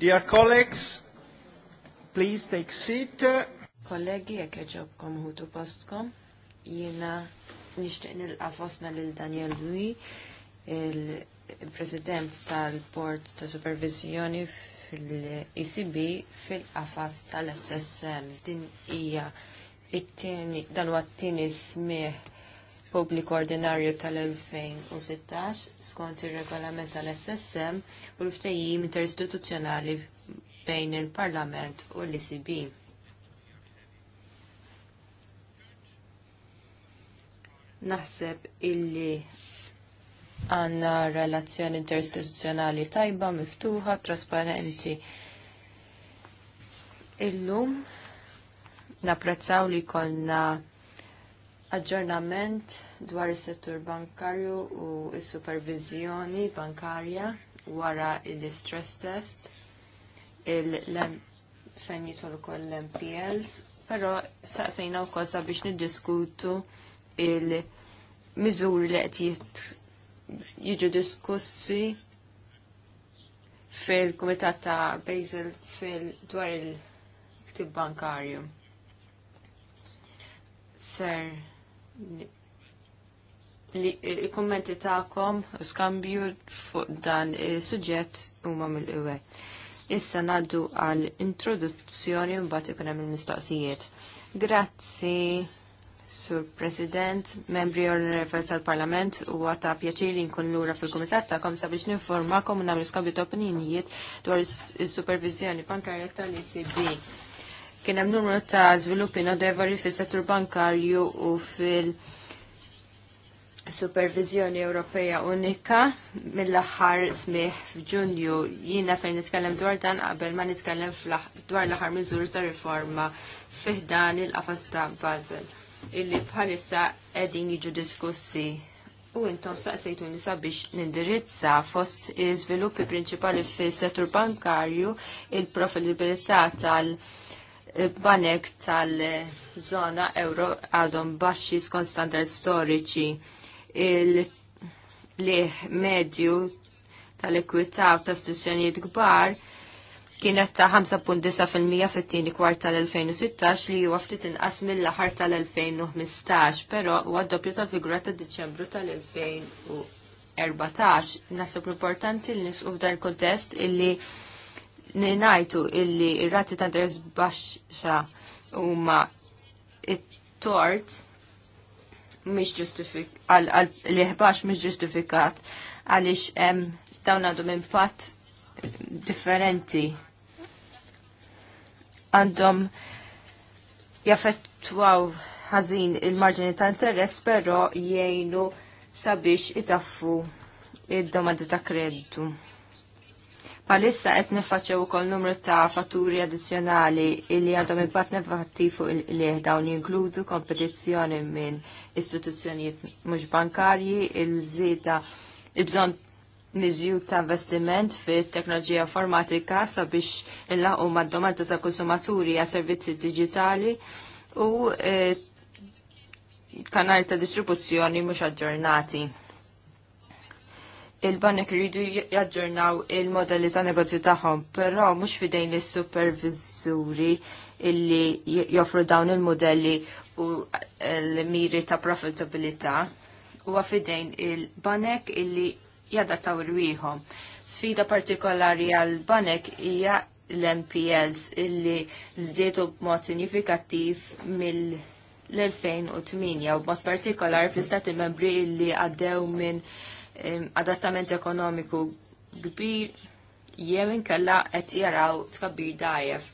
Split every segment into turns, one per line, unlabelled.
Dear colleagues,
please take seat. Kollegi, jekk eġobkom hutu postkom, jiena nixtieq nil qafosna lil Daniel Lui, il-President tal port ta' Supervizjoni fil-ECB fil-qafas tal-SSM. Din hija it-tieni dan huwa t-tieni smih pubbliku ordinarju tal-2016 skont ir-regolament tal-SSM u l-ftehim interistituzjonali bejn il-Parlament u l-ICB. Naħseb illi għanna relazzjoni interistituzjonali tajba, miftuħa, trasparenti. Illum napprezzaw li konna aġġornament dwar is-settur bankarju u s-supervizjoni bankarja wara l-stress test fejn jitol ukoll l-MPLs, però saqsejna wkoll biex niddiskutu il-miżuri li qed jiġu diskussi fil-Kumitat ta' Basel fil-dwar il-ktib bankarju. Sir, Eh, il-kommenti ta'kom skambju fuq dan il-sujġett eh, huma mill qwe Issa naddu għal introduzzjoni mbagħad ikun hemm il-mistoqsijiet. Grazzi, Sur President, membri onorevoli tal-Parlament, u għata pjaċir li nkun lura fil-Kumitat ta'kom sabiex nifformakom u nagħmlu skambju ta' opinjonijiet dwar is-supervizjoni bankarja tal-ECB kien hemm numru ta' żviluppi devari fis-settur bankarju u fil- Supervizjoni Ewropea Unika mill-aħħar smih f'Ġunju jiena se nitkellem dwar dan qabel ma nitkellem dwar l-aħħar miżur ta' riforma fiħdan il-qafas ta' Basel illi bħalissa qegħdin jiġu diskussi U intom saqsejtuni sabiex nindirizza fost iżviluppi prinċipali fis settur bankarju il-profilibilità tal- banek tal-zona euro għadhom baxxi skont standard storiċi li medju tal-ekwità u ta' istituzzjonijiet kbar kienet ta' 5.9% fit-tieni kwart tal-2016 li huwa ftit inqas mill-aħħar tal-2015, però huwa doppju tal-figura ta' Diċembru tal-2014. Nasab importanti li nisqu f'dan il-kontest illi Najtu illi ir-rati ta' interess baxxa huma it-tort mhix ġustifik għal-ħbax mhix ġustifikat għaliex dawn għandhom impatt differenti għandhom jaffettwaw ħażin il-marġini ta' interess però jgħinu sabiex itaffu id-domandi ta' kreditu. Palissa qed nifaċċew ukoll numru ta' fatturi addizzjonali li għadhom impatt negattiv fuq il-leħ dawn jinkludu kompetizzjoni minn istituzzjonijiet mhux bankarji, il-żieda il-bżonn miżjud ta' investiment fit teknoloġija informatika sabiex il-laqqu mad-domanda ta' konsumaturi għas servizzi digitali u eh, kanali ta' distribuzzjoni mhux aġġornati il-banek rridu jaġġornaw il-modelli ta' negozju tagħhom, però mhux fidejn is-superviżuri illi joffru dawn il-modelli u l-miri ta' profitabilità huwa fidejn il-banek illi jadattaw irwieħhom. Sfida partikolari għal banek hija l-MPS illi żdietu b'mod sinifikattiv mill l-2008 u b'mod partikolari fl-istati membri illi għaddew minn adattament ekonomiku kbir jew inkella qed jaraw tkabbir dajef.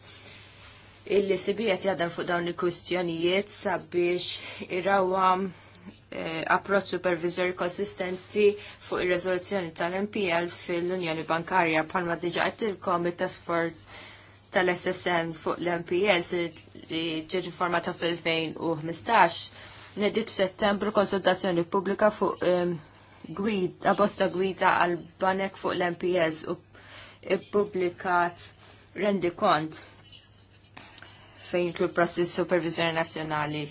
Illi sibi qed jadan fuq dawn il-kwistjonijiet sabiex irawhom approċ eh, approċċ supervisor konsistenti fuq ir-riżoluzzjoni tal-MPL fil-Unjoni Bankarja bħalma diġa qedtilkom it-task force tal-SSM fuq l-MPS li ġeġi formata fil-2015 Nedib settembru konsultazzjoni pubblika fuq eh, Gwida, bosta gwida għal banek fuq l-MPS u publikat rendi kont fejn jitlu prassis supervisjoni nazjonali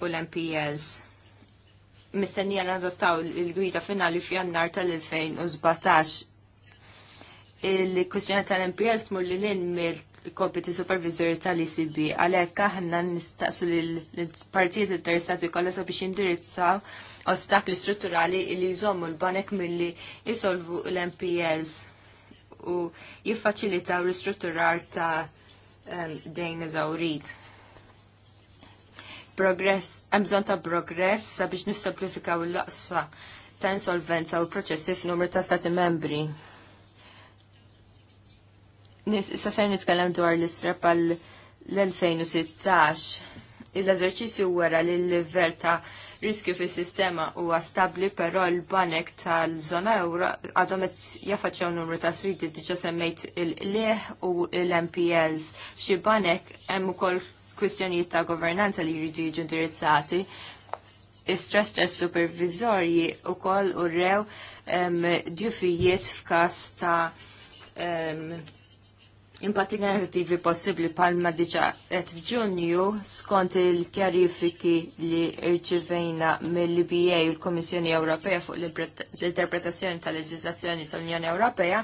u l-MPS. Mistennija l-adottaw il-gwida finali f'jannar tal-2017. il kustjoni tal-MPS tmur li l-in mill-kompiti supervizjoni tal-ICB għalhekk aħna nistaqsu l-partijiet interessati kollha sabiex jindirizzaw ostakli strutturali li jżommu l-banek milli jisolvu l-MPLs u jiffaċilitaw l-istrutturar ta' um, dejn eżawrit. Progress, bżonn ta' progress sabiex nissimplifikaw il-laqsfa ta' insolvenza u proċessi f'numru ta' stati membri. Issa ser nitkellem dwar l-istrep għal l-2016 l eżerċizzju wara li l-livell ta' riskju fis sistema huwa stabbli però l-banek tal-żona euro għadhom qed numru ta' swidi diġà semmejt il-lieħ u l-MPLs. F'xi banek hemm ukoll kwistjonijiet ta' governanza li jridu jiġu indirizzati. Is-stress test supervizorji ukoll urrew djufijiet f'każ ta' impatti negattivi possibli palma diġa et f'Ġunju skont il-kjarifiki li rċivejna mill-IBA u l-Komissjoni Ewropea fuq l-interpretazzjoni tal leġizazzjoni tal-Unjoni Ewropea,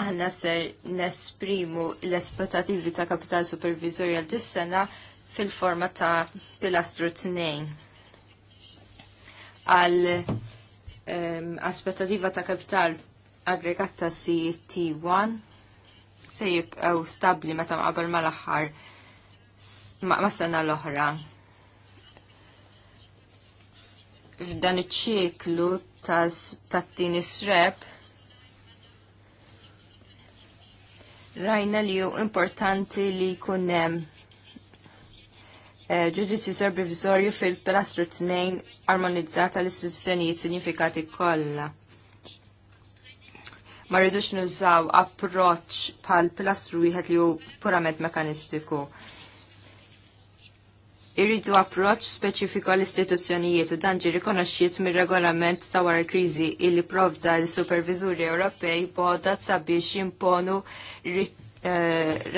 aħna ser nesprimu l-espettativi ta' kapital supervizorju l-dissena sena fil-forma ta' pilastru 2 għal ehm, aspettativa ta' kapital aggregata CT1 se jibqgħu stabbli meta qabel mal-aħħar ma' sena l-oħra. F'dan iċ-ċiklu tat-tieni srep rajna li hu importanti li jkun hemm eh, ġudiċi supervizorju fil-pilastru t-nejn armonizzata l-istituzzjonijiet sinifikati kollha ma rridux nużaw approċ pal pilastru wieħed li hu purament mekanistiku. Irridu approċ speċifiku għall istituzzjonijiet u dan ġi rikonoxxiet mir-regolament ta' wara kriżi illi provda l-Superviżuri Ewropej boda sabiex jimponu eh,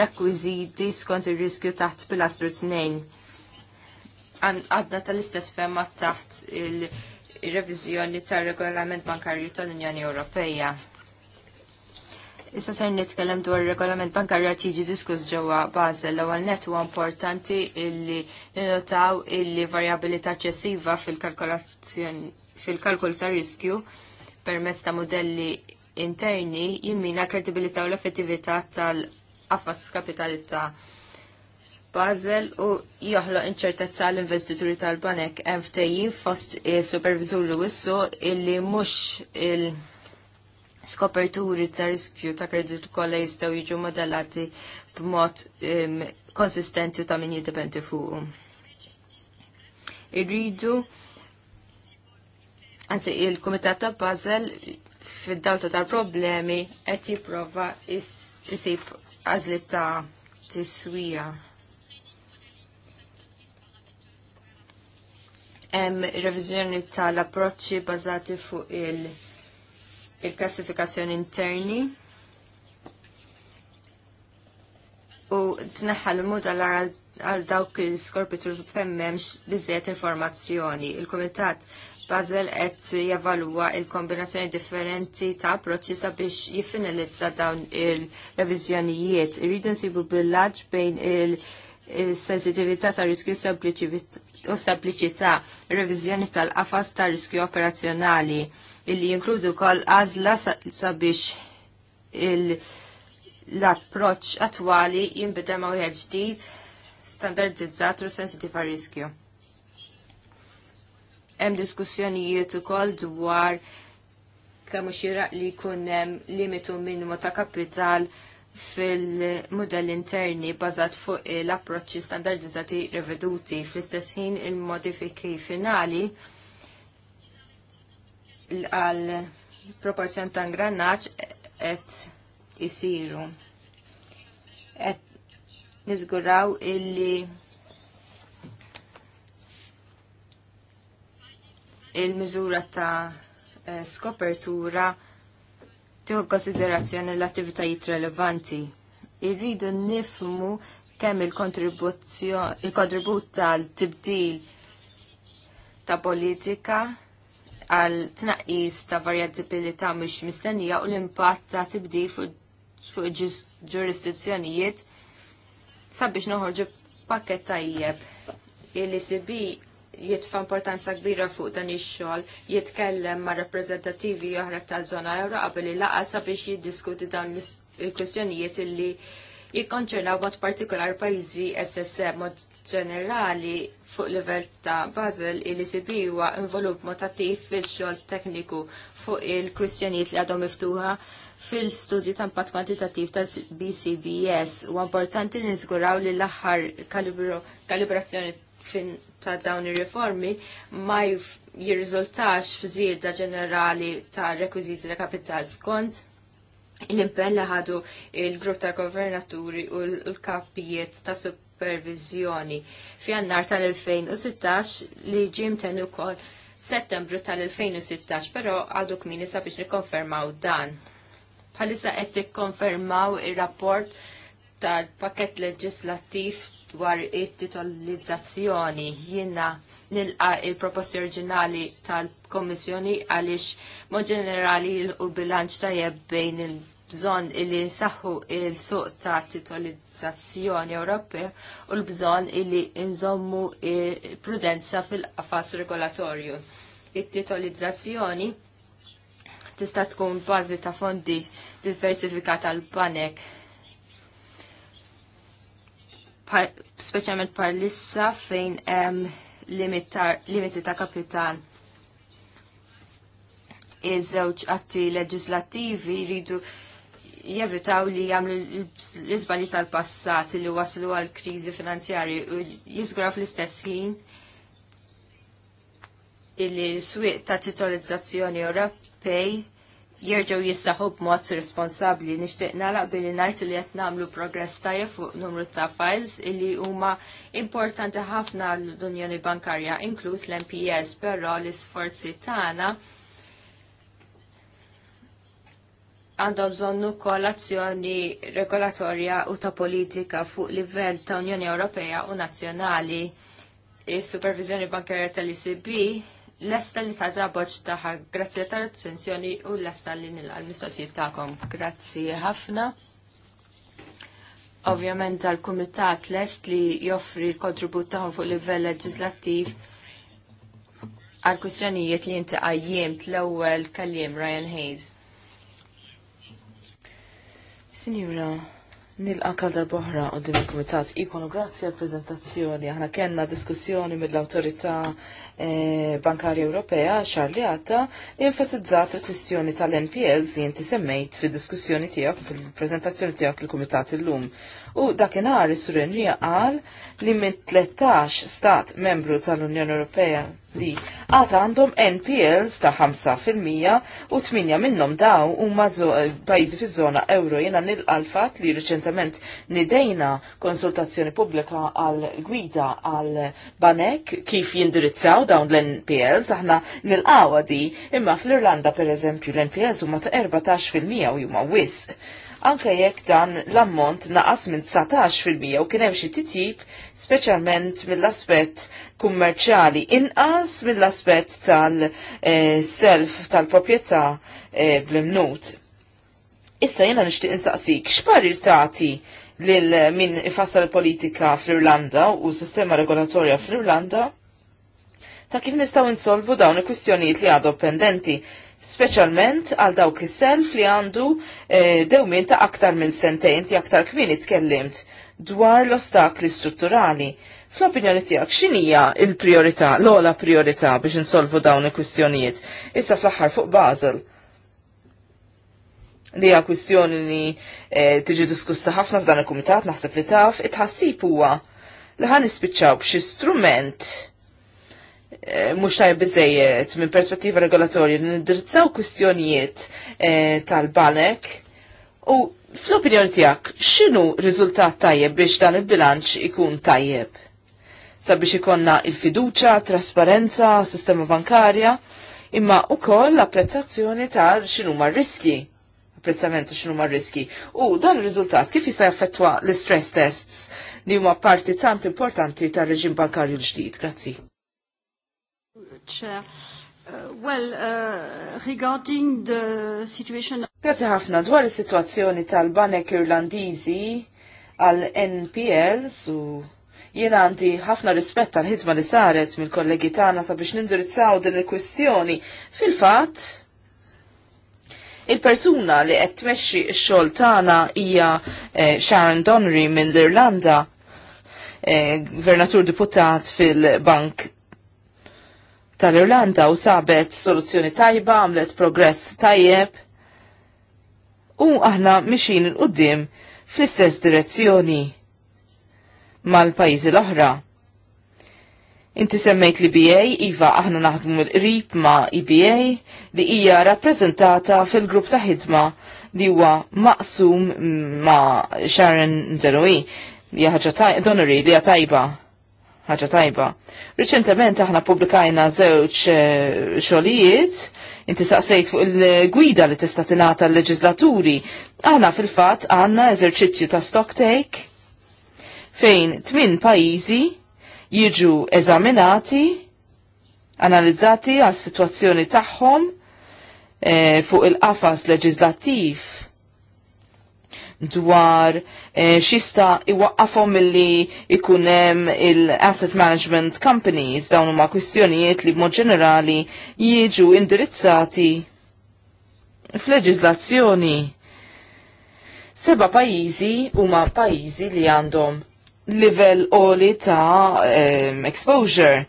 rekwiżiti skont ir-riskju taħt pilastru tnejn. Għadna tal-istess femma taħt il-reviżjoni tar-regolament bankarju tal-Unjoni Ewropeja Issa ser nitkellem dwar regolament bankarja tiġi diskuss ġewwa Basel l-ewwel net huwa importanti illi ninotaw illi varjabilità eċċessiva fil-kalkolazzjoni fil kalkul ta' riskju permezz ta' modelli interni jimmina kredibilità u l-effettività tal-affas kapitali ta' Basel u joħloq inċertezza l investituri tal-banek MFTI fost il-supervizur Wissu illi mhux il-, -il skoperturi ta' riskju ta' kreditu kolla jistaw jiġu modellati b'mod konsistenti u ta' min jiddependi fuq. Irridu, anzi il-Komitat ta' Basel fid-dawta tal-problemi qed jipprova jisib għażlit ta' tiswija. Hemm reviżjoni tal-approċċi bażati fuq il- il-klassifikazzjoni interni u tneħħal l-modellar għal dawk il-skorpitur femmemx bizziet informazzjoni. Il-Komitat Basel qed javalua il-kombinazzjoni differenti ta' approċċi sabiex jiffinalizza dawn il-reviżjonijiet. Irridu nsibu billaġġ bejn il-sensitività ta' riskju u sempliċità, reviżjoni tal-qafas ta' riskju operazzjonali illi jinkludu kol għazla sabiex l-approċ attwali jimbidem għu ġdid standardizzat u sensitif għal riskju. Hemm diskussjonijiet ukoll dwar kemm jiraq li jkun hemm limitu minimu ta' kapital fil-modell interni bażat fuq l-approċċi standardizzati reveduti fl-istess ħin il-modifiki finali għal proporzjon ta' ngranaċ et jisiru. Et nizguraw illi il-mizura ta' eh, skopertura tiħu konsiderazzjoni l-attivitajiet relevanti. Irridu nifmu kemm il-kontribut il kontribut tal tibdil ta' politika għal tnaqqis ta' varjabilità mhix mistennija u l-impatt ta' tibdil fuq ġurisdizzjonijiet sabiex noħorġu pakket tajjeb. li ecb jitfa' importanza kbira fuq dan ix-xogħol, jitkellem ma' rappreżentattivi oħra ta' żona euro qabel il-laqgħa sabiex jiddiskuti dawn il-kwestjonijiet illi jikkonċernaw mod partikolar pajjiżi SSM mod ġenerali fuq livell ta' Basel il sibiwa huwa involut motattiv fil-xogħol tekniku fuq il-kwistjonijiet li għadhom miftuħa fil-studju ta' impatt kwantitattiv ta' BCBS u importanti niżguraw li l-aħħar kalibrazzjoni fin ta' dawn ir-riformi ma jirriżultax f'żieda ġenerali ta' rekwiżiti ta' kapital skont l-impella ħadu il-grupp ta' governaturi u l-kapijiet ta' sub supervizjoni f'jannar tal-2016 li ġim tenu kol settembru tal-2016, pero għadu kmini sabiex nikonfermaw dan. Palissa qed konfermaw ir-rapport tal-pakett leġislattiv dwar it-titolizzazzjoni jiena nilqa il-proposti oriġinali tal komissjoni għaliex mod ġenerali u bilanċ tajjeb bejn il bżon illi nsaħħu il-suq ta' titolizzazzjoni Ewropew u l-bżon illi nżommu prudenza fil-qafas regolatorju. It-titolizzazzjoni tista' tkun bażi ta' fondi diversifikata l panek speċjalment palissa fejn hemm limiti ta' kapital iż-żewġ atti leġislattivi jridu jevitaw li jamlu l-izbali tal-passat li waslu għal krizi finanzjari u jizgra fl-istess ħin illi s-swiq ta' titolizzazzjoni Ewropej jirġaw jissaħu b'mod responsabli nixtieq nalaq billi ngħid li qed nagħmlu progress tajjeb fuq numru ta' files illi huma importanti ħafna l-Unjoni Bankarja inkluż l-MPS, però l-isforzi tagħna għandhom bżonnu koalazzjoni regolatorja u ta' politika fuq livell ta' Unjoni Ewropea u nazzjonali. Is-Supervizjoni Bankarja tal-ECB lesta li ta' draboċ taħħa grazzi ta' attenzjoni u lesta li nilqal mistoqsijiet tagħkom. Grazzi ħafna. Ovvjament għal-Kumitat lest li joffri l-kontribut tagħhom fuq livell leġislattiv għal kwistjonijiet li inti għajjem l-ewwel kelliem Ryan Hayes. Signora,
nilqa kaldar boħra u dim il-komitat ikonu grazzi għal prezentazzjoni. Aħna kena diskussjoni mill-autorità E, Bankarja Ewropea xar Atta enfasizzat il-kwistjoni tal-NPLs li jinti semmejt fi diskussjoni tiegħek fil-preżentazzjoni tiegħek il-Kumitat illum. U dakinhar is-Sur Enrija qal li minn 13 stat membru tal-Unjoni Ewropea li għata għandhom NPLs ta' 5% u 8 minnom daw u mażu pajzi fi zona euro jena nil-alfat li reċentament nidejna konsultazzjoni pubblika għal gwida għal banek kif jindirizzaw dawn l-NPLs, aħna nil-qawa di, imma fl-Irlanda per eżempju l-NPLs huma ta' 14% u huma wisq. Anke jekk dan l-ammont naqas minn 19% u kien hemm xi titjib, speċjalment mill-aspett kummerċjali inqas mill-aspett tal-self eh, tal-proprjetà eh, bl-imnut. Issa jena nixtieq insaqsik, x'parir tagħti lil min ifassal politika fl-Irlanda u sistema regolatorja fl-Irlanda ta' kif nistaw insolvu dawn il-kwistjonijiet li għadu pendenti, specialment għal dawk is-self li għandu eh, dewmin ta' aktar minn sentejn ti aktar kmini tkellimt dwar l-ostakli strutturali. Fl-opinjoni tiegħek x'inhija l-priorità, l-ola priorità biex insolvu dawn il-kwistjonijiet issa fl-aħħar fuq Basel li hija kwistjoni li eh, tiġi diskussa ħafna f'dan il-kumitat naħseb li taf, it-ħassib huwa li ħan nispiċċaw b'xi strument Eh, mux tajb bizzejiet minn perspettiva regolatorja nindirizzaw kwistjonijiet eh, tal-banek u fl-opinjoni tijak xinu rizultat tajjeb biex dan il-bilanċ ikun tajjeb? Sabiex ikonna il-fiduċa, trasparenza, sistema bankarja, imma u koll l-apprezzazzjoni tal xinu ma' riski apprezzament xinu ma' riski. U dan il-rizultat kif jista' jaffettwa l-stress tests li huma parti tant importanti tar reġim bankarju l-ġdid. Grazzi.
Chair. Uh, uh, well, uh, regarding the situation...
Grazie ħafna dwar is-sitwazzjoni tal-banek Irlandiżi għal NPL su jiena għandi ħafna rispett tal ħidma li saret mill-kollegi tagħna sabiex nindirizzaw din il-kwistjoni. Fil-fatt, il-persuna li qed tmexxi x-xogħol tagħna hija eh, Sharon Donnery mill-Irlanda, eh, gvernatur deputat fil-Bank tal-Irlanda u sabet soluzzjoni tajba, għamlet progress tajjeb u aħna mixin il-qoddim fl-istess direzzjoni mal-pajizi l-oħra. Inti semmejt li BA, Iva aħna naħdmu mill-qrib ma' IBA e li hija rappreżentata fil-grupp ta' ħidma li huwa maqsum ma' Sharon Deroy li ħaġa Donnery li tajba ħaġa tajba. Riċentement aħna publikajna żewġ eh, xogħlijiet, inti saqsejt fuq il-gwida li tista' tingħata l-leġislaturi. Aħna fil-fatt għandna eżerċizzju ta' stock take fejn tmin pajjiżi jiġu eżaminati, analizzati għas sitwazzjoni tagħhom eh, fuq il-qafas leġislattiv dwar e, xista iwaqqafhom illi ikun hemm il-asset management companies dawn huma kwistjonijiet li b'mod ġenerali jiġu indirizzati f'leġiżlazzjoni. Seba pajjiżi huma pajjiżi li għandhom livell oli ta' um, exposure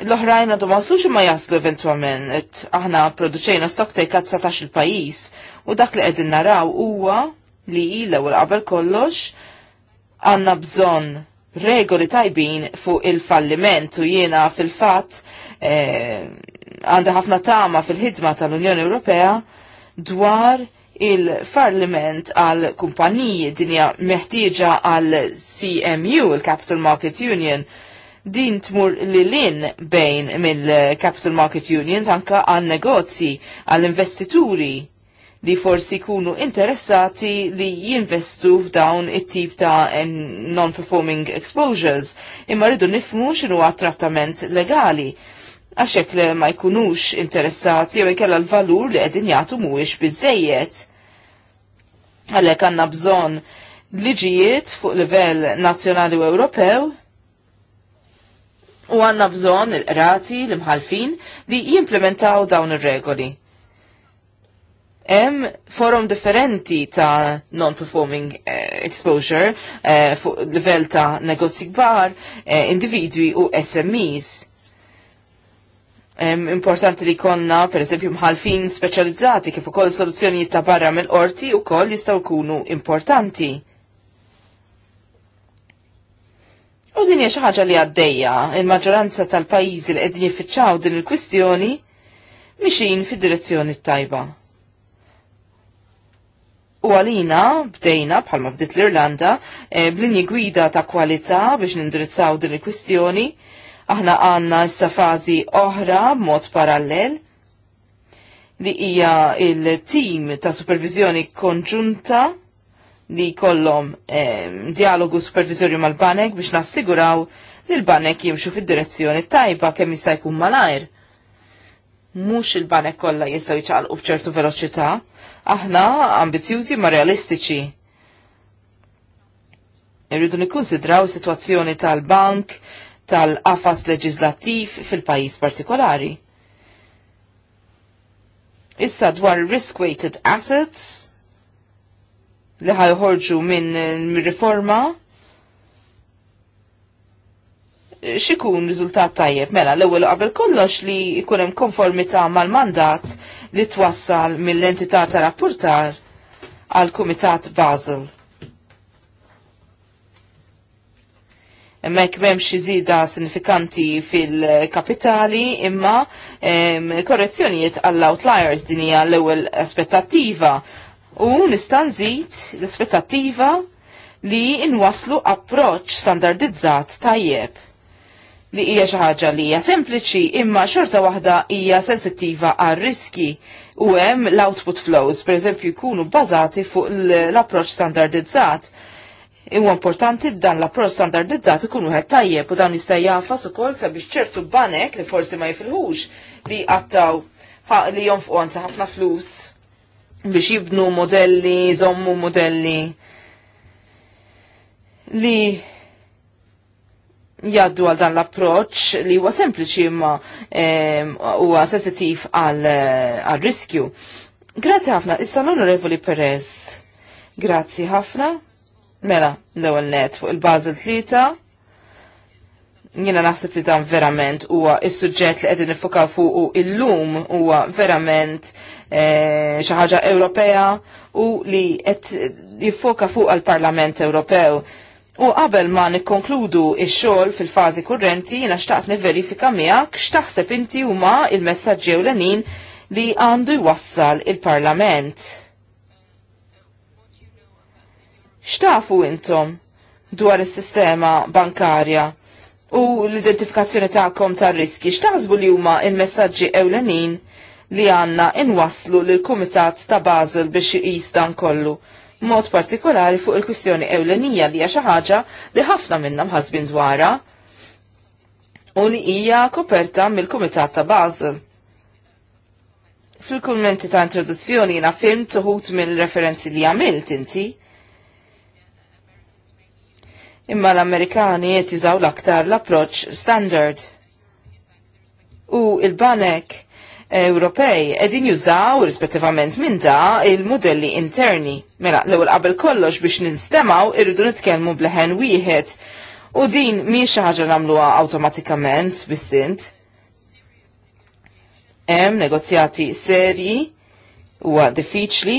l-oħrajn għadu maslux ma jaslu eventualment aħna produċejna stock take satax il-pajis u dak li għedin naraw huwa li l qabel kollox għandna bżonn regoli tajbin fuq il-falliment u jiena fil-fatt eh, għandha ħafna tama fil-ħidma tal-Unjoni Ewropea dwar il farliment għal kumpaniji dinja meħtieġa għal CMU, il-Capital Market Union, din tmur li lin bejn mill-Capital Market Unions anka għal negozji, għal investituri li forsi kunu interessati li jinvestu f'dawn it-tip ta' non-performing exposures, imma rridu nifmu xinu trattament legali għaxek li ma jkunux interessati jew ikella l-valur li qegħdin jagħtu mhuwiex biżejjed. Għalhekk għandna bżonn liġijiet fuq livell nazzjonali u Ewropew u għandna bżonn il-qrati l-imħalfin li jimplementaw dawn ir-regoli hemm forum differenti ta' non-performing uh, exposure uh, fuq livell ta' negozji kbar, uh, individwi u SMEs. Um, importanti li konna, per eżempju, mħalfin specializzati kif ukoll soluzzjonijiet ta' barra mill-qorti u koll jistgħu jkunu importanti. U din hija xi ħaġa li għaddejja, il-maġġoranza tal-pajjiżi li qegħdin jiffiċċaw din il-kwistjoni mixin fid-direzzjoni tajba. U għalina bdejna bħalma bdiet l-Irlanda e, b'linji gwida ta' kwalità biex nindirizzaw din il-kwistjoni. Aħna għanna issa fazi oħra b'mod parallel li hija il-tim ta' supervizjoni konġunta li kollom e, dialogu supervizorju mal-banek biex nassiguraw li l-banek jimxu fid-direzzjoni tajba kemm jista' jkun malajr mhux il-banek kollha jistgħu u b'ċertu veloċità, aħna ambizjużi ma realistiċi. Irridu nikkunsidraw is-sitwazzjoni tal-bank, tal-qafas leġislattiv fil-pajjiż partikolari. Issa dwar risk-weighted assets li ħajħorġu minn riforma xikun riżultat tajjeb mela l-ewwel qabel kollox li jkun hemm konformità mal-mandat li twassal mill-entità ta' rapportar għal Kumitat Basel. Mek memx iżida sinifikanti fil-kapitali imma korrezzjonijiet għall-outliers din hija l-ewwel aspettattiva u nista' nżid l-aspettattiva li inwaslu approċ standardizzat tajjeb li hija xi ħaġa li hija sempliċi imma xorta waħda hija sensittiva għar riski u hemm l-output flows pereżempju jkunu bbażati fuq l-approċċ standardizzat. Huwa importanti dan l-approċċ standardizzat ikun wieħed tajjeb u dan jista' jafas ukoll sabiex ċertu banek li forsi ma jifilħux li qattaw li jonfqu anzi ħafna flus biex jibnu modelli, jżommu modelli li jaddu għal dan l-approċ li huwa sempliċi imma huwa e, sensittiv għal riskju. Grazzi ħafna, issa l-Onorevoli Perez. Grazzi ħafna. Mela, l-ewwel net fuq il-Basel tlieta. Jiena naħseb li dan verament huwa is-suġġett li qegħdin nifokaw fuq illum huwa verament eh, xi ħaġa Ewropea u li qed jiffoka fuq għall-Parlament Ewropew U qabel ma nikkonkludu ix-xogħol fil-fażi kurrenti jiena xtaqt niverifika miegħek x'taħseb inti huma il-messaġġi ewlenin li għandu jwassal il-Parlament. X'tafu intom dwar is-sistema bankarja u l-identifikazzjoni tagħkom tar-riski x'taħsbu li huma il-messaġġi ewlenin li għanna inwaslu lil kumitat ta' Basel biex iqis dan kollu mod partikolari fuq il-kwistjoni ewlenija li hija xi ħaġa li ħafna minnha mħasbin dwarha u li hija koperta mill-Kumitat ta' Basel. Fil-kummenti ta' introduzzjoni jiena film tuħut mill-referenzi li għamilt inti. Imma l-Amerikani qed jużaw l-aktar l-approċċ standard. U il-banek Ewropej edin jużaw rispettivament minn da il-modelli interni. Mela, l-ewwel qabel kollox biex ninstemaw irridu nitkellmu bleħen wieħed. U din mi xi ħaġa nagħmluha awtomatikament bistint. Hemm negozjati serji huwa diffiċli,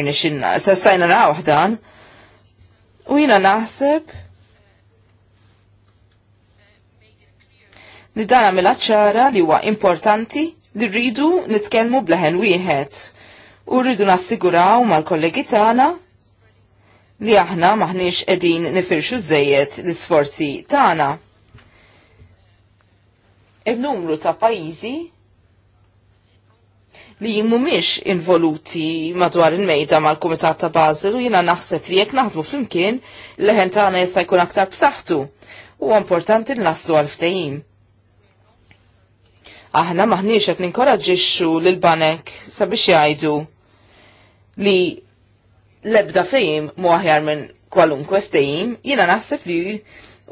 irnexxinna se stajna naraw dan. U jiena naħseb li dan għamilha ċara li huwa importanti li rridu nitkellmu bleħen wieħed u rridu nassiguraw mal-kollegi tagħna li aħna maħniex qegħdin nifirxu żejjed l-isforzi tagħna. Il-numru ta' pajjiżi li mhumiex involuti madwar il-mejda mal-Kumitat ta' Basel u jina naħseb li jekk naħdmu flimkien leħen tagħna jista' jkun aktar b'saħħtu. U importanti naslu għal ftehim. Aħna maħniex qed ninkoraġġixxu lil banek sabiex jgħidu li l-ebda fejn mu aħjar minn kwalunkwe ftehim, jiena naħseb li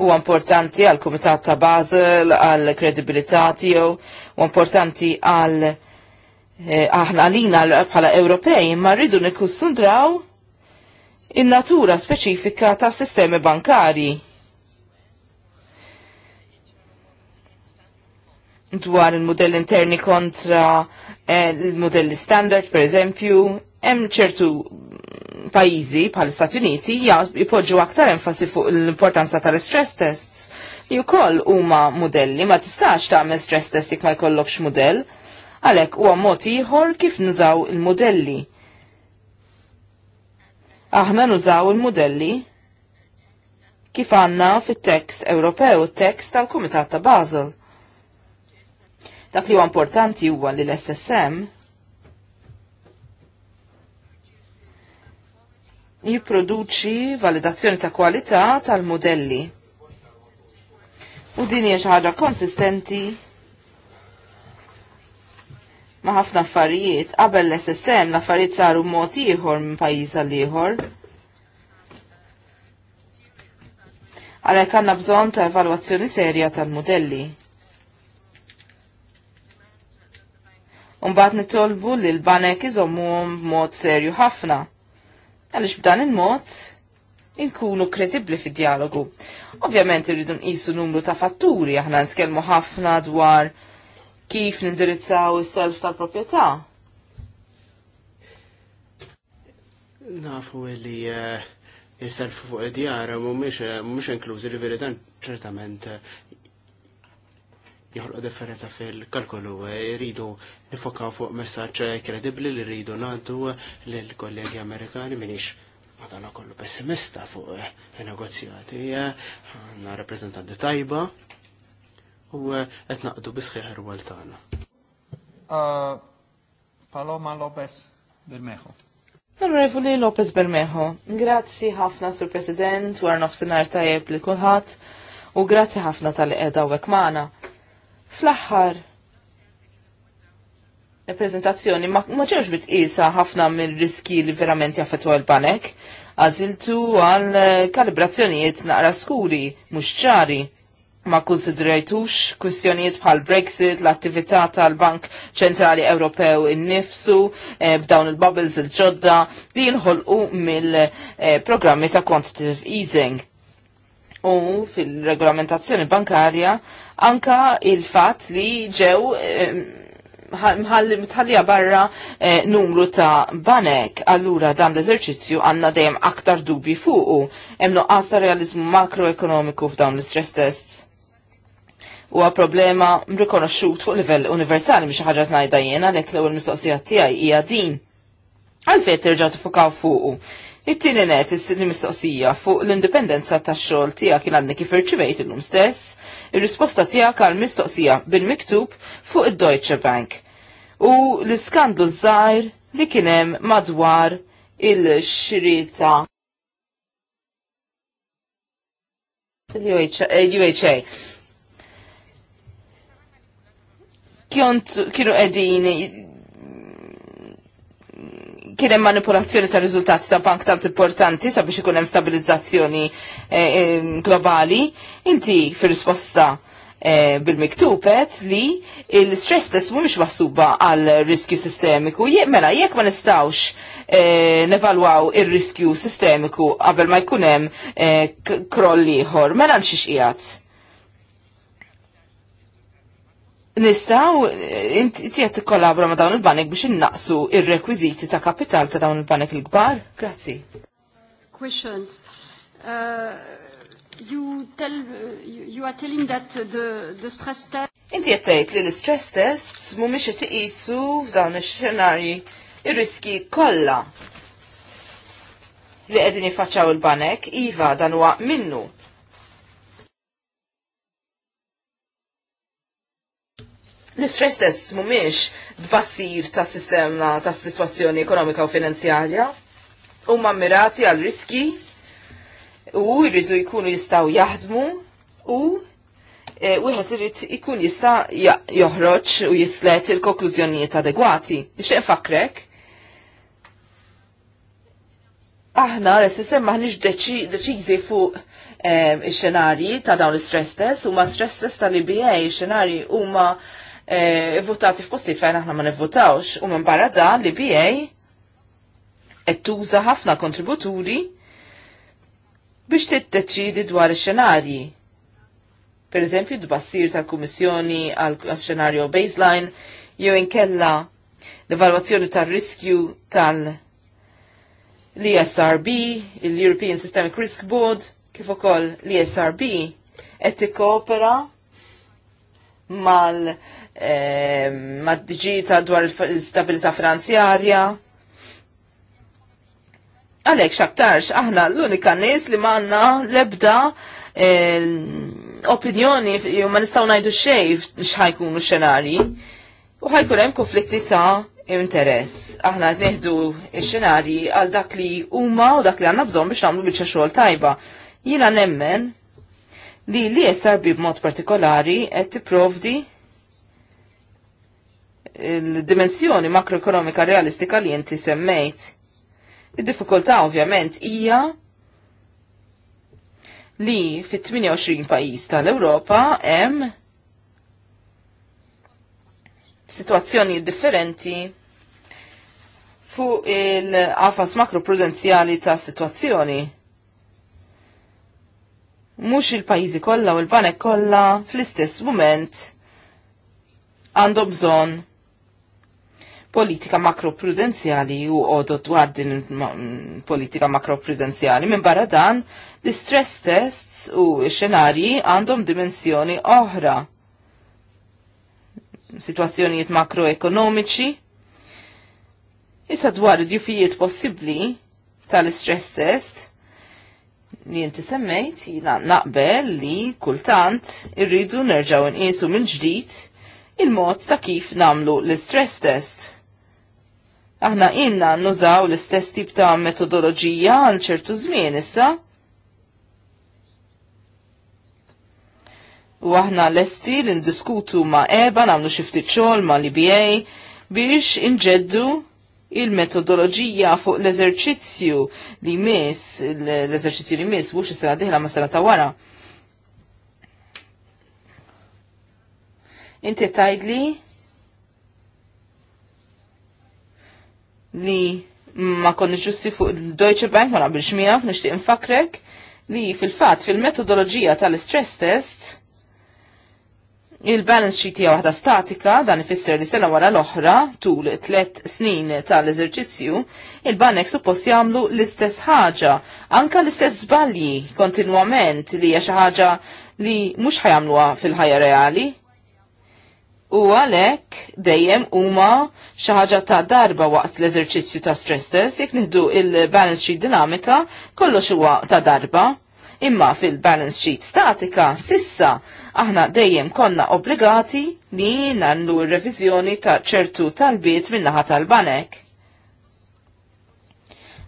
huwa importanti għal kumitat ta' Basel, għal kredibilità tiegħu, u importanti għal eh, aħna għalina bħala Ewropej, ma rridu nikkussundraw in-natura speċifika ta' sistemi bankari. dwar il-modell interni kontra eh, il modell standard, per eżempju, hemm ċertu pajizi bħal Stati Uniti jipoġġu aktar enfasi fuq l-importanza tal-stress tests li wkoll huma modelli ma tistax tagħmel stress test jekk ma jkollokx modell, għalhekk huwa mod ieħor kif nużaw il-modelli. Aħna nużaw il-modelli kif għandna fit-tekst Ewropew, it-tekst tal-Kumitat ta' Basel. Dak li huwa importanti huwa li l-SSM jipproduċi validazzjoni ta' kwalità tal-modelli. U din hija xi ħaġa konsistenti ma' ħafna affarijiet qabel l-SSM l-affarijiet saru mod ieħor minn pajjiż għal ieħor. Għalhekk għandna bżonn ta' evalwazzjoni serja tal-modelli. Umbat nitolbu li l-banek iżommu mod serju ħafna. Għaliex b'dan il-mod inkunu kredibli fid-dialogu. Ovvjament irridu nqisu numru ta' fatturi aħna nskelmu ħafna dwar kif nindirizzaw is-self tal-proprjetà.
Nafu li eh, is-self fuq id djara mhumiex inklużi li dan ċertament jħorqa differenza fil-kalkolu, rridu nifokaw fuq messaċ kredibbli li rridu ngħaddu lill kollegi Amerikani minix madana kollu pessimista fuq il-negozjati, għanna rappresentanti tajba u qed naqdu bisħiħ ir tagħna.
Uh, Paloma Lopez Bermejo. Onorevoli Lopez Bermejo, grazzi ħafna sur President, war nofsinhar tajjeb li kulħadd u grazzi ħafna tal-qeda u hekk Fl-aħħar prezentazzjoni ma ċewx isa ħafna mill-riski li verament jaffetwa l-banek, għaziltu għal eh, kalibrazzjonijiet naqra skuri, mhux ċari. Ma konsidrajtux kwistjonijiet bħal Brexit, l-attività tal-Bank Ċentrali Ewropew innifsu, e, b'dawn il-bubbles il-ġodda li jinħolqu mill-programmi eh, ta' quantitative easing u fil-regolamentazzjoni bankarja anka il-fat li ġew eh, mħallija barra eh, numru ta' banek, allura dan l-eżerċizzju għanna dejjem aktar dubi fuqu, hemm noqqas ta' realizmu makroekonomiku f'dawn l-stress tests. Huwa problema mrikonoxxut fuq livell universali biex ħaġa tnajda jien għalhekk l-ewwel mistoqsija tiegħi hija din. Għalfejn terġa' tifukaw fuqu It-tieni net mistoqsija fuq l-indipendenza tax-xogħol tiegħek kien għandni kif irċivejt illum stess, ir-risposta tiegħek għal mistoqsija bil-miktub fuq id-Deutsche Bank u l-iskandlu żgħir li kien hemm madwar il-xirita uha Kjont kienu qegħdin kien hemm manipolazzjoni ta' riżultati ta' bank tant importanti sabiex ikun hemm stabilizzazzjoni eh, eh, globali, inti fir-risposta eh, bil-miktupet li il-stress test mhumiex maħsuba għal riskju sistemiku. Mela, jekk ma nistgħux nevalwaw ir-riskju sistemiku qabel ma jkun hemm kroll ieħor, mela xi qiegħed. nistaw inti qed tikkollabra ma' dawn il-banek biex innaqsu il rekwiżiti ta' kapital ta' dawn il-banek il-kbar? Grazzi.
Questions. Uh, you tell you, uh, you are telling that uh, the the stress test Inti qed tgħid li
l-stress tests mhumiex qed iqisu f'dawn ix-xenarji il riski kollha li qegħdin jifaċċaw il-banek, iva dan huwa minnu L-istress tests mumiex d-bassir ta' sistema ta' situazzjoni ekonomika u finanzjarja. Huma mirati għal riski u jridu jkunu jistaw jaħdmu u e, wieħed irid ikun jista' joħroġ u jislet il-konklużjonijiet adegwati. Nixtieq fakrek aħna l-SSM maħniġ deċizi fuq e, ix-xenarji ta' dawn l-stress test u ma' stress test tal-IBA ix-xenarji huma E, votati f'postijiet fejn aħna ma nivvotawx u minn barra dan li BA qed tuża ħafna kontributuri biex tiddeċidi dwar ix-xenarji. Pereżempju d-bassir tal-Kummissjoni għal xenarju baseline jew inkella l-evalwazzjoni tar riskju tal-ESRB, il-European Systemic Risk Board, kif ukoll l-ESRB qed tikkopera mal Ehm, mad ġita dwar l stabilita finanzjarja. Għalek xaktarx, aħna l-unika nis li manna lebda ehm, opinjoni u ma nistaw najdu xej xħajkunu xenari u ħajkun hemm konflitti ta' interess. Aħna qed neħdu x-xenari għal dak li huma u dak li għandna bżonn biex nagħmlu biċċa xogħol tajba. Jiena nemmen li li SRB b'mod partikolari qed tipprovdi il-dimensjoni makroekonomika realistika li inti semmejt. Id-diffikultà ovvjament hija li fit-28 pajjiż tal-Ewropa hemm situazzjoni differenti fuq il-qafas makroprudenzjali ta' situazzjoni. Mhux il-pajjiżi kollha u l-banek kollha fl-istess mument għandhom bżonn politika makroprudenzjali u għodu dwar din politika makroprudenzjali. Minn barra dan, l-stress tests u xenarji għandhom dimensjoni oħra. Situazzjonijiet makroekonomiċi. Issa dwar id jufijiet possibli tal-stress test, li inti semmejt jina naqbel li kultant irridu nerġaw nqisu minn ġdid il-mod ta' kif namlu l-stress test. Aħna inna nużaw l-istess tip ta' metodoloġija għal ċertu żmien issa. U aħna lesti li ndiskutu ma' EBA nagħmlu xi ftit xogħol ma' l-IBA biex inġeddu il-metodoloġija fuq l-eżerċizzju li mis, l-eżerċizzju li mis, bux s-sena diħla ma s-sena ta' Inti tajdli li ma konni ġussi fuq il-Deutsche Bank ma naqbilx miegħek nixtieq infakrek li fil-fatt fil-metodoloġija tal-stress test il-balance sheet hija waħda statika dan ifisser li sena wara l-oħra tul tliet snin tal-eżerċizzju il-banek suppost jagħmlu l-istess ħaġa anka l-istess żbalji kontinwament li hija xi ħaġa li mhux ħajamluha fil-ħajja reali u għalek dejjem huma xi ħaġa ta' darba waqt l-eżerċizzju ta' stress test, jekk nieħdu il-balance sheet dinamika, kollox huwa ta' darba. Imma fil-balance sheet statika, sissa aħna dejjem konna obbligati li nagħmlu r-reviżjoni ta' ċertu talbiet min-naħa tal-banek.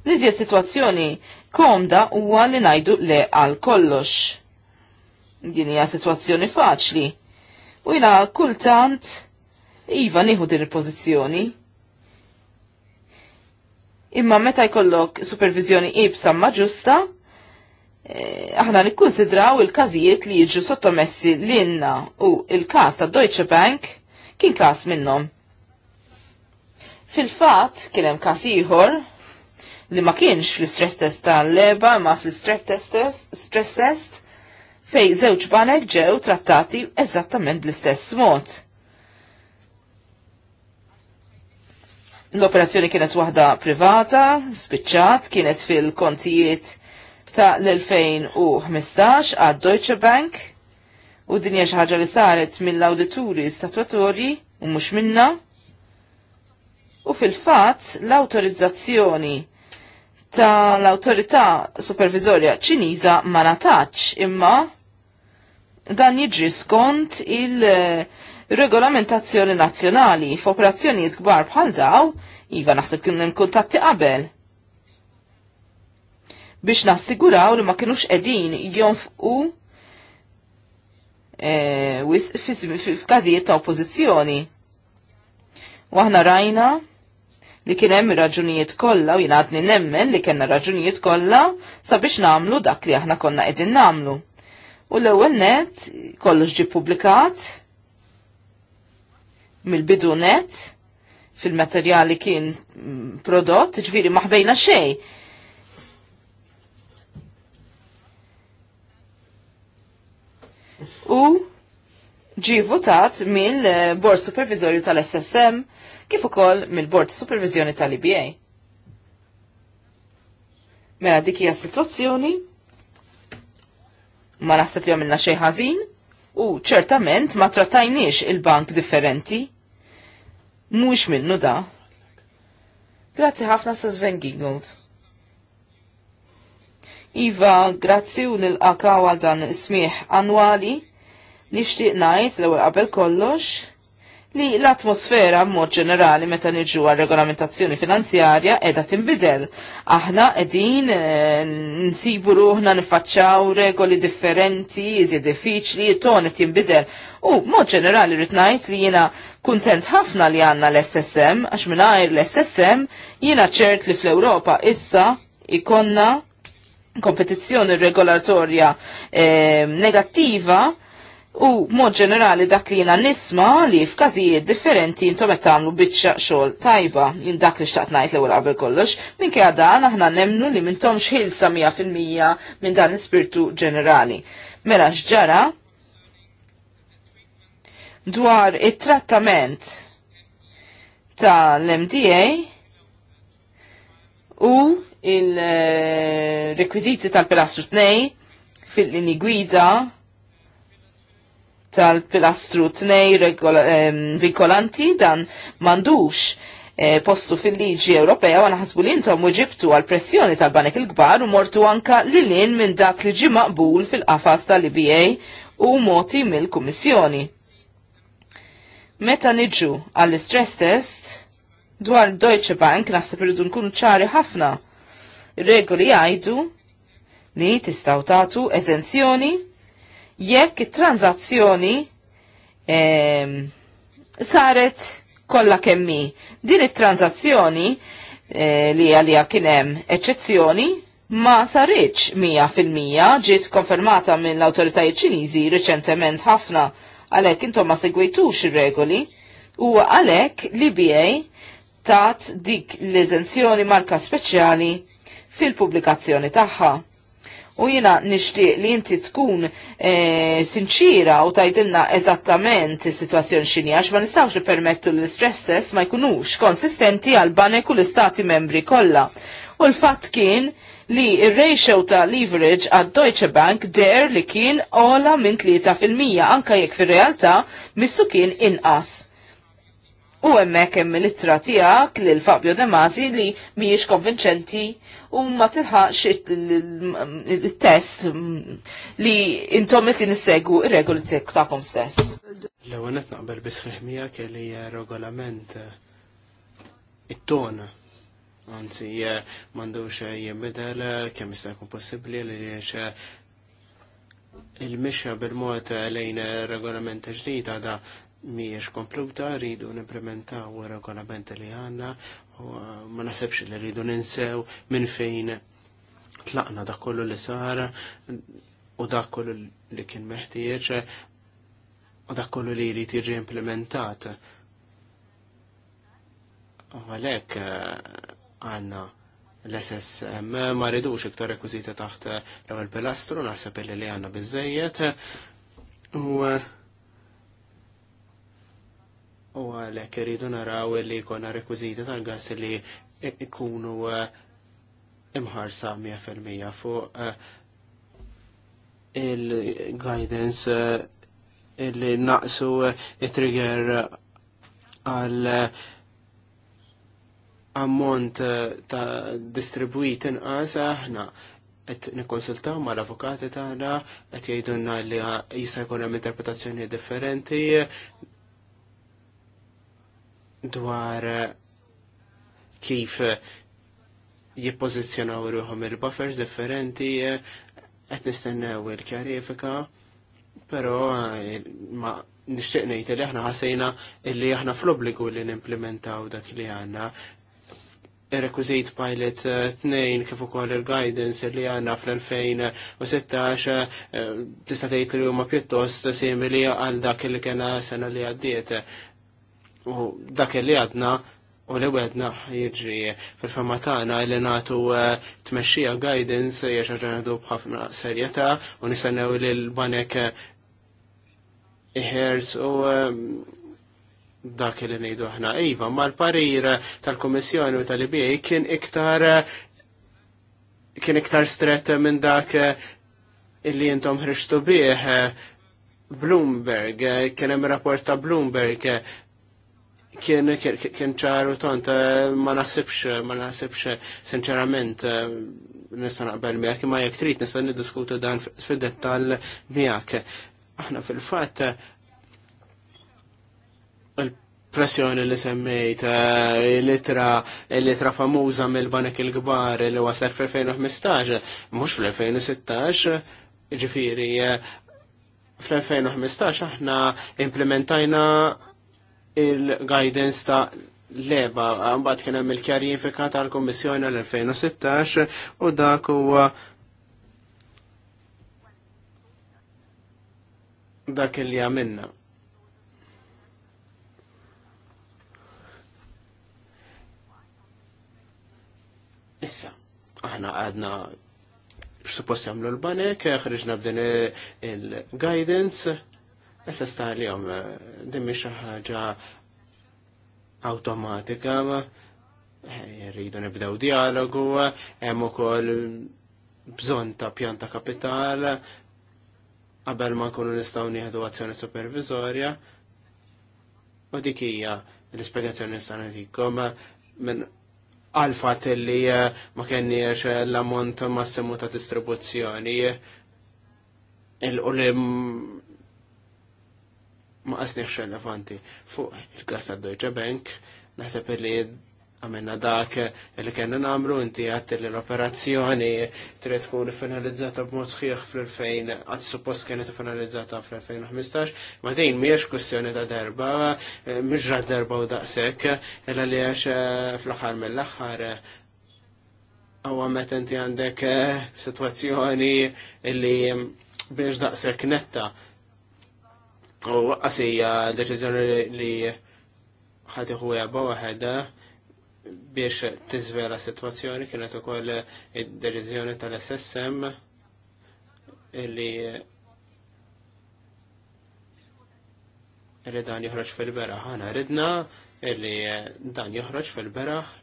L-iżjed sitwazzjoni komda huwa li ngħidu le għal kollox. Din hija sitwazzjoni faċli U jina kultant Iva nieħu din il-pożizzjoni. Imma meta jkollok supervizjoni ma ġusta, eh, aħna nikkunsidraw il-każijiet li jiġu sottomessi l-inna u il-każ ta' Deutsche Bank kien każ minnhom. Fil-fatt kien hemm każ ieħor li ma kienx fl-istress test tal-leba ma fl stress test, stress test fej żewġ banek ġew trattati eżattament bl-istess mod. L-operazzjoni kienet waħda privata, spiċċat, kienet fil-kontijiet ta' l-2015 għad Deutsche Bank u dinja xaħġa li saret mill-awdituri statutori u mux minna u fil-fat l-autorizzazzjoni ta' l autorita supervizorja ċiniża ma nataċ imma Dan jiġri skont il-regolamentazzjoni nazzjonali f'operazzjonijiet kbar bħal daw, iva naħseb kien hemm kuntatti qabel. Biex nassiguraw li ma kinux qegħdin jonfqu eh, f'każijiet ta' oppożizzjoni. Waħna rajna li kien hemm raġunijiet kollha u jingħadni nemmen li kellna raġunijiet kollha sabiex nagħmlu dak li aħna konna qegħdin nagħmlu. U l-ewwel net kollox ġi publikat mill-bidu net fil-materjali kien mm, prodott, ġviri maħbejna xej. U ġi votat mill-Bord eh, Supervizorju tal-SSM kif ukoll mill-Bord Supervizjoni tal-IBA. Mela dik hija situazzjoni ma naħseb li għamilna xej ħażin u ċertament ma trattajniex il-bank differenti. Mhux minnu da. Grazzi ħafna sa Sven Giggles. Iva, grazzi u nil-qaka għal dan ismiħ annwali. Nixtieq ngħid l-ewwel qabel kollox li l-atmosfera mod ġenerali meta niġu għal regolamentazzjoni finanzjarja edha timbidel. Aħna edin eh, nsibu ruħna nifacċaw regoli differenti, iżjed diffiċli, tonet jimbidel. U mod ġenerali rritnajt li jena kuntent ħafna li għanna l-SSM, għax minnajr l-SSM jena ċert li fl-Europa issa ikonna kompetizzjoni regolatorja eh, negattiva U mod ġenerali dak li jina nisma li f'każijiet differenti intom qed tagħmlu biċċa xogħol tajba jien dak li xtaqt ngħid l qabel kollox, minkejja dan aħna nemmnu li mintom ħilsa mija fil-mija minn dan l-ispirtu ġenerali. Mela x'ġara dwar it-trattament tal-MDA u il-rekwiziti tal-pilastru 2 fil-lini gwida tal-pilastru t-nej vinkolanti dan mandux e, postu fil-liġi Ewropea u naħsbu li intom uġibtu għal pressjoni tal-banek il-kbar u mortu anka li minn dak li ġi maqbul fil-qafas tal-IBA u moti mill-Kummissjoni. Meta niġu għall-stress test dwar Deutsche Bank naħseb irridu nkunu ċari ħafna. Regoli jgħidu li tistaw tagħtu eżenzjoni jekk it-tranzazzjoni ehm, saret kollha kemmi. Din it-tranzazzjoni eh, li għalija kien hemm eċċezzjoni ma sarriċ 100% ġiet konfermata mill awtoritajiet ċiniżi riċentement ħafna għalhekk intom ma segwejtux ir-regoli u għalhekk li BA tat dik l-eżenzjoni marka speċjali fil-pubblikazzjoni tagħha. U jina nishtiq li inti tkun e, sinċira u tajdinna eżattament is-sitwazzjoni x'inhi għax ma nistawx li permettu l-stress test ma jkunux konsistenti għal banek u l-istati membri kollha. U l-fatt kien li il ratio ta' leverage għad Deutsche Bank der li kien ola minn 3% anka jekk fir-realtà missu kien inqas. U emmek hemm l-ittra tiegħek lil Fabio De Masi li mhijiex konvinċenti u ma tilħaqx il-test li intom qed nissegu ir-regoli tagħkom stess.
L-ewwel qed naqbel bisħiħ miegħek li regolament eh, it tona anzi m'għandux jinbidel eh, kemm jista' jkun possibbli li eh, il-mixja bil-mod lejn regolament ġdid da' miex kompluta, rridu n-implementaw regolament li għanna, u uh, ma nasibx li rridu ninsew minn fejn tlaqna dak kollu li sar u dak kollu li kien meħtieġ u dak kollu li jrid jiġi implementat. U għalhekk uh, għandna l-SSM ma rridux iktar rekwiziti taħt l-ewwel pilastru naħseb li għandna biżejjed u uh, U għalhekk irridu naraw li jkollna rekwiżiti tal-gass li ikunu eh, imħarsa 100% fuq eh, il-guidance eh, li naqsu it-trigger għal ammont ta' distribuit inqas aħna qed nikkonsultaw mal-avukati tagħna qed jgħidulna li jista' jkun hemm interpretazzjoni differenti dwar eh, kif eh, jippożizzjonaw ruħom il-buffers differenti, eh, qed nistennew il-kjarifika, però ma nixtieq ngħid li aħna ħasajna illi aħna fl-obbligu li n-implementaw dak li għandna. Ir-requisit pilot 2 kif ukoll il-guidance li għandna fl-2016 tista' tgħid li huma pjuttost simili għal dak li kena sena li għaddiet u dak li għadna u li għedna jidri fil-fama tagħna li nagħtu eh, tmexxija guidance hija għadu b'ħafna serjetà u nistennew li l-banek eh, iħers u eh, dak li ngħidu aħna iva, ma l-parir tal-Kummissjoni u tal-IBA kien iktar kien iktar stret minn dak illi intom ħriġtu bih Bloomberg, kien hemm rapport ta' Bloomberg kien kien ċaru tant eh, ma naħsibx eh, ma naħsibx eh, sinċerament nista' naqbel miegħek imma jekk trid nista' niddiskutu dan fid-dettall miegħek. Aħna fil-fatt pressjoni li semmejt, il-litra, il-litra famuża mill-banek il-gbar li wasar fil 2015 mux fl-2016, ġifiri, fl-2015 aħna implementajna il-guidance ta' leba, għambat kien hemm il-kjarifika tal-Kommissjoni l-2016 u dak huwa dak li għamilna. Issa, aħna għadna x-suppost jamlu l-banek, ħriġna b'din il-guidance, Issa sta li għom, eh, dimmi xaħġa automatika, eh, jirridu nibdew dialogu, eh, hemm ukoll bżonn ta' pjanta kapital, qabel ma nkunu nistgħu nieħdu azzjoni supervizorja. U dik hija l-ispjegazzjoni nista' nagħtikom minn għalfat li ma kenniex l-ammont massimu ta' distribuzzjoni il-qulim ma qasni relevanti fuq il-kas ta' Deutsche Bank, naħseb li għamilna dak li kena namlu inti għat li l-operazzjoni trid tkun finalizzata b'mod sħiħ fl-2000, għad suppost kienet finalizzata fl-2015, ma din miex kwestjoni ta' derba, miġra derba u daqsek, illa li għax eh, fl-axar mill-axar għaw għamet inti għandek eh, situazzjoni li biex daqsek netta U għasija deċizjoni li ħatiħu jabba waħda biex tizvera situazzjoni kienet ukoll id-deċizjoni tal-SSM li li dan joħroġ fil-beraħ. Għana ridna li dan joħroġ fil-beraħ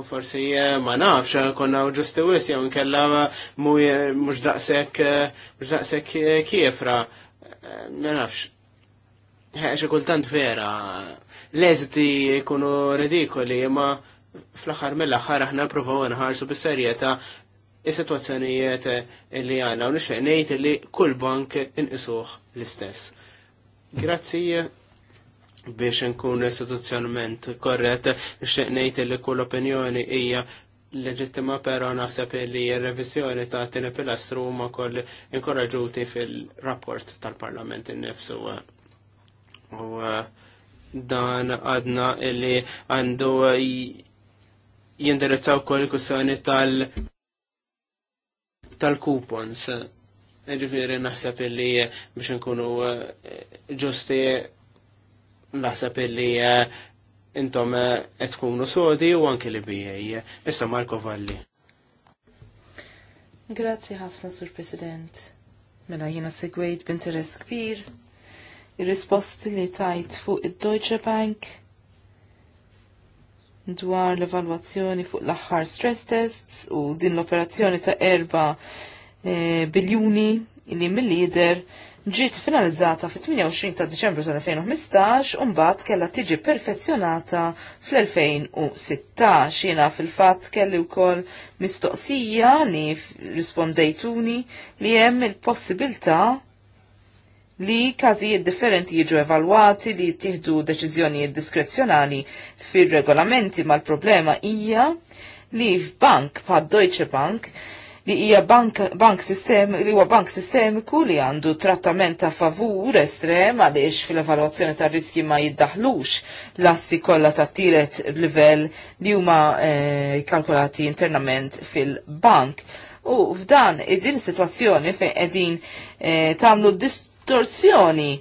u forsi eh, ma nafx eh, konna ġusti wis jew nkella eh, mhux daqshekk kiefra. Ma nafx kultant vera, leżiti jkunu redikoli, imma fl-axar mill-axar aħna provaw nħarsu bis-serjetà is-sitwazzjonijiet li għandna u nixtieq ngħid li kull bank inqisuh l-istess. Grazzi biex nkun istituzzjonalment korret, nixtieq ngħid li kull opinjoni hija leġittima però naħseb li r-revizjoni ta' t-tini pilastru huma koll inkoraġuti fil-rapport tal-Parlament innifsu U uh, dan għadna illi għandu uh, jindirizzaw kol kussjoni tal- tal-coupons. Ġifiri naħseb illi uh, biex nkunu ġusti naħseb illi intom qed tkunu sodi u anke li bijaj. Issa Marko Valli.
Grazzi ħafna, Sur President. Mela jiena segwejt b'interess kbir ir-risposti li tajt fuq id-Deutsche Bank dwar l-evalwazzjoni fuq l-aħħar stress tests u din l-operazzjoni ta' erba e, biljuni li mill-lider ġiet finalizzata fit-28 ta' Diċembru tal-2015 u mbagħad kellha tiġi perfezzjonata fl-2016. Jiena fil-fatt kelli wkoll mistoqsija li rispondejtuni li hemm il-possibilità li każijiet differenti jiġu evalwati li jittieħdu deċiżjonijiet diskrezzjonali fir-regolamenti mal-problema hija li f'bank bħad Deutsche Bank li hija bank, bank sistem, li huwa bank sistemiku li għandu trattament ta' favur estrem għaliex fil-evalwazzjoni ta' riski ma jiddaħlux l-assi kollha ta' tielet livell li huma eh, kalkulati internament fil-bank. U f'dan id-din situazzjoni fejn qegħdin eh, tagħmlu distorzjoni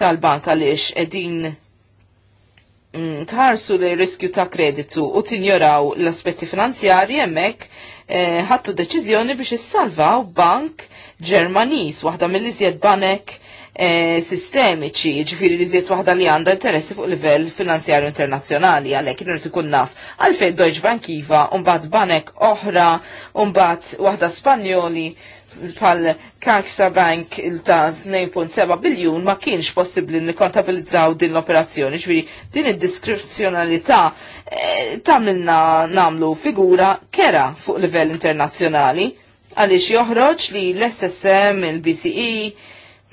tal-banka għaliex edin mm, tħarsu li riskju ta' kreditu u tinjoraw l-aspetti finanzjari jemmek eh, ħattu deċizjoni biex issalvaw bank Ġermanis, waħda mill-iżjed banek eh, sistemiċi, ġifiri li ziet wahda li għanda interessi fuq livell finanzjarju internazjonali, għalek irrid ikun naf għalfejn Deutsche Bank iva, unbat banek oħra, unbat wahda Spanjoli, pal Kaxa Bank il-ta' 2.7 biljun ma kienx possibli nikontabilizzaw din l-operazzjoni, ġviri din id diskrizzjonalità e, eh, tamilna namlu figura kera fuq livell internazzjonali għaliex joħroġ li l-SSM, il-BCE,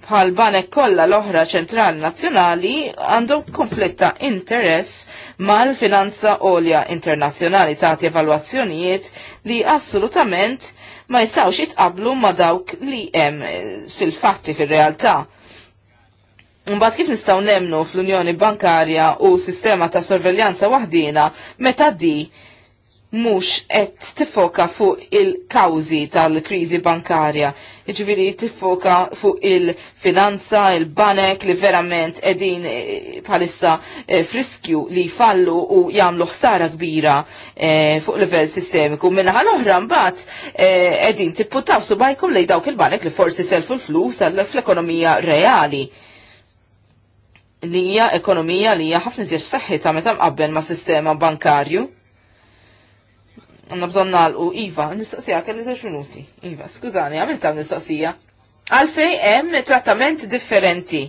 bħal banek kollha l-oħra ċentrali nazzjonali għandhom konflitta interess mal-finanza olja internazzjonali tagħti evalwazzjonijiet li assolutament ma jistawx jitqablu ma dawk li hemm eh, fil-fatti fil-realtà. Mbagħad kif nistgħu nemnu fl-Unjoni Bankarja u sistema ta' sorveljanza waħdina meta di mux qed tifoka fuq il-kawzi tal-krizi bankarja. Iġviri tifoka fuq il-finanza, il-banek li verament edin eh, bħalissa eh, friskju li fallu u jamlu ħsara kbira eh, fuq livell sistemiku. Minna ħal oħra mbagħad edin tafsu subajkom lej dawk il-banek li forsi selfu l-flus fl-ekonomija reali li hija ekonomija li hija ħafna iżjed f'saħħitha meta mqabbel ma' sistema bankarju Għanna bżon nalqu, Iva, nistaqsija kelli zewġ minuti. Iva, skużani, għamil ta' nistaqsija. Għalfej hemm trattament differenti.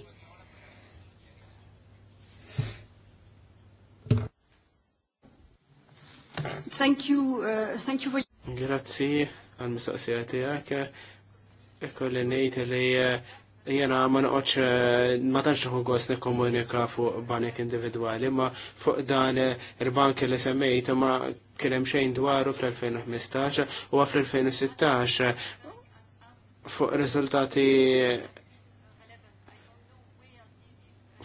Thank you, uh, thank you for...
Grazzi għal mistaqsija tijak. Ekkolli nejt li uh, jena ma noqoċ uh, ma tanċ nħu għos nekomunika fuq banek individuali, ma fuq dan uh, il-bank li semmejt ma kien hemm xejn dwaru fl-2015 u fl-2016 fuq riżultati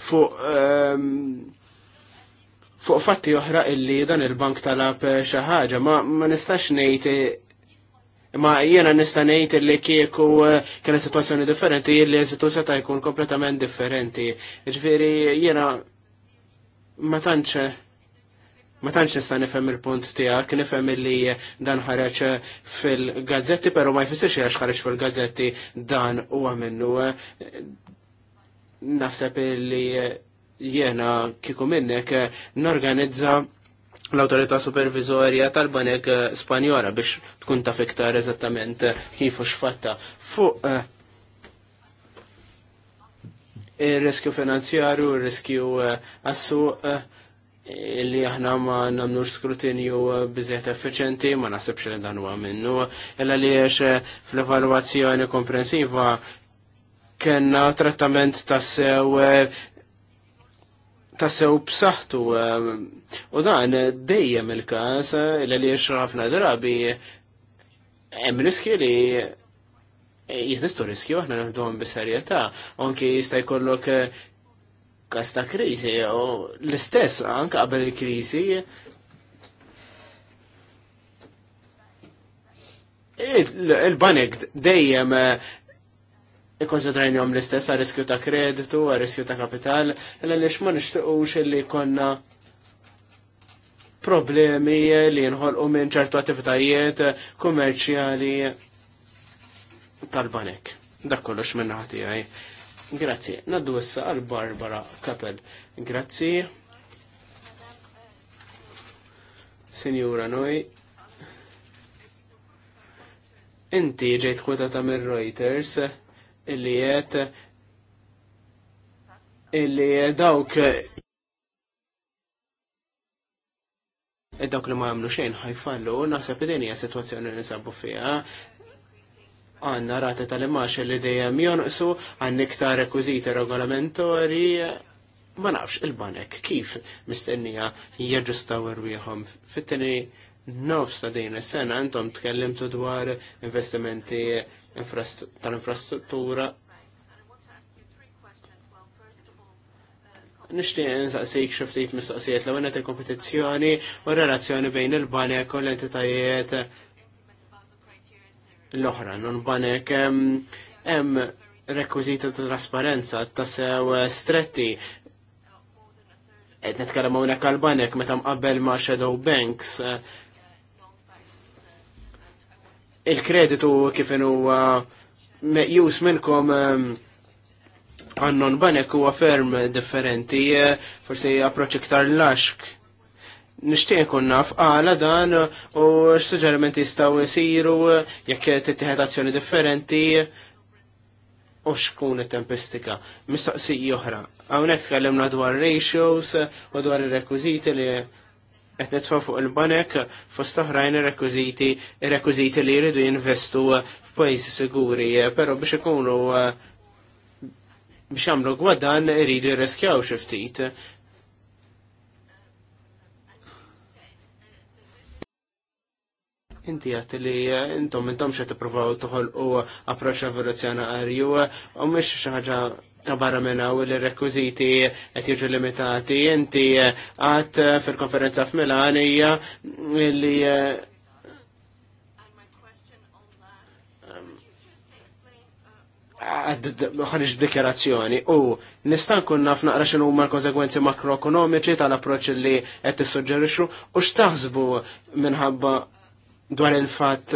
fuq ehm, fuq fatti oħra illi dan il-bank talab xi ħaġa ma, ma nistax ngħid ma jiena nista' ngħid li kieku eh, kien sitwazzjoni differenti illi situazzjoni ta' jkun kompletament differenti. Ġviri jiena ma tantx Ma tantx nista' nifhem il-punt tiegħek, nifhem li dan ħareġ fil-gazzetti, però ma jfissirx għax ħareġ fil-gazzetti dan huwa minnu. Naħseb li jiena kieku minnek norganizza l-autorità supervizorja tal-Banek Spanjola biex tkun taf iktar eżattament kif u xfatta fuq eh, il-riskju finanzjarju, il-riskju eh, assu eh, illi aħna ma namnux skrutinju bizziet effiċenti, ma nasibx li dan huwa minnu, illa li eh, fl-evalwazzjoni komprensiva kena trattament tassew eh, tassew b'saħħtu eh, u dan dejjem il-każ illa li ħafna drabi hemm riski li jizistu riskju aħna nħduhom bis-serjetà, anki jista' jkollok f'kas ta' kriżi u l-istess anke qabel il-kriżi il-banek dejjem eh, ikkonsidrajnjom l-istess għal riskju ta' kreditu, għal riskju ta' kapital, illa li xma nishtiqux li konna problemi li u minn ċertu attivitajiet kummerċjali tal-banek. Dak kollox minn ħati għaj. Grazzi. Naddu issa għal Barbara Kapel. Grazzi. Sinjura noi Inti ġejt kwetata minn Reuters illi jett illi dawk dawk li ma jamlu xejn ħajfallu, naħseb id-dinja situazzjoni li nisabu fija, għanna rata tal-imax li dejjem jonqsu, għan iktar rekwiziti regolamentori, ma nafx il-banek kif mistennija jaġustaw irwieħom. Fittini nofs ta' din is-sena intom tkellimtu dwar investimenti tal-infrastruttura nishtiq nsaqsik xi ftit mistoqsijiet l għanet il kompetizzjoni u r-relazzjoni bejn il-banek u l-entitajiet l-oħra. Non banek hemm rekwiżita ta' trasparenza ta' sew eh, stretti. Qed netkellem hawnhekk għal banek meta mqabbel ma' shadow banks. Eh. Il-kreditu kif huwa eh, meqjus minnkom għannon banek huwa ferm differenti, forsi approċċ iktar laxk nishtiq kun naf għala dan u x-suġġerimenti jistaw jisiru jekk tittieħed azzjoni differenti u xkun tempistika. Mistoqsija oħra. Hawnhekk tkellimna dwar ratios u dwar ir-rekwiżiti li qed nitfa' fuq il-banek fost oħrajn ir-rekwiżiti ir rekwiziti li jridu jinvestu f'pajjiżi siguri, però biex ikunu biex għamlu gwadan iridu jirriskjaw xi ftit Inti għat li intom intom xa t-provaw tuħol u approċ evoluzjonarju, u mux xaħġa ta' barra minna u li rekwiziti għet jġu limitati. Inti għat fil-konferenza f hija li ħarġ dikjerazzjoni u nista' nkun naf naqra x'inhu l-konsekwenzi makroekonomiċi tal-approċċ li qed tissuġġerixxu u x'taħsbu minħabba dwar il-fat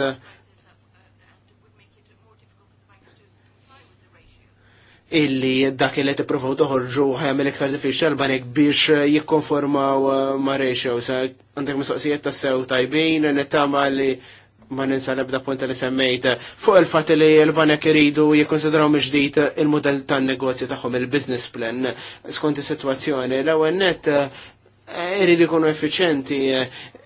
illi dak li t-provaw toħorġu il iktar diffiċċel banek biex jikkonformaw uh, ma' ratios. Għandek mistoqsijiet ta' sew tajbin, nittama li ma ninsa l-ebda punta li semmejt fuq il-fat li l-banek iridu jikkonsidraw miġdijt il-modell tan negozju tagħhom il-business plan skont is-sitwazzjoni. L-ewwel net eh, iridu jkunu effiċenti, eh,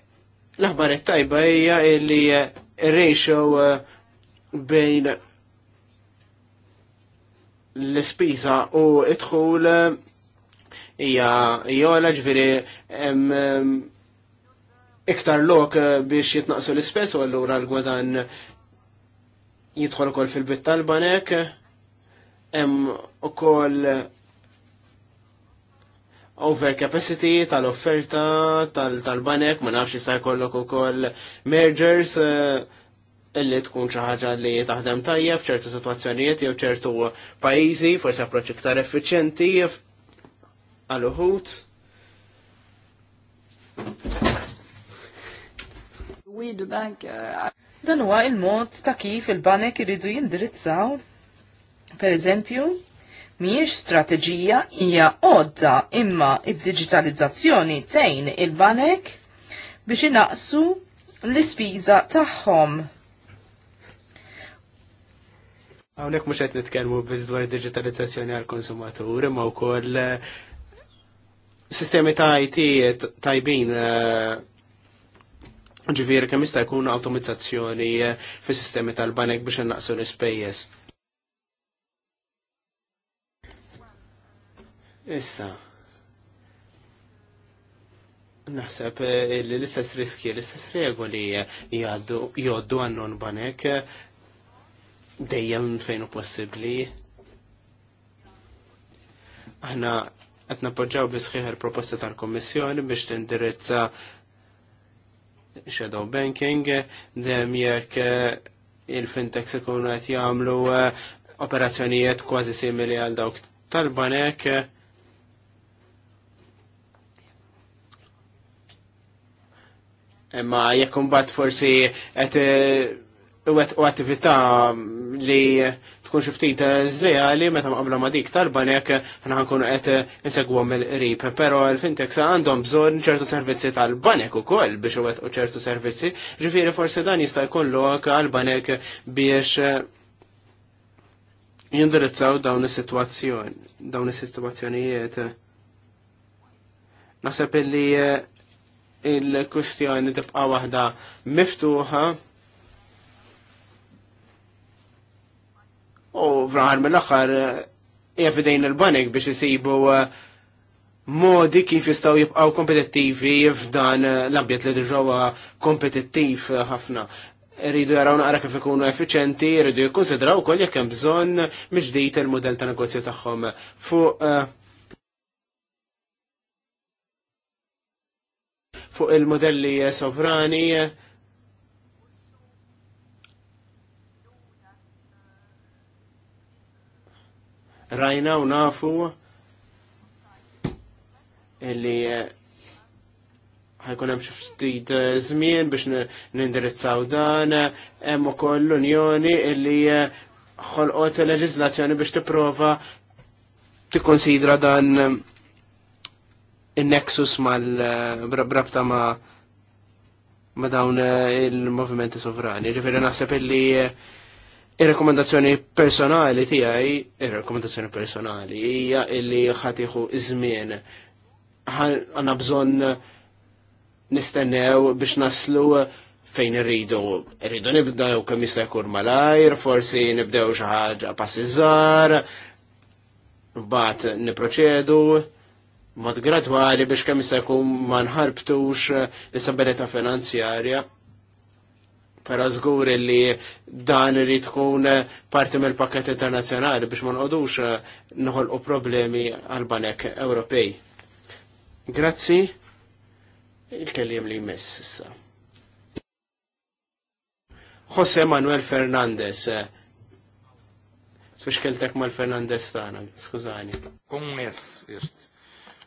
L-aħbar tajba hija li eh, ratio eh, bejn l-spiża u id-dħul eh, hija jola ġifieri iktar lok biex jitnaqsu l-ispess u allura l-gwadan jidħol ukoll fil-bit tal-banek hemm ukoll overcapacity tal-offerta tal-banek, ma nafx jista' jkollok ukoll mergers eh, illi tkun xi ħaġa li taħdem tajja f'ċertu situazzjonijiet jew ċertu pajjiżi, forsi approċċ iktar effiċenti għal uħud.
Euh,
Dan huwa il-mod ta' kif il-banek iridu jindirizzaw, per eżempju, mhijiex strateġija hija għodda imma id-digitalizzazzjoni tejn il-banek biex inaqsu l-ispiża tagħhom.
Hawnhekk mhux qed nitkellmu biz dwar digitalizzazzjoni għall konsumatur u wkoll eh, sistemi ta' IT tajbin eh, ġivir kemm jista' jkun awtomizzazzjoni eh, fis-sistemi tal-banek biex innaqsu l-ispejjeż Issa. Naħseb eh, li l-istess riski, l-istess regoli eh, jgħaddu għannon banek eh, dejjem fejn possibbli. Aħna qed nappoġġaw bi il-proposta tal-Kommissjoni biex tindirizza shadow banking dejjem jekk il fintex ikunu qed jagħmlu operazzjonijiet kważi simili għal dawk tal-banek Imma jekk bat forsi qed eh, u attività mm, li tkun xi ftit eh, li meta mqabla ma dik tal-banek aħna nkunu qed eh, insegwhom il-qrib. Però l fintex sa għandhom bżonn ċertu servizzi tal-banek ukoll biex għet u ċertu servizzi. Ġifieri forsi dan jista' jkun lok għal-banek biex jindirizzaw dawn is-sitwazzjoni, dawn is-sitwazzjonijiet. Naħseb illi il-kustjoni tibqa' waħda miftuħa u fraħar mill-axar jafidejn eh, il-banek biex jisibu eh, modi kif jistaw jibqaw kompetittivi f'dan eh, l ambjet li d-ġawa kompetittiv ħafna. Rridu jaraw naqra kif ikunu efficienti, rridu jikkonsidraw kol jekk hemm bżonn miġdijt il-modell ta' negozju tagħhom. Fuq fuq il-modelli sovrani rajna u nafu illi eh, ħajkun hemm xi ftit eh, żmien biex nindirizzaw dan, hemm ukoll l-Unjoni illi eh, ħolqot leġiżlazzjoni biex tipprova tikkonsidra dan in-nexus mal-brabta eh, ma ma dawn eh, il-movimenti sovrani. Ġifiri naħseb illi eh, il-rekomendazzjoni personali tiegħi, il-rekomendazzjoni personali hija illi ħatiħu iż-żmien. bżon bżonn nistennew biex naslu fejn irridu. Irridu nibdew kemm jista' jkun malajr, forsi nibdew xi ħaġa passi żgħar, mbagħad niproċedu mod gradwali biex kemm se jkun ma nħarbtux eh, l-istabilità finanzjarja. però żgur li dan irid tkun eh, parti mill pakket internazzjonali biex ma nqodux eh, noħolqu problemi għal banek Ewropej. Grazzi, il-kellim li jmiss issa. Jose Manuel Fernandez, Tfixkeltek mal-Fernandez tana, skużani. Kun mes,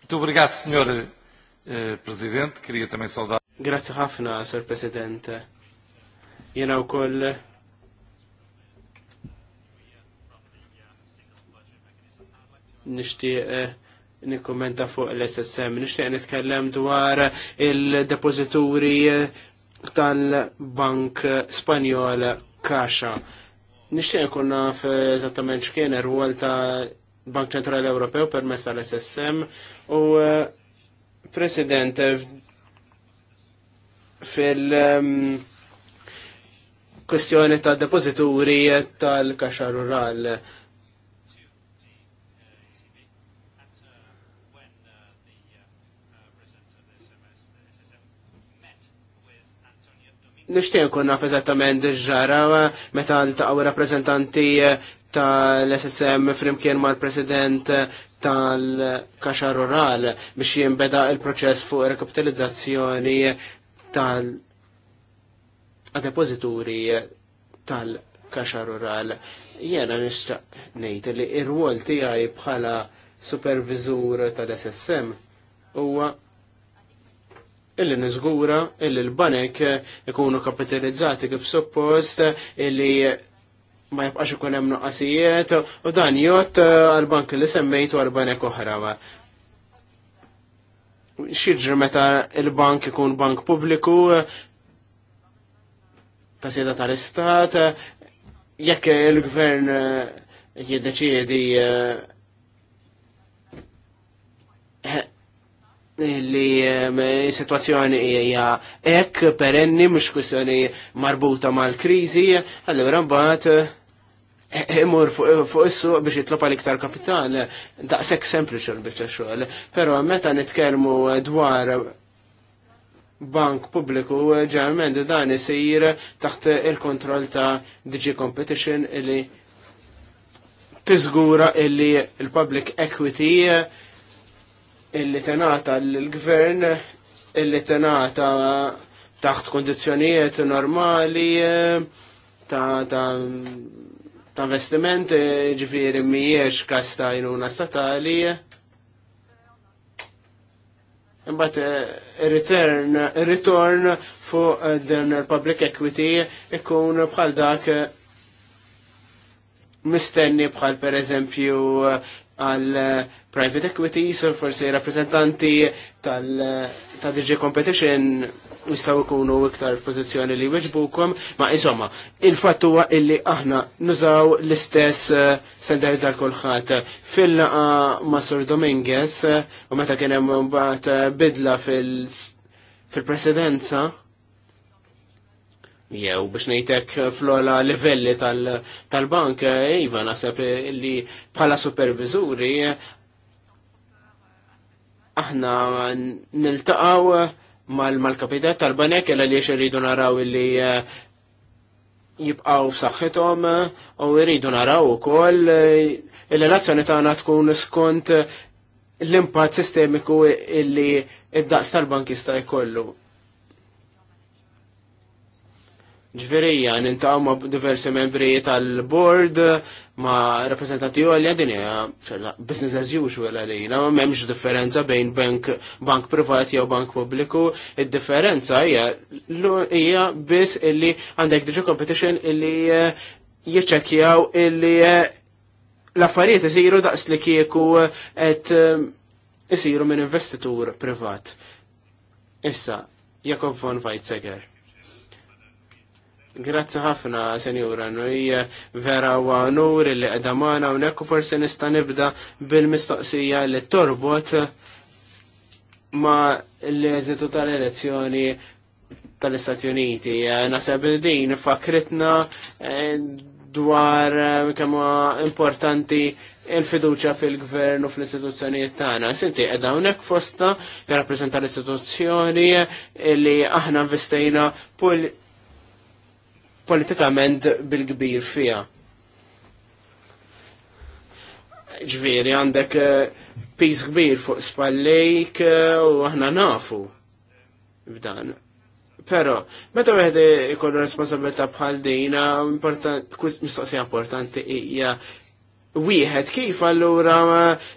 Muito obrigado, Sr. Eh, presidente. Queria também saudar. Grazie ħafna, Sr. President. Jena u koll nishtiq eh, nikkommenta fuq l-SSM. Nishtiq nitkellem dwar il-depozituri eh, tal-Bank Spanjol Kaxa. Nishtiq naf eżattament x'kien ir-rwol ta' Bank Ċentrali Ewropew permess tal-SSM u eh, President eh, fil- ehm, kwestjoni ta' depozituri tal-kaxa rural. Nishtiq kunna naf eżattament ġara meta l-taqaw rappresentanti eh, tal-SSM frimkien mal-president tal-kaxa rural biex jimbeda il-proċess fuq rekapitalizzazzjoni tal-depozituri tal-kaxa rural. Jena nishtaq nejt li ir-rwol tijaj bħala supervizur tal-SSM huwa illi nizgura illi l-banek ikunu kapitalizzati kif suppost illi ma jibqax ikun hemm noqqasijiet u dan jgħod eh, għall-bank li semmejt u għall-banek oħra. Xiġri meta il-bank ikun bank pubbliku eh, ta' sieda tal-istat, eh, jekk il-gvern jiddeċiedi li ehm, situazzjoni hija hekk perenni mhux kwistjoni marbuta mal-kriżi, allura mbagħad eh, eh, imur fuq issu biex jitlob iktar kapital, daqshekk sempliċi l-biċċa xogħol. Però meta nitkellmu dwar bank pubbliku ġermend dan isir taħt il-kontroll ta' DG Competition li tiżgura illi il-public equity illi tenata l-gvern illi tenata taħt kondizjonijiet normali ta' ta' ta' vestiment ġifiri miex kasta jnuna statali. Imbat eh, return, return fuq eh, din public equity ikun bħal dak eh, mistenni bħal per eżempju għal eh, private equity, so forsi rappresentanti tal-DG eh, Competition jistaw ikunu iktar pożizzjoni li weġbukom, ma insomma, il-fatt huwa illi aħna nużaw l-istess eh, standards għal kulħadd. Fil-laqa ma' Sur Dominguez, u meta kien hemm bidla fil-presidenza, fil presidenza jew biex nejtek eh, fl-ola livelli tal-bank, eh, iva nasab eh, li bħala supervizuri aħna niltaqaw mal-kapitat tal-banek illa li rridu naraw li jibqaw f'saħħithom u jridu naraw ukoll il-relazzjoni tagħna tkun skont l-impatt sistemiku illi id-daqs tal-bank jista' jkollu Ġverija, nintaw ma diversi membri tal-board, ma rappresentanti u għalja dinja, business as usual għalina, ma memx differenza bejn bank, bank privati jew bank publiku, il differenza hija hija biss illi għandek diġu competition illi eh, jieċekjaw illi eh, l-affarijiet isiru daqs li kieku qed eh, isiru minn investitur privat. Issa, Jakob von Weizsäcker. Grazzi ħafna, senjura, hija eh, vera u għanur li għedamana u nekku forse nista nibda bil-mistoqsija li torbot eh, ma l-eżitu tal-elezzjoni tal-Istati Uniti. Eh, Nasab din fakritna dwar kemm importanti il-fiduċa fil-gvern u fl-istituzzjonijiet tagħna. Sinti qiegħda hawnhekk fosta jirrappreżenta l-istituzzjoni li aħna investejna politikament bil-kbir fija. Ġviri, għandek eh, pis kbir fuq spallejk eh, u aħna nafu b'dan. Pero, meta wieħed ikun responsabilità bħal dina, eh, mistoqsija importanti hija wieħed kif allura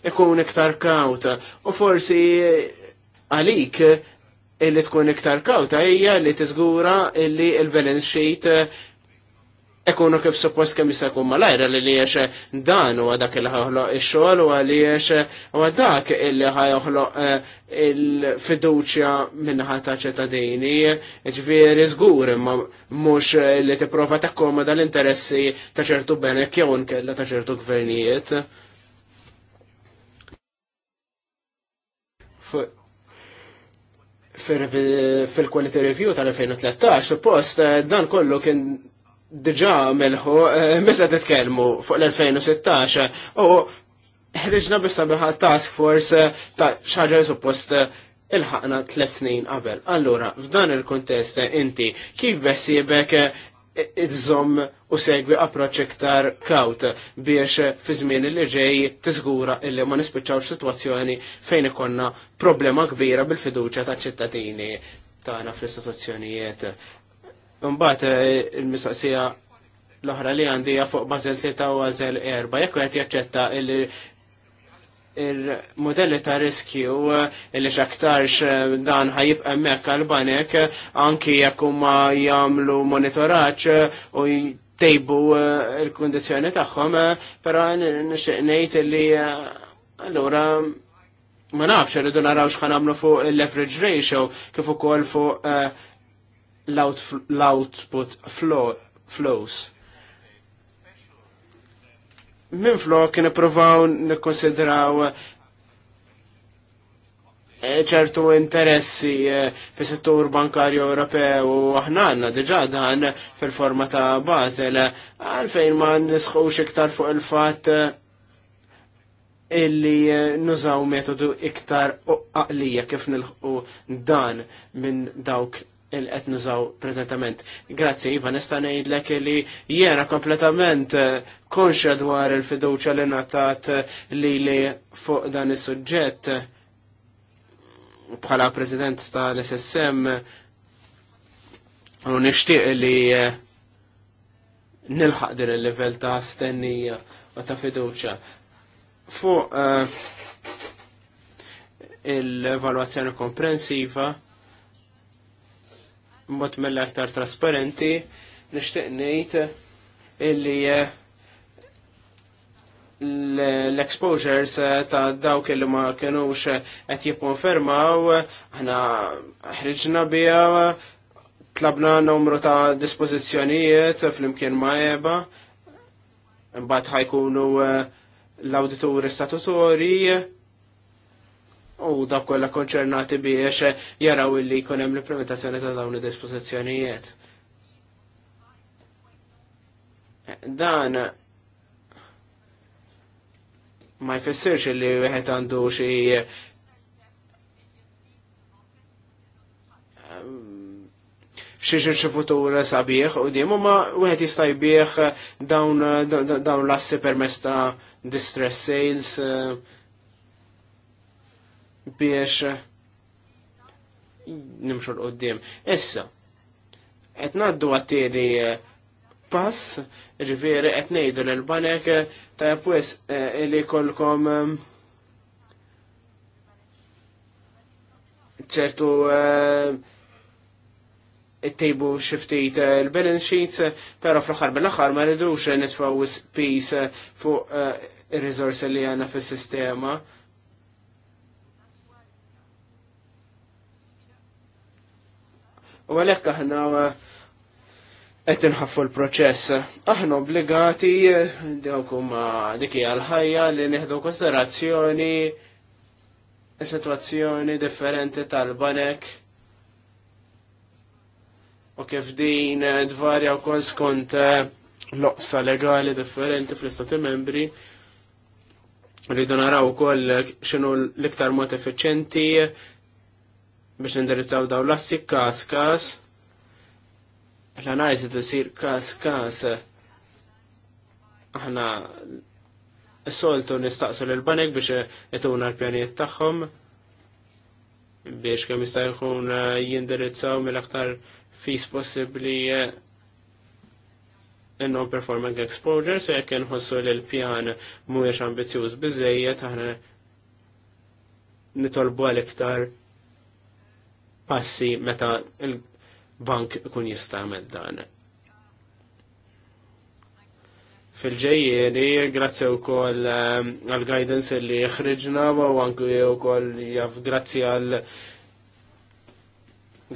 ikun iktar kawta. U forsi għalik illi tkun iktar kawta hija li tiżgura illi il-balance sheet ekunu eh, kif suppost kemm jista' jkun malajra li għaliex dan huwa dak li ħajoħloq ix-xogħol u għaliex huwa dak illi ħajoħloq eh, il-fiduċja minnaħa ta' ċittadini, ġifieri żgur imma mhux li tipprova takkomoda l-interessi ta' ċertu benek jew nkella ta' ċertu gvernijiet fil-quality review tal-2013, post eh, dan kollu kien diġa melħu, eh, misa titkelmu fuq l-2016, u ħriġna bista biħa task force eh, ta' xaġa suppost il-ħakna tlet snin qabel. Allura, f'dan il-kontest inti, kif bessibek iżżomm u segwi approċċ iktar kawt biex fi żmien li ġej tiżgura illi ma nispiċċawx sitwazzjoni fejn ikonna problema kbira bil-fiduċja taċ-ċittadini tagħna fl-istituzzjonijiet. Imbagħad eh, il-mistoqsija l-oħra li għandi fuq bażel tlieta u għażel erba' jekk qed jaċċetta il-modelli ta' riskju eh, li xaktarx eh, dan ħajib emmek għal-banek eh, anki jekk huma jagħmlu monitoraċ u tejbu il-kondizjoni tagħhom, però nixtieq ngħid li allura ma nafx rridu naraw x'ħan nagħmlu fuq il-leverage ratio kif ukoll fuq l-output flows minn flok niprovaw nikkonsidraw eh, ċertu interessi eh, fis settur bankarju Ewropew u aħna għandna diġà dan fil-forma ta' Basel eh, għalfejn ma nisħux iktar fuq il-fatt illi nużaw metodu iktar u għaqlija kif nilħu dan minn dawk il etnużaw prezentament. Grazie, Grazzi, Iva, nista' ngħidlek li jiena kompletament eh, konxa dwar il-fiduċa li natat eh, li li fuq dan is-suġġett bħala president tal-SSM u nixtieq li eh, nilħaq din il livell ta' stennija u ta' fiduċa. Fuq il-evaluazzjoni komprensiva, mbot mella aktar trasparenti nixtieq ngħid illi eh, l-exposures eh, ta' dawk li ma kienux eh, qed jikkonfermaw aħna ħriġna biha tlabna numru ta' dispożizzjonijiet flimkien ma' eba imbagħad ħajkunu l-awdituri statutori u dak kollha konċernati biex jaraw illi jkun hemm l-implementazzjoni ta' dawn id-dispożizzjonijiet. Dan ma jfissirx li wieħed għandu xi xiex xi futur sabiħ u dimu ma u għet jistajbieħ dawn l-assi permess ta' distress sales biex nimxu l-qoddim. Issa, qed ngħaddu għattiri eh, pass, ġviri qed ngħidu l-banek eh, ta' pues eh, li kolkom ċertu it-tejbu xiftit il-balance sheets, pero fl-axar bil axar ma rridux nitfawis spis fuq il-rizorsi li għanna fil-sistema. U għalhekk aħna eh, qed nħaffu l-proċess. Aħna obbligati eh, dawk huma dik l-ħajja li nieħdu konsiderazzjoni situazzjoni differenti tal-banek u kif din dvarja eh, u kol skont loqsa legali differenti fl-istati membri rridu naraw ukoll x'inhu l-iktar mod effiċenti biex indirizzaw daw l-assi kas-kas, l t-sir kas-kas, aħna s-soltu nistaqsu l-banek biex jtuna l-pjaniet tagħhom biex kemm jista' jkun eh, jindirizzaw mill-aktar fis possibbli eh, non performing exposure, so jekk inħossu li l-pjan mhuwiex ambizjuż bizzejiet, aħna nitolbu għal iktar passi meta il-bank kun jistamed dan. Fil-ġejjeri, grazzi u koll eh, għal-guidance li ħriġna u anki u koll jaff grazzi għal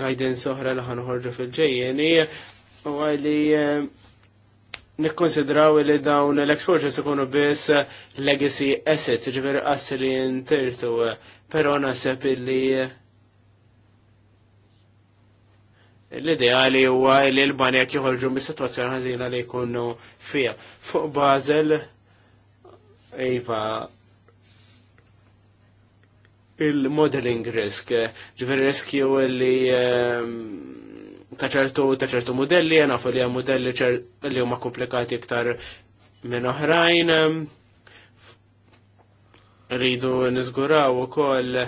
guidance oħra li ħanħorġu fil ġejjeri u għalli eh, nikkonsidraw li dawn l-exposures ikunu biss legacy assets, ġifieri assi li jintirtu, eh, però naħseb li l-ideali huwa li l-banek joħorġu mis-sitwazzjoni ħażina li jkunu fija. Fuq bażel Iva, il-modeling risk, ġiver riskju li ehm, taċertu taċertu modelli, nafu li għam modelli li huma komplikati iktar minn oħrajn, rridu nizguraw u koll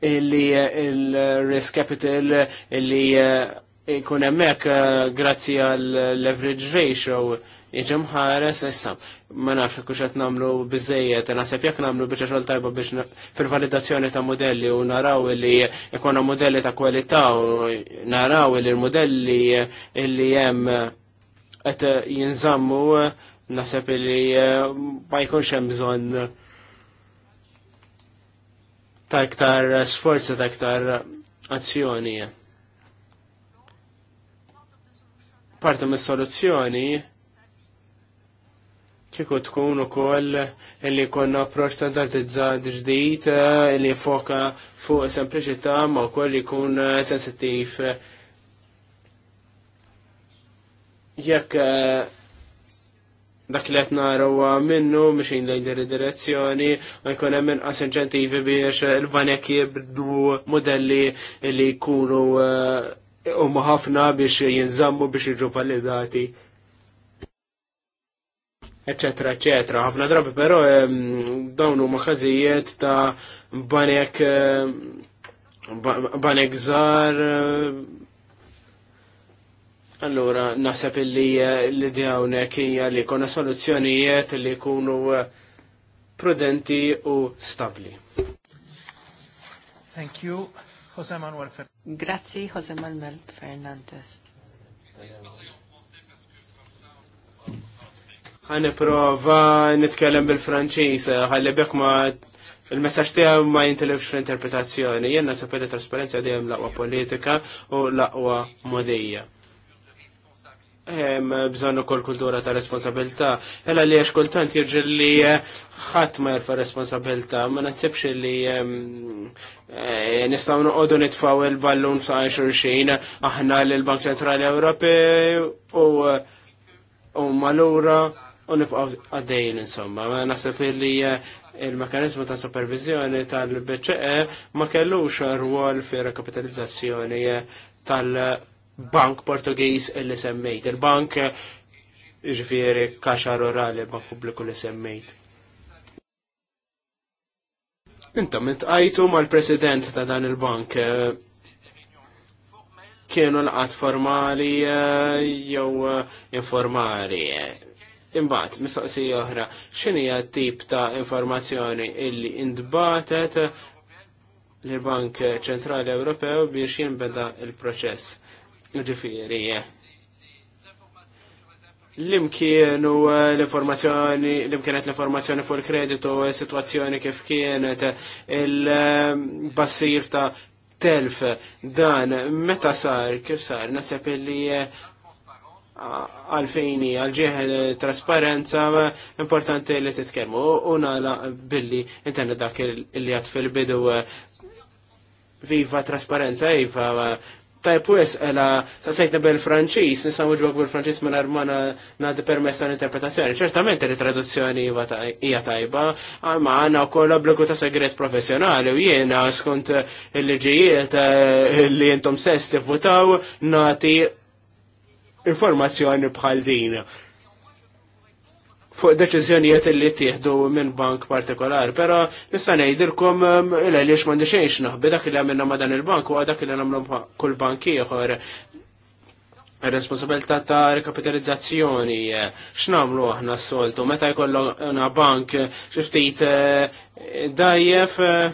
illi eh, il-risk capital li jkun eh, hemmhekk eh, grazzi għal leverage ratio iġem ħares issa. Ma nafx kux qed nagħmlu biżejjed, e naħseb jekk nagħmlu biex xogħol tajba biex fil-validazzjoni ta' modelli u naraw li jkunu modelli ta' kwalità u naraw li l-modelli li hemm qed jinżammu naħseb li ma jkunx hemm bżonn ta' iktar sforza, ta' iktar azzjoni. Parti mis soluzzjoni kieku tkun ukoll illi konna approċċ standardizzat ġdijt illi foka fuq sempliċità ma wkoll jkun sensittiv jekk eh, dak li qed naraw minnu mixin lejn id direzzjoni ma jkun hemm inqas inċentivi biex il-banek jibdu modelli li jkunu eh, huma ħafna biex jinżammu biex jiġu validati. Eccetera, eccetera. Ħafna drabi però dawn huma każijiet ta' banek banek żgħar Allora, naħseb illi eh, l-idea hawnhekk hija li jkollna soluzzjonijiet li jkunu eh, prudenti u stabli. Thank you, Jose Manuel Fernandez. Grazzi,
Jose Manuel Fernandez.
Għani prova nitkellem bil-Franċis, għalli eh, bekk ma il-messaċ tiegħu ma jintilefx fl-interpretazzjoni. Jenna sepeli trasparenza dejjem laqwa politika u laqwa modija bżonn ukoll kultura ta' responsabilità. Ella li għax kultant jirġi li eh, ħadd ma jerfa' responsabilità, ma naħsibx li ehm, eh, nistgħu noqogħdu nitfa'w il-ballun sa' xurxin aħna lill-Bank Centrali Ewropej eh, u malura u nibqgħu għaddejjin insomma. Ma naħseb li il-mekanizmu ta' supervizjoni tal-BCE ma kellux rwol fi rekapitalizzazzjoni tal- bank Portugiż li semmejt. Il-bank eh, ġifiri kaxa rurali bank pubbliku li semmejt. Intom ma' mal-president ta' dan il-bank eh, kienu laqat formali eh, jew informali. Imbagħad, mistoqsija oħra, x'inhi tip ta' informazzjoni illi intbatet l-Bank Ċentrali Ewropew biex jinbeda il-proċess. Ġifiri, l-imkienu eh, l-informazzjoni, l-imkienet l-informazzjoni fuq il-kreditu, eh, situazzjoni kif kienet, il-bassir eh, ta' telf, dan, meta sar, kif sar, nasib li għalfejni, għalġieħ trasparenza, importanti li titkelmu, u nala billi, intenna dak li għat fil-bidu, viva trasparenza, viva Tajb wis, ela, sa' sejtna bil-Franċis, nisa' muġbok bil-Franċis minn armana di permessa l-interpretazzjoni. ċertament li traduzzjoni hija tajba, għamma għanna u koll obbligu ta' segret professjonali u jiena skont il-liġijiet eh, li jentom sess tivvutaw nati informazzjoni bħal din fuq deċiżjonijiet li tieħdu minn bank partikolari, pero nista' ngħidilkom um, il-għaliex m'għandi xejn xnaħbi dak li għamilna ma' dan il-bank u dak li nagħmlu kull bank ieħor. Responsabilità ta' rekapitalizzazzjoni, x'namlu aħna s-soltu, meta jkollok bank xi ftit eh, dajjef eh,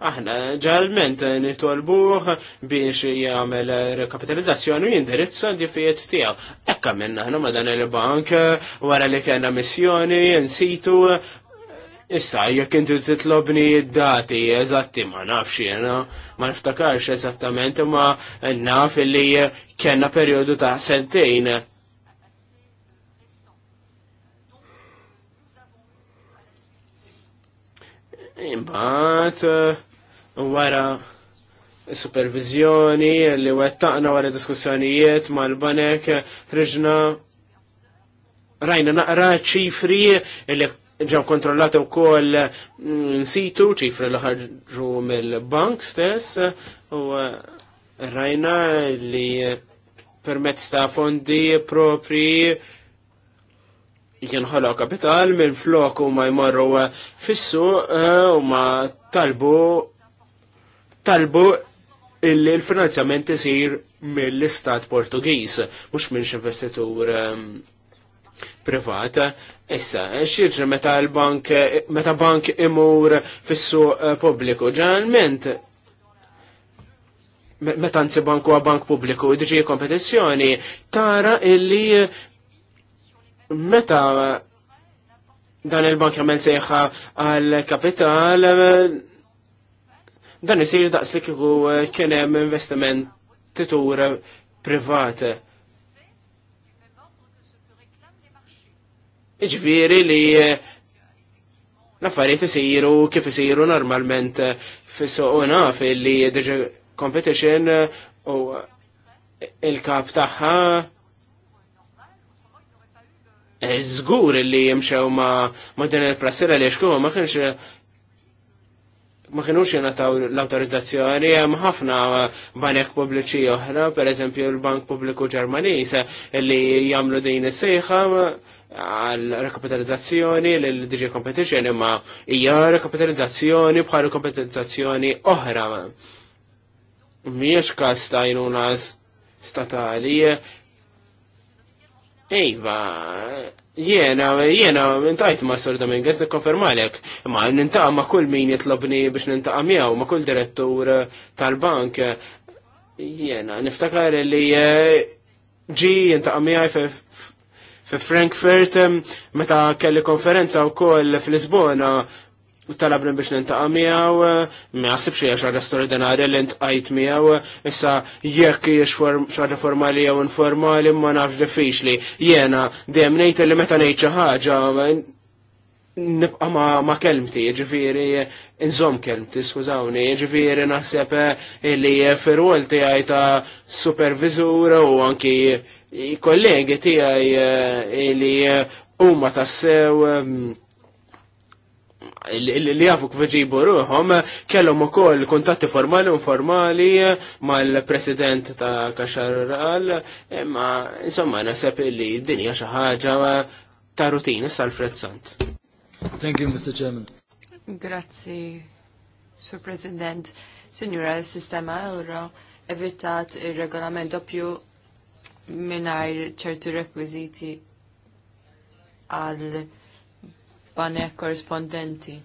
Aħna ġalment nitolbuh biex jagħmel rekapitalizzazzjoni u jindirizzu għandifijiet tijaw. tiegħu. minna għamilna aħna il-bank wara li kena missjoni jinsitu. Issa, jekk inti titlobni id-dati eżatti ma nafx jena, ma niftakarx eżattament ma naf li kena periodu ta' sentejn. Imbagħad wara supervizjoni li wettaqna wara diskussjonijiet mal-banek rġna rajna naqra ċifri li ġew kontrollati wkoll situ, ċifri li ħarġu mill-bank stess u rajna li permezz ta' fondi propri jinħolo kapital minn flok u ma jmorru fissu eh, u ma talbu talbu illi l-finanzjament isir mill-istat Portugiż, mhux minn investitur ehm, privata. Issa, xieġri meta l-bank, meta bank imur fissu eh, pubbliku, ġeneralment meta nsi bank huwa bank pubbliku diġi kompetizzjoni, tara illi meta dan il-bank jagħmel sejħa għal kapital eh, Dan isir daqs li kiku eh, kienem investiment titura private. Iġviri li eh, l-affarijiet isiru kif isiru normalment fis-suq eh, fil li diġa competition u il-kap taħħa Zgur li jimxew ma, ma din il-prassira li xkuħu ma kienx ma kienux taw l-autorizzazzjoni, hemm ħafna banek pubbliċi oħra, per eżempju l-Bank Pubbliku Ġermanis, li jagħmlu din is-sejħa għal rekapitalizzazzjoni l dg Competition imma hija rekapitalizzazzjoni bħal rekapitalizzazzjoni oħra. Miex każ ta' jnuna statali. Ejva, Jena, jena, ntajt ma' minn Dominguez konfermalek, ma' nintaqa ma' kull min jitlobni biex nintaqa miaw ma' kull direttur eh, tal-bank. Jena, niftakar li ġi eh, jintaqa miegħi fi Frankfurt eh, meta kelli konferenza wkoll fil-Lisbona u talab biex nintaqa' miegħu, ma jaħsibx hija xaġa straordinarja li ntqajt miegħu, issa jekk hija xaġa formali jew informali ma nafx diffiċli. Jiena dejjem ngħid li meta ngħid xi ħaġa nibqa ma, kelmti, ġifiri, nżom kelmti, skużawni, ġifiri naħseb li firwol ti ta' supervizur u anki kollegi tijaj li umma tassew sew li jafu kveġibu ruħom, kellhom ukoll kuntatti formali u informali mal-president ta' Kaxar Ral, imma insomma naħseb li d-dinja xi ħaġa ta' rutina sal-Fred Sant. Thank you, Mr. Chairman.
Grazzi, Sur President. Signora, il-sistema euro evitat il-regolament doppju minnajr ċertu rekwiziti għal banek korrispondenti.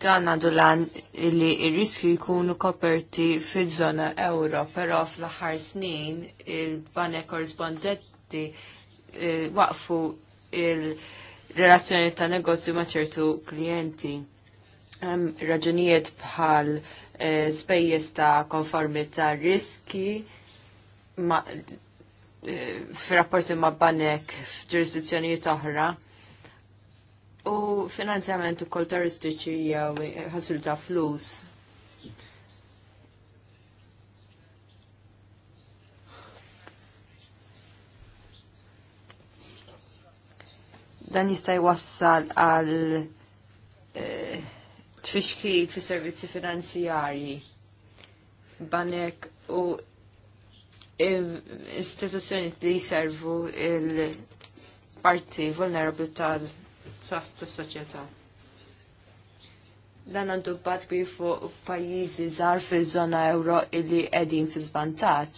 Dan għadu lan li il-riskju jkunu koperti fil-zona euro, pero fl-ħar snin il-banek korrispondenti eh, waqfu il-relazzjoni ta' negozju ma' ċertu klienti. Raġunijiet bħal eh, spejjes ta' konformi ta' riski ma' Eh, f'rapporti ma' banek f'ġurisdizzjonijiet oħra. U finanzjament kol turistiċi jew ta' flus. Dan jista' jwassal għal eh, tfixkil fi servizzi finanzjarji banek u istituzzjoni li jiservu il-parti vulnerabli tal-saft soċjetà Dan għandu bat kbir fuq pajjiżi żgħar fiż-żona euro illi qegħdin fi żvantaġġ.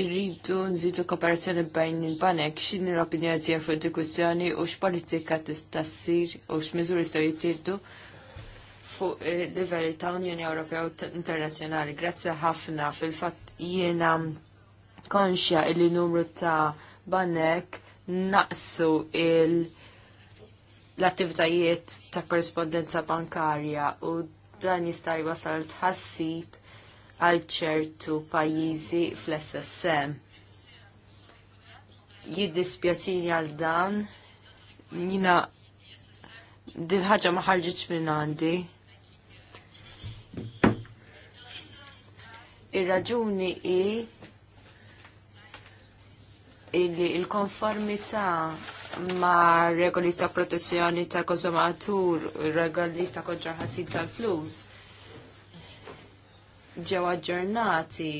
irridu nżidu kooperazzjoni bejn il-banek, xin l-opinjoni tiegħek fuq di kwistjoni u x'politika tista' ssir u x'miżuri jistgħu jittieħdu fuq il eh, livell ta' Unjoni Ewropea u Internazzjonali. Grazzi ħafna fil-fatt jiena konxja il numru ta' banek naqsu il- l-attivitajiet ta' korrispondenza bankarja u dan jista' jwasal tħassib għal ċertu pajjiżi fl-SSM. Jiddispjaċini għal dan, jina dil ħaġa ma ħarġitx minn għandi. Ir-raġuni i il-konformità ma regoli ta' protezzjoni tal konsumatur, regoli ta' kontraħasid tal-flus, ġew aġġornati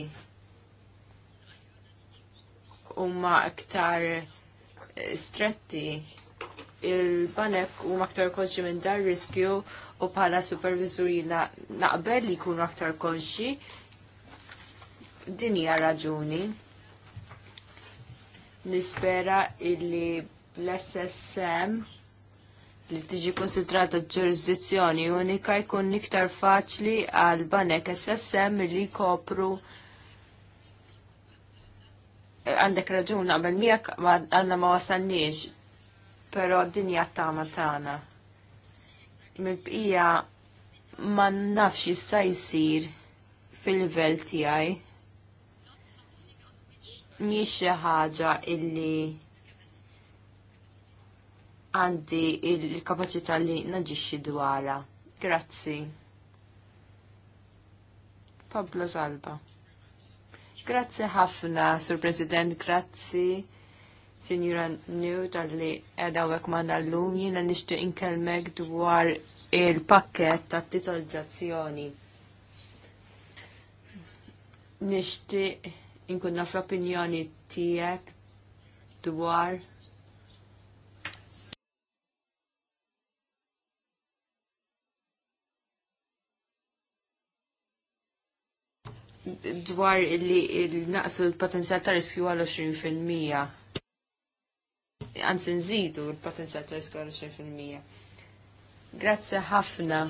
ma' aktar eh, stretti il-banek huma aktar konxi minn dar riskju u bħala supervisuri naqbel li jkunu aktar konxi Din hija raġuni. Nispera illi l-SSM li tiġi konsidrata ġurisdizzjoni unika jkun iktar faċli għal banek SSM li kopru għandek raġun għamil miak għandna ma wasanniġ però dinja tama tagħna. mil bqija ma nafx jista' jsir fil-livell tiegħi mhix xi ħaġa illi għandi il-kapaċità li naġixxi dwarha. Grazzi. Pablo Salba. Grazzi ħafna, Sur President, grazzi. Signora Newt għalli edha edawek manna l-lum jina nishtu inkelmek dwar il-pakket ta' titolizzazzjoni. Nishtu inkun naf l-opinjoni tiegħek dwar dwar li naqsu l-potenzjal ta' riskju għal 20%. Anzi, nżidu l-potenzjal ta' riskju għal 20%. Grazzi ħafna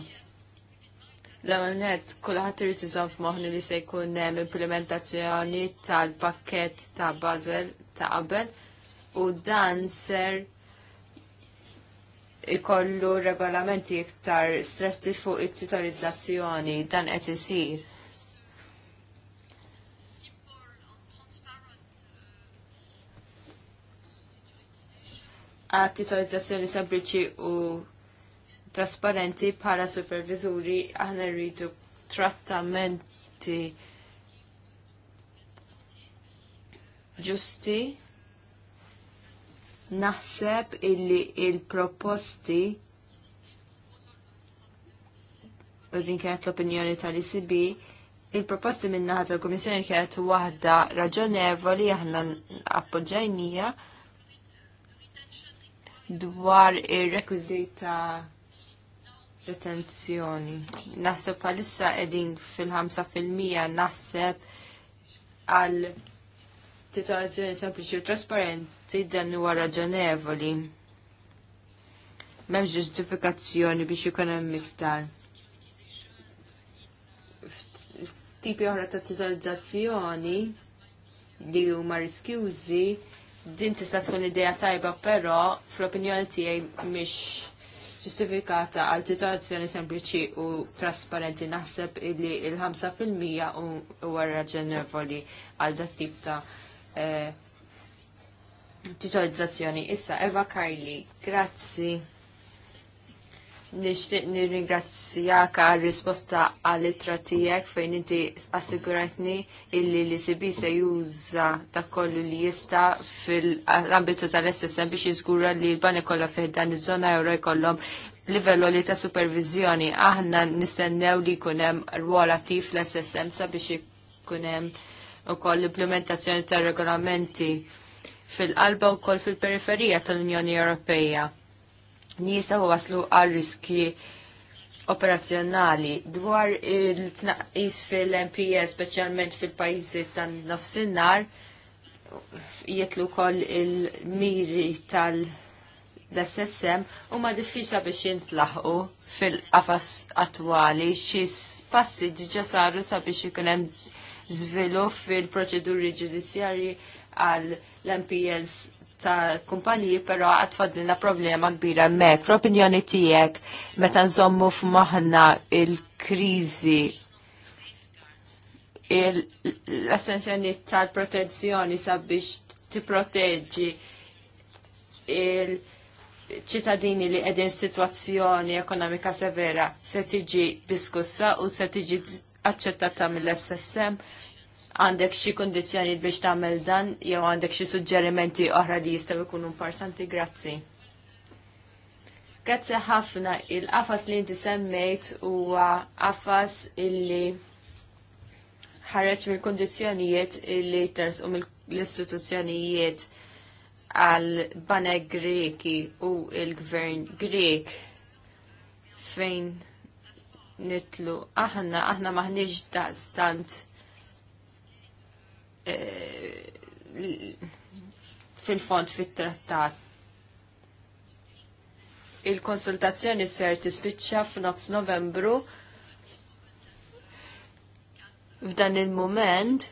l għamnet kullħat kulħadd irid iżomm f'moħħni li se jkun hemm implementazzjoni tal-pakkett ta' Basel ta' qabel u dan ser ikollu regolamenti iktar stretti fuq it-titolizzazzjoni dan qed isir. Għat titolizzazzjoni sempliċi u trasparenti bħala supervisuri aħna rridu trattamenti ġusti naħseb illi il-proposti u din kienet l-opinjoni tal-ICB il-proposti minnaħat tal-Komissjoni kienet waħda raġonevoli aħna appoġġajnija dwar ir-rekwiżita retenzjoni. Naħseb għalissa edin fil-5% naħseb għal titolazzjoni sempliċi u trasparenti dan huwa raġonevoli. M'hemmx ġustifikazzjoni biex ikun hemm iktar. Tipi oħra ta' titolizzazzjoni li huma riskjużi din tista' tkun idea tajba, però fl-opinjoni tiegħi mhix ġustifikata għal titolazzjoni sempliċi u trasparenti naħseb illi il-5% u għarra ġenervoli għal dat tip ta' eh, titolizzazzjoni. Issa, Eva Kajli, grazzi. Nixtieq nirringrazzjak għal risposta għal ittra tiegħek fejn inti assigurajtni illi li sibi se juża dak kollu li jista fil-ambitu tal-SSM biex jiżgura li l-bani kollha fih dan iż-żona euro jkollhom livello li ta' supervizjoni. Aħna nistennew li jkun hemm rwol attiv l-SSM sabiex kunem u ukoll l-implementazzjoni tar regolamenti fil-qalba wkoll fil-periferija tal-Unjoni Ewropea u waslu għal riski operazzjonali dwar il-tnaqqis fil-MPS, specialment fil-pajzi tan nofsinnar, jietlu kol il-miri tal-SSM u ma diffiċa biex jintlaħu fil-qafas attwali xis passi diġa saru sabiex jikunem zvilu fil-proċeduri ġudizjari għal l-MPS ta' kumpaniji, pero għatfadlina problema kbira mek. Fl-opinjoni tijek, meta nżommu f'maħna il-krizi, l assenzjoni tal-protezzjoni sabiex proteġi il-ċittadini li għedin situazzjoni ekonomika severa se tiġi diskussa u se tiġi accettata mill-SSM għandek xi kondizjoni biex tagħmel dan jew għandek xi suġġerimenti oħra li jistgħu jkunu importanti, grazzi. Grazzi ħafna il-qafas li inti semmejt huwa qafas illi ħareġ mill kondizjonijiet illi u mill-istituzzjonijiet għal banek Greki u il-gvern Grek fejn nitlu aħna aħna maħniġ daqstant stant Eh, fil-fond fit-trattat. Il-konsultazzjoni ser tispiċċa f'nofs Novembru f'dan il-moment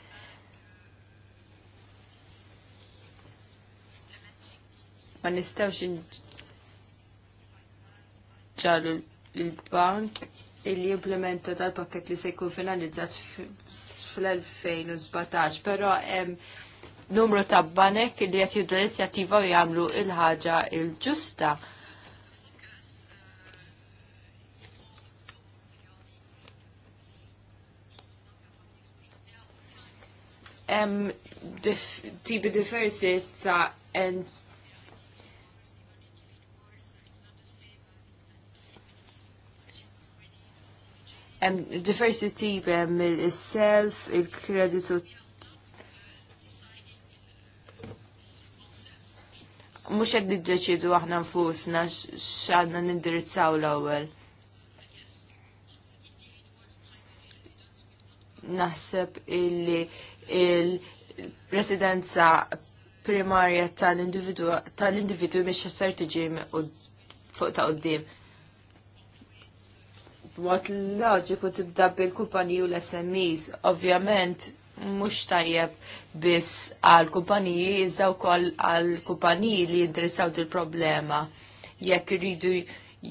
ma nistgħux ġalu l-bank illi implementa tal-pakket li se jkun finalizzat fl-2017, pero hemm numru ta' banek li qed jiddu inizjattiva u jagħmlu il-ħaġa il-ġusta. Tibi diversi ta' hemm diversi tipi hemm il-self, il-kreditu mux għed niddeċidu aħna nfusna xħadna nindirizzaw l-ewel. Naħseb illi il-residenza primarja tal-individu tal miex ċertiġi fuq ta' qoddim l loġiku tibda bil-kumpaniji u l-SMEs. Ovvjament, mux tajjeb biss għal-kumpaniji, iżda wkoll għal-kumpaniji li jindrisaw il-problema. Jekk iridu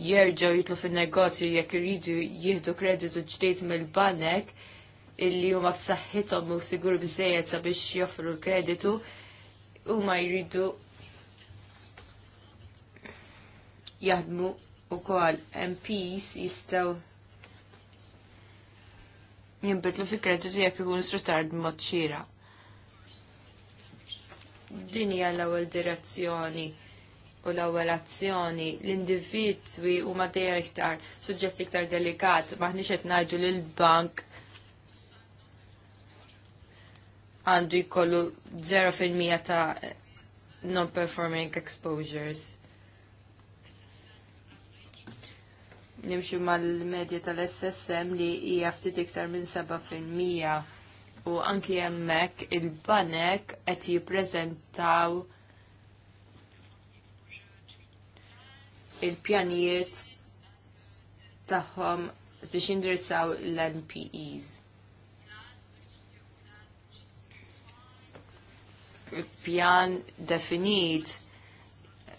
jerġgħu jitlu fin-negozju, jekk iridu jieħdu kreditu ġdejt mill-banek, illi huma f'saħħithom u sigur bżejjed sabiex joffru l-kreditu, huma jridu jaħdmu ukoll MPs jistgħu jimbitlu fi kreditu jekk ikun struttar b'mod xira. Din hija l-ewwel direzzjoni u l-ewwel azzjoni l-individwi huma dejjem iktar suġġett iktar delikat maħniex qed ngħidu lil bank għandu jkollu 0% ta' non-performing exposures. nimxu mal-medja tal-SSM li hija ftit iktar minn 7% u anki hemmhekk il-banek qed jiprezentaw il-pjanijiet tagħhom biex indirizzaw l-NPEs. Il-pjan definit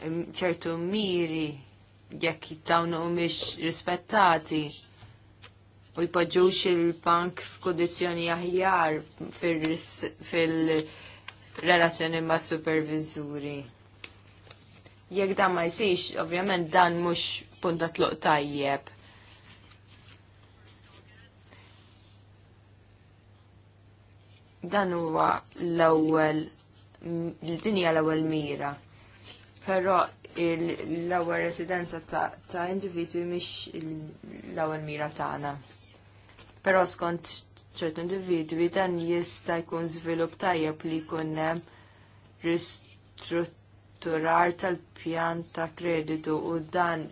mm, ċertu miri jekk dawn mhumiex rispettati u jpoġġux il-bank f'kundizzjoni aħjar fil-relazzjoni ma' supervizuri. Jekk dan ma jsirx, ovvjament dan mhux punta tluq tajjeb. Dan huwa l-ewwel l-dinja l-ewwel mira. Però l-ewwel residenza ta' individwi mhix l-ewwel mira tagħna. Però skont ċertu individwi dan jista' jkun żvilupp tajjeb li jkun hemm ristrutturar tal-pjan ta' kreditu u dan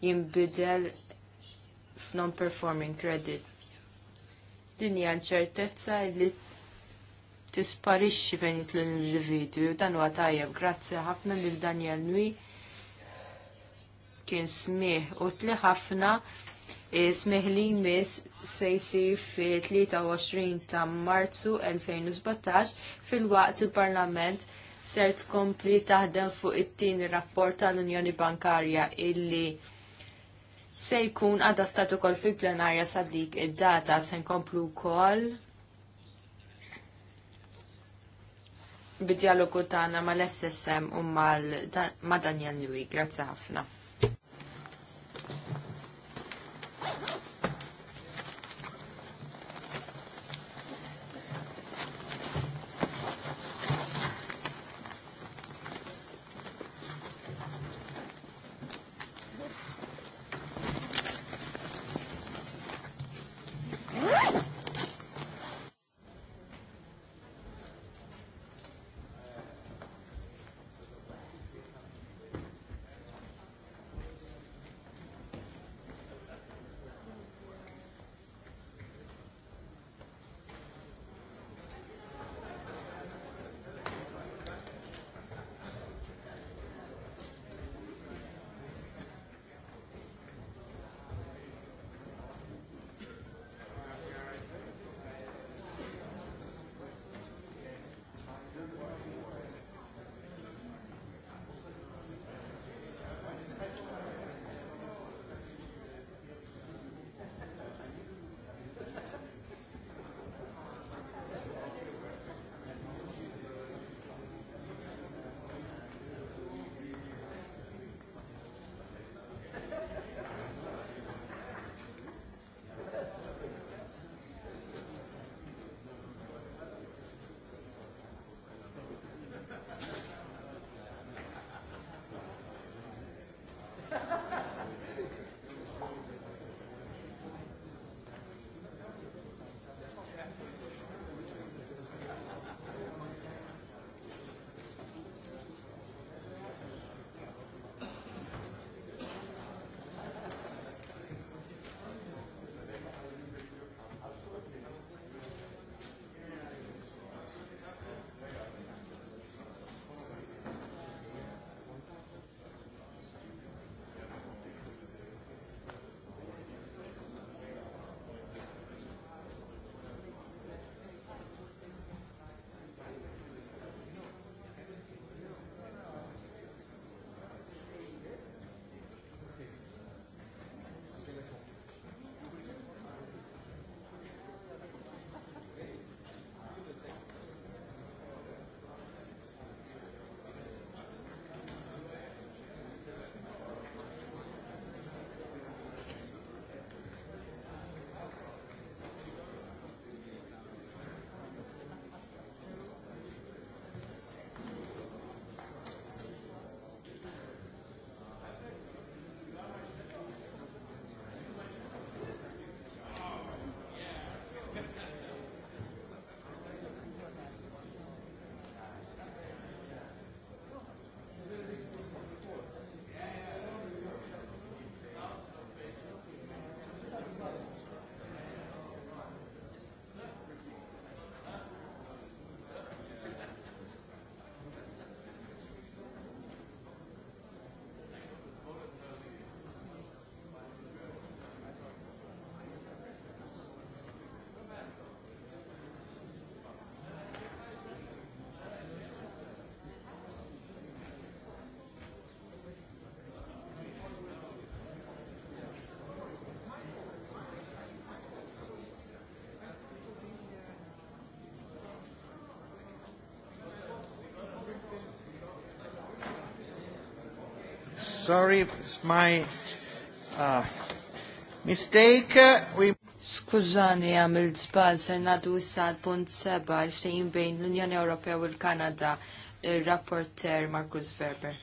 jinbidel f'non-performing credit. Din hija ċertezza li tisparixxi fejn jitlu l-individwi u dan huwa tajjeb. Grazzi ħafna lil Daniel Nui kien smih u tli ħafna e, smih li jmiss se jsir fi 23 ta' Marzu 2017 fil-waqt il-Parlament ser tkompli taħdem fuq it-tieni rapport tal-Unjoni Bankarja illi se jkun adattat ukoll fil-plenarja sa' dik id-data se nkomplu wkoll bid-dialogu tagħna mal-SSM u mal ma' Daniel Nui. Grazzi ħafna.
sorry, it's my
uh, mistake. We... Skużani għamil dżbal ser nadu s-sad punt seba l-ftejn bejn l-Unjoni Ewropea u l-Kanada, il-rapporter Markus Verber.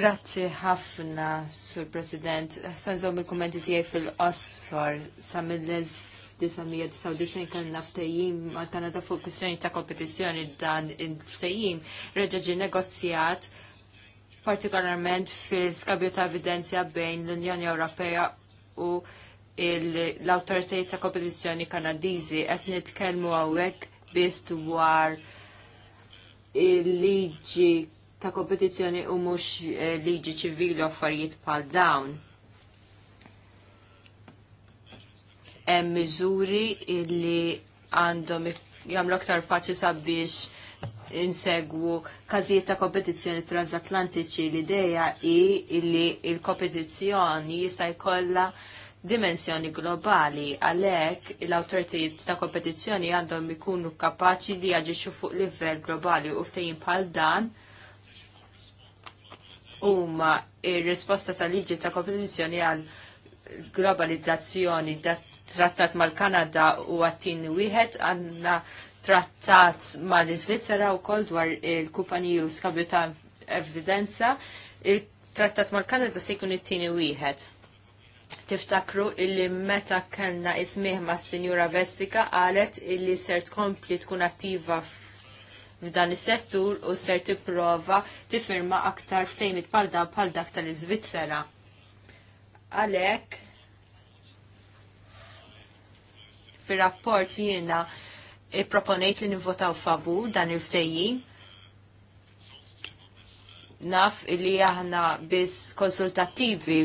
Grazie ħafna, Sur President. Sanżom il-kommenti tijaj fil-qossor sa' mill elf 1999 kellna naftajim, ma' Kanada fuq kwistjoni ta' kompetizzjoni dan il ftajim reġa' ġie negozjat partikolarment fil-skabju ta' evidenzja bejn l-Unjoni Ewropea u l-autoritajiet ta' kompetizzjoni kanadizi qed nitkellmu hawnhekk biss dwar il-liġi ta' kompetizzjoni u mhux eh, liġi ċivili u affarijiet bħal dawn. hemm miżuri illi għandhom jagħmlu aktar faċli sabiex insegwu każijiet ta' kompetizzjoni transatlantiċi l idea hi li l-kompetizzjoni jista' jkollha dimensjoni globali għalhekk l-awtoritajiet ta' kompetizzjoni għandhom ikunu kapaċi li jaġixxu fuq livell globali u ftehim bħal dan huma ir-risposta tal-liġi ta' kompetizzjoni għal globalizzazzjoni dat trattat mal-Kanada u għattin wieħed għanna trattat mal-Izvizzera u kol dwar il kupani u Skabjuta evidenza, il-trattat mal-Kanada se jkun it-tieni wieħed. Tiftakru illi meta kellna ismih ma' Sinjura Vestika qalet illi ser tkompli tkun attiva f'dan is-settur u ser tipprova tifirma aktar ftejmit bħal dan bħal dak tal-Iżvizzera. Għalhekk fir-rapport jiena proponejt li nivvotaw favur dan il ftejji Naf li aħna biss konsultattivi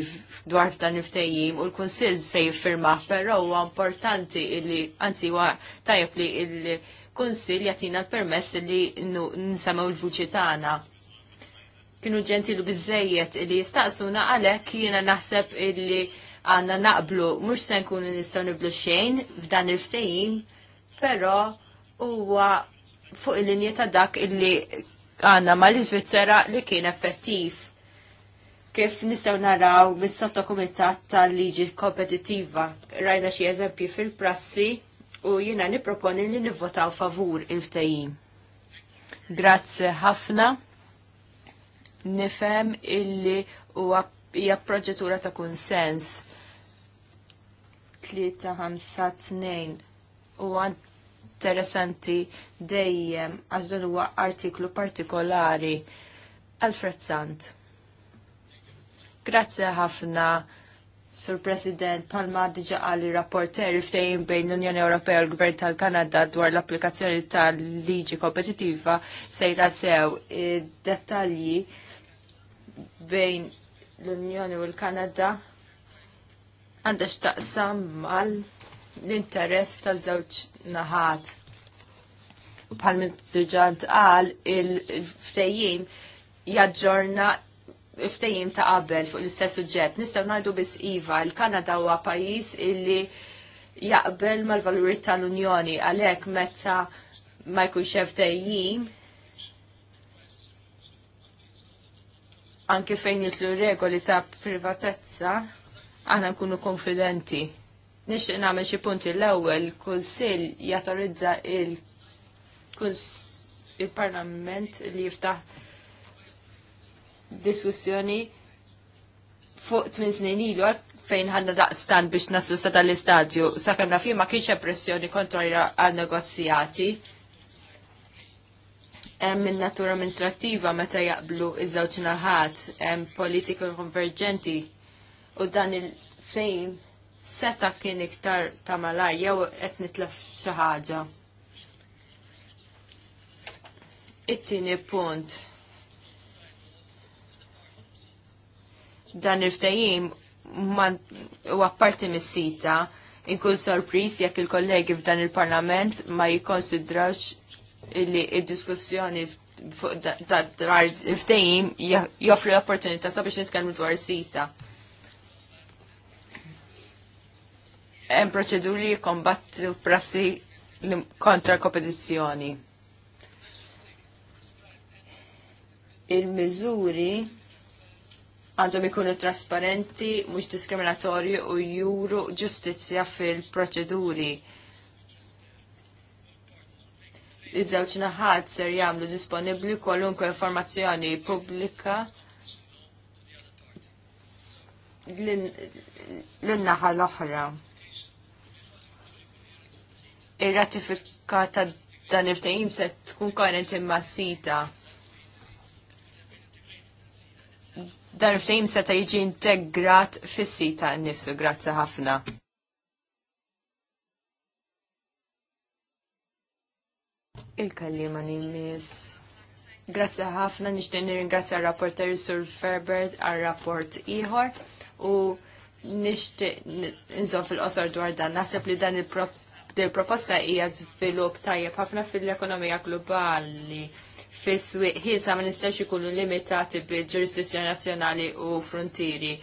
dwar dan il ftejji u l-Kunsill se jiffirma, però huwa importanti li anzi huwa tajjeb li l-Kunsill jagħtina l-permess li nsemgħu l-vuċi tagħna kienu ġentilu bizzejiet li jistaqsuna għalek jiena naħseb illi għanna naqblu, mux se nkunu nistaw niblu xejn f'dan il-ftejim, pero huwa fuq il-linja ta' dak illi għanna ma l-Izvizzera li kien effettiv. Kif nistaw naraw mis sottokumitat komitat tal-liġi kompetitiva, rajna xie eżempji fil-prassi u jina niproponi li nivvotaw favur il ftehim Grazzi ħafna. Nifem illi huwa hija proġettura ta' kunsens. 352 u interessanti dejjem għax dan huwa artiklu partikolari Alfred Sant. Grazzi ħafna Sur President, palma diġa għalli rapporteri ftejn bejn l-Unjoni Ewropea u l-Gvern tal-Kanada dwar l-applikazzjoni tal-liġi kompetitiva sejra sew dettalji bejn l-Unjoni u l-Kanada għandha x'taqsam mal l-interess ta' żewġ naħat. Bħal minn diġad qal il-ftejjim jaġġorna ftejjim ta' qabel fuq l-istess suġġett. Nistgħu ngħidu biss iva, l kanada huwa pajjiż illi jaqbel mal-valuri tal-Unjoni għalhekk meta ma jkunx hemm ftejjim anke fejn jitlu regoli ta' privatezza, għana nkunu konfidenti. Nixtieq nagħmel xi punti l-ewwel kunsill jatorizza il il-Parlament li jiftaħ diskussjoni fuq 8 snin ilu fejn ħanna daqstan biex naslu sa dal-istadju. Sakemna ma kienx pressjoni kontra għal negozjati minn natura amministrattiva meta jaqblu iż-żewġ naħat hemm konverġenti u dan il-fejn seta kien iktar ta' malar jew qed nitlef xi ħaġa. It-tieni punt. Dan il-ftajim huwa parti mis-sita inkun sorpriż jekk il-kollegi f'dan il-Parlament ma jikkonsidrawx li il diskussjoni dwar il-ftejim joffri l-opportunità sabiex nitkellmu dwar sita. Hemm proċeduri li prassi kontra kompetizzjoni. Il-miżuri għandhom ikunu trasparenti, mhux diskriminatorji u juru ġustizzja fil-proċeduri iż-żewġ naħat ser jagħmlu disponibbli kwalunkwe informazzjoni pubblika lin-naħa l-oħra. ir ratifikata dan il-ftehim se tkun koerenti ma' sita. Dan il-ftehim se ta' jiġi integrat fis-sita nnifsu, grazzi ħafna. Il-kallima nimis. Grazzi ħafna nixtieq nirringrazzja rapporter Sur Ferbert għal rapport ieħor u nixtieq nżomm fil-qosor dwar dan. Naħseb li dan il-proposta hija żvilupp tajjeb ħafna fil-ekonomija globali fis-swieq ħiesa ma nistax ikunu limitati bil-ġurisdizzjoni nazzjonali u frontieri.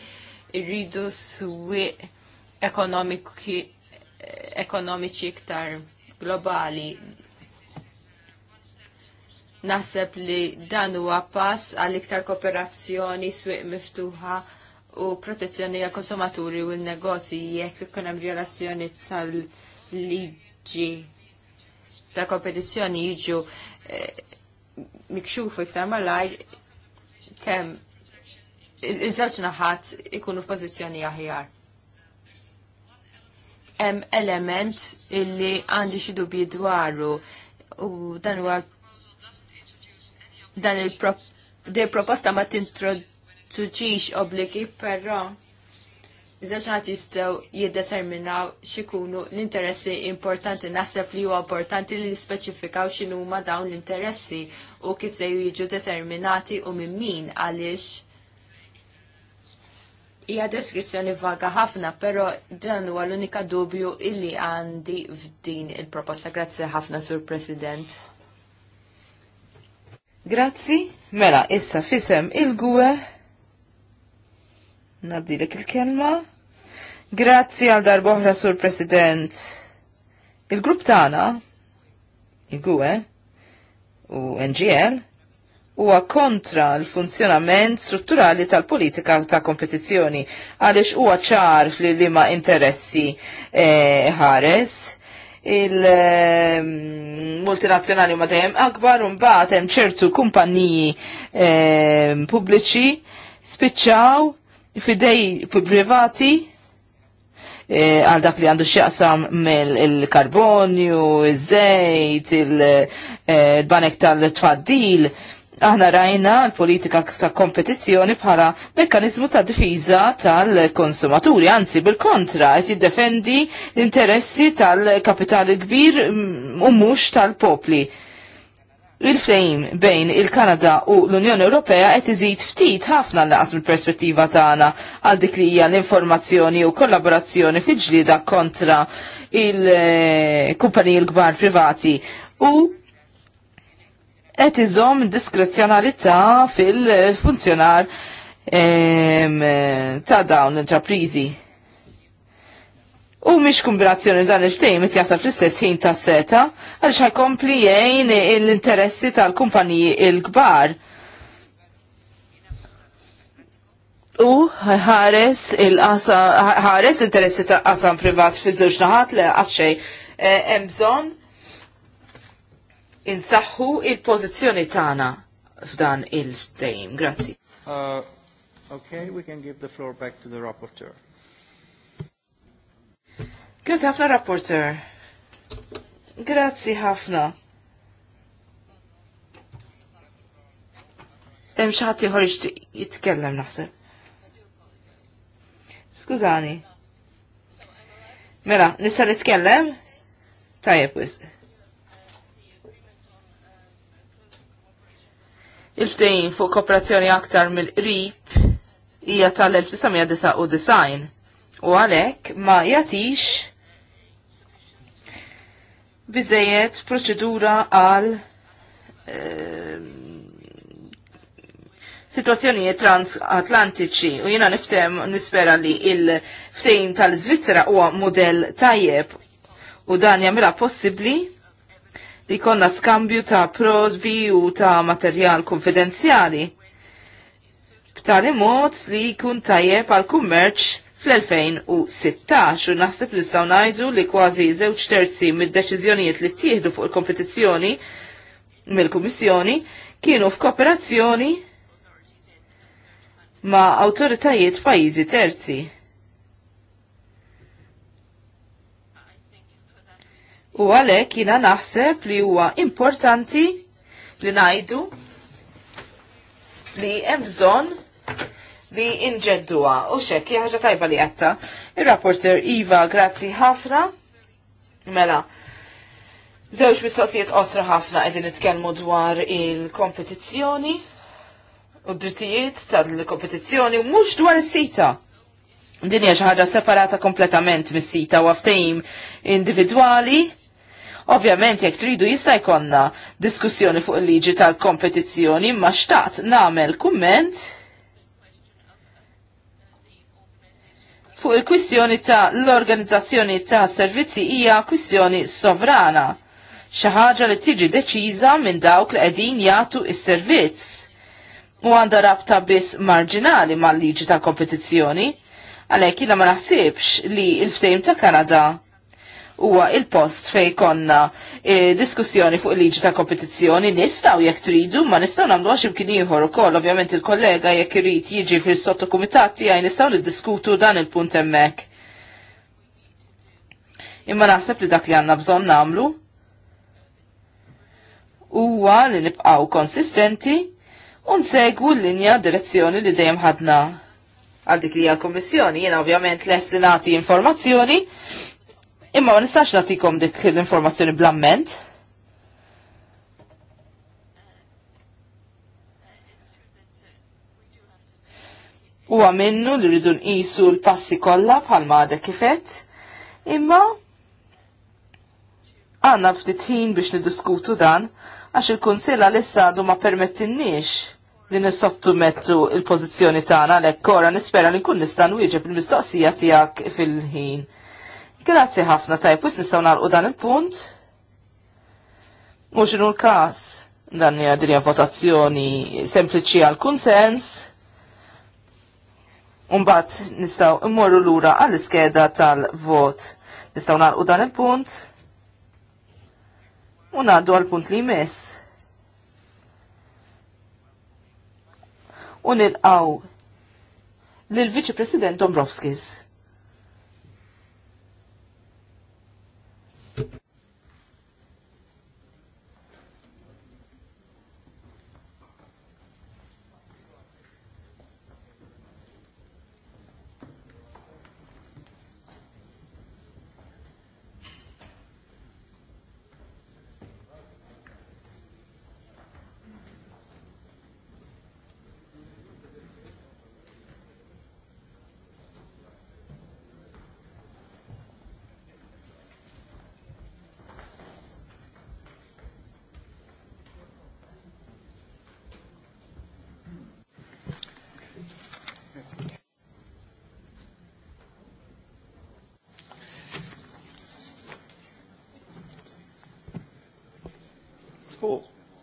Irridu swieq ekonomiċi iktar globali Naħseb li dan huwa pass għal iktar kooperazzjoni swieq miftuħa u protezzjoni għal konsumaturi u l-negozji jekk ikun hemm violazzjoni tal-liġi ta' kompetizzjoni jiġu eh, mikxufu iktar malajr kemm iż-żewġ naħat ikunu f'pożizzjoni aħjar. Hemm element illi għandi xi dubji dwaru u dan huwa dan il-proposta ma tintroduċix obligi, però iż-żewġ jistgħu jiddeterminaw x'ikunu l-interessi importanti naħseb li huwa importanti li jispeċifikaw x'inhuma dawn l-interessi u kif se jiġu determinati u minn min għaliex hija deskrizzjoni vaga ħafna, però dan huwa l-unika dubju illi għandi f'din il-proposta. Grazzi ħafna, Sur President.
Grazzi, mela, issa fisem il-gwe. Naddilek il-kelma. Grazzi għal darboħra sur President. Il-grupp tana, il-gwe, u NGL, huwa kontra l-funzjonament strutturali tal-politika ta' kompetizzjoni għaliex huwa ċar fl liema interessi eh, ħares. Eh, il-multinazzjonali ehm, ma dejjem akbar u mbagħad hemm ċertu kumpaniji ehm, pubbliċi spiċċaw fidej privati eh, għal dak li għandu xjaqsam mill-karbonju, iż-żejt, il-banek eh, tal-tfaddil, Aħna rajna l-politika ta' kompetizzjoni bħala mekkanizmu ta' difiża tal-konsumaturi, anzi bil-kontra, qed jiddefendi l-interessi tal-kapitali kbir u mhux tal-popli. Il-flejm bejn il-Kanada u l-Unjoni Ewropea qed iżid ftit ħafna laqas mill-perspettiva tagħna għal dik li hija l-informazzjoni u kollaborazzjoni fil-ġlieda kontra il-kumpaniji l-kbar privati u qed iżomm diskrezzjonalità fil-funzjonar ta' dawn l-intraprizi. U miex kombinazzjoni dan il-ftejn qed jasal fl-istess ħin ta' seta għaliex ħajkompli jgħin l-interessi tal-kumpaniji il-kbar. U ħares il-qasam ħares l-interessi ta' qasam privat fi żewġ naħat li għax xejn eh, hemm bżonn insaħħu il-pożizzjoni tagħna f'dan il-tejm. Grazzi.
Uh, okay, we can give the floor back to the rapporteur.
Grazzi ħafna, rapporteur. Grazzi ħafna. Hemm xi ħadd ieħor jitkellem naħseb. Skużani. Mela, nista' nitkellem? Tajjeb wisq. Il-ftejn fuq kooperazzjoni aktar mill-qrib hija tal-1999 u għalhekk ma jagħtix biżejjed proċedura għal e, situazzjonijiet transatlantiċi u jiena niftem nispera li il-ftejn tal zvizzera huwa modell tajjeb u dan jagħmilha possibbli li konna skambju ta' provi u ta' materjal konfidenzjali. B'tali mod li kun tajjeb għal kummerċ fl-2016 u naħseb li staw najdu li kważi żewġ terzi mid-deċiżjonijiet li ttieħdu fuq il-kompetizzjoni mill-Kummissjoni kienu f'kooperazzjoni ma' awtoritajiet pajjiżi terzi. U għalek jina naħseb li huwa importanti li najdu li jemżon li inġedduwa. U xek, ħaġa tajba li għatta. Il-rapporter Iva, grazzi ħafna. Mela, zewġ mistoqsijiet osra ħafna għedin nitkellmu dwar il-kompetizzjoni u drittijiet tal-kompetizzjoni u mux dwar is-sita. Din hija xi ħaġa separata kompletament mis-sita u għaftajim individwali Ovvjament jekk tridu jista' jkollna diskussjoni fuq il-liġi tal-kompetizzjoni, imma xtaqt nagħmel kumment fuq il-kwistjoni ta' l-organizzazzjoni ta' servizzi hija kwistjoni sovrana. Xi ħaġa li tiġi deċiża minn dawk li qegħdin jagħtu s servizz u għandha rabta biss marġinali mal liġi tal kompetizzjoni, għalhekk jiena ma naħsibx li l ftehim ta' Kanada huwa il-post fej konna e, diskussjoni fuq il-liġi ta' kompetizzjoni nistaw jekk tridu, ma nistaw nagħmlu għax imkien ieħor ukoll ovvjament il-kollega jekk irid jiġi fis-sottokumitat tiegħi nistgħu niddiskutu dan il-punt hemmhekk. Imma naħseb li dak li għandna bżonn nagħmlu huwa li nibqgħu konsistenti u nsegwu l-linja direzzjoni li dejjem ħadna għal dik li hija l-Kummissjoni. Jiena ovvjament lest li nagħti informazzjoni Imma ma nistax nagħtikom dik l-informazzjoni blamment. Huwa minnu li rridu nqisu l-passi kollha bħalma għadha kifet, imma għanna ftit ħin biex niddiskutu dan għax il-Kunsilla lissa għadu ma permettinniex li nissottumettu il-pożizzjoni tagħna għalhekk ekkora nispera li nkun nista' nwieġeb il-mistoqsija tiegħek fil-ħin Grazzi ħafna tajb, wis nistgħu nagħlqu dan il-punt. Mhux inhu l-każ dan hija votazzjoni sempliċi għal kunsens. Umbagħad nistgħu immorru lura għall-iskeda tal-vot. Nistgħu nagħlqu dan il-punt. U għal għall punt li jmiss. U nilqgħu lill-Viċi President Dombrovskis.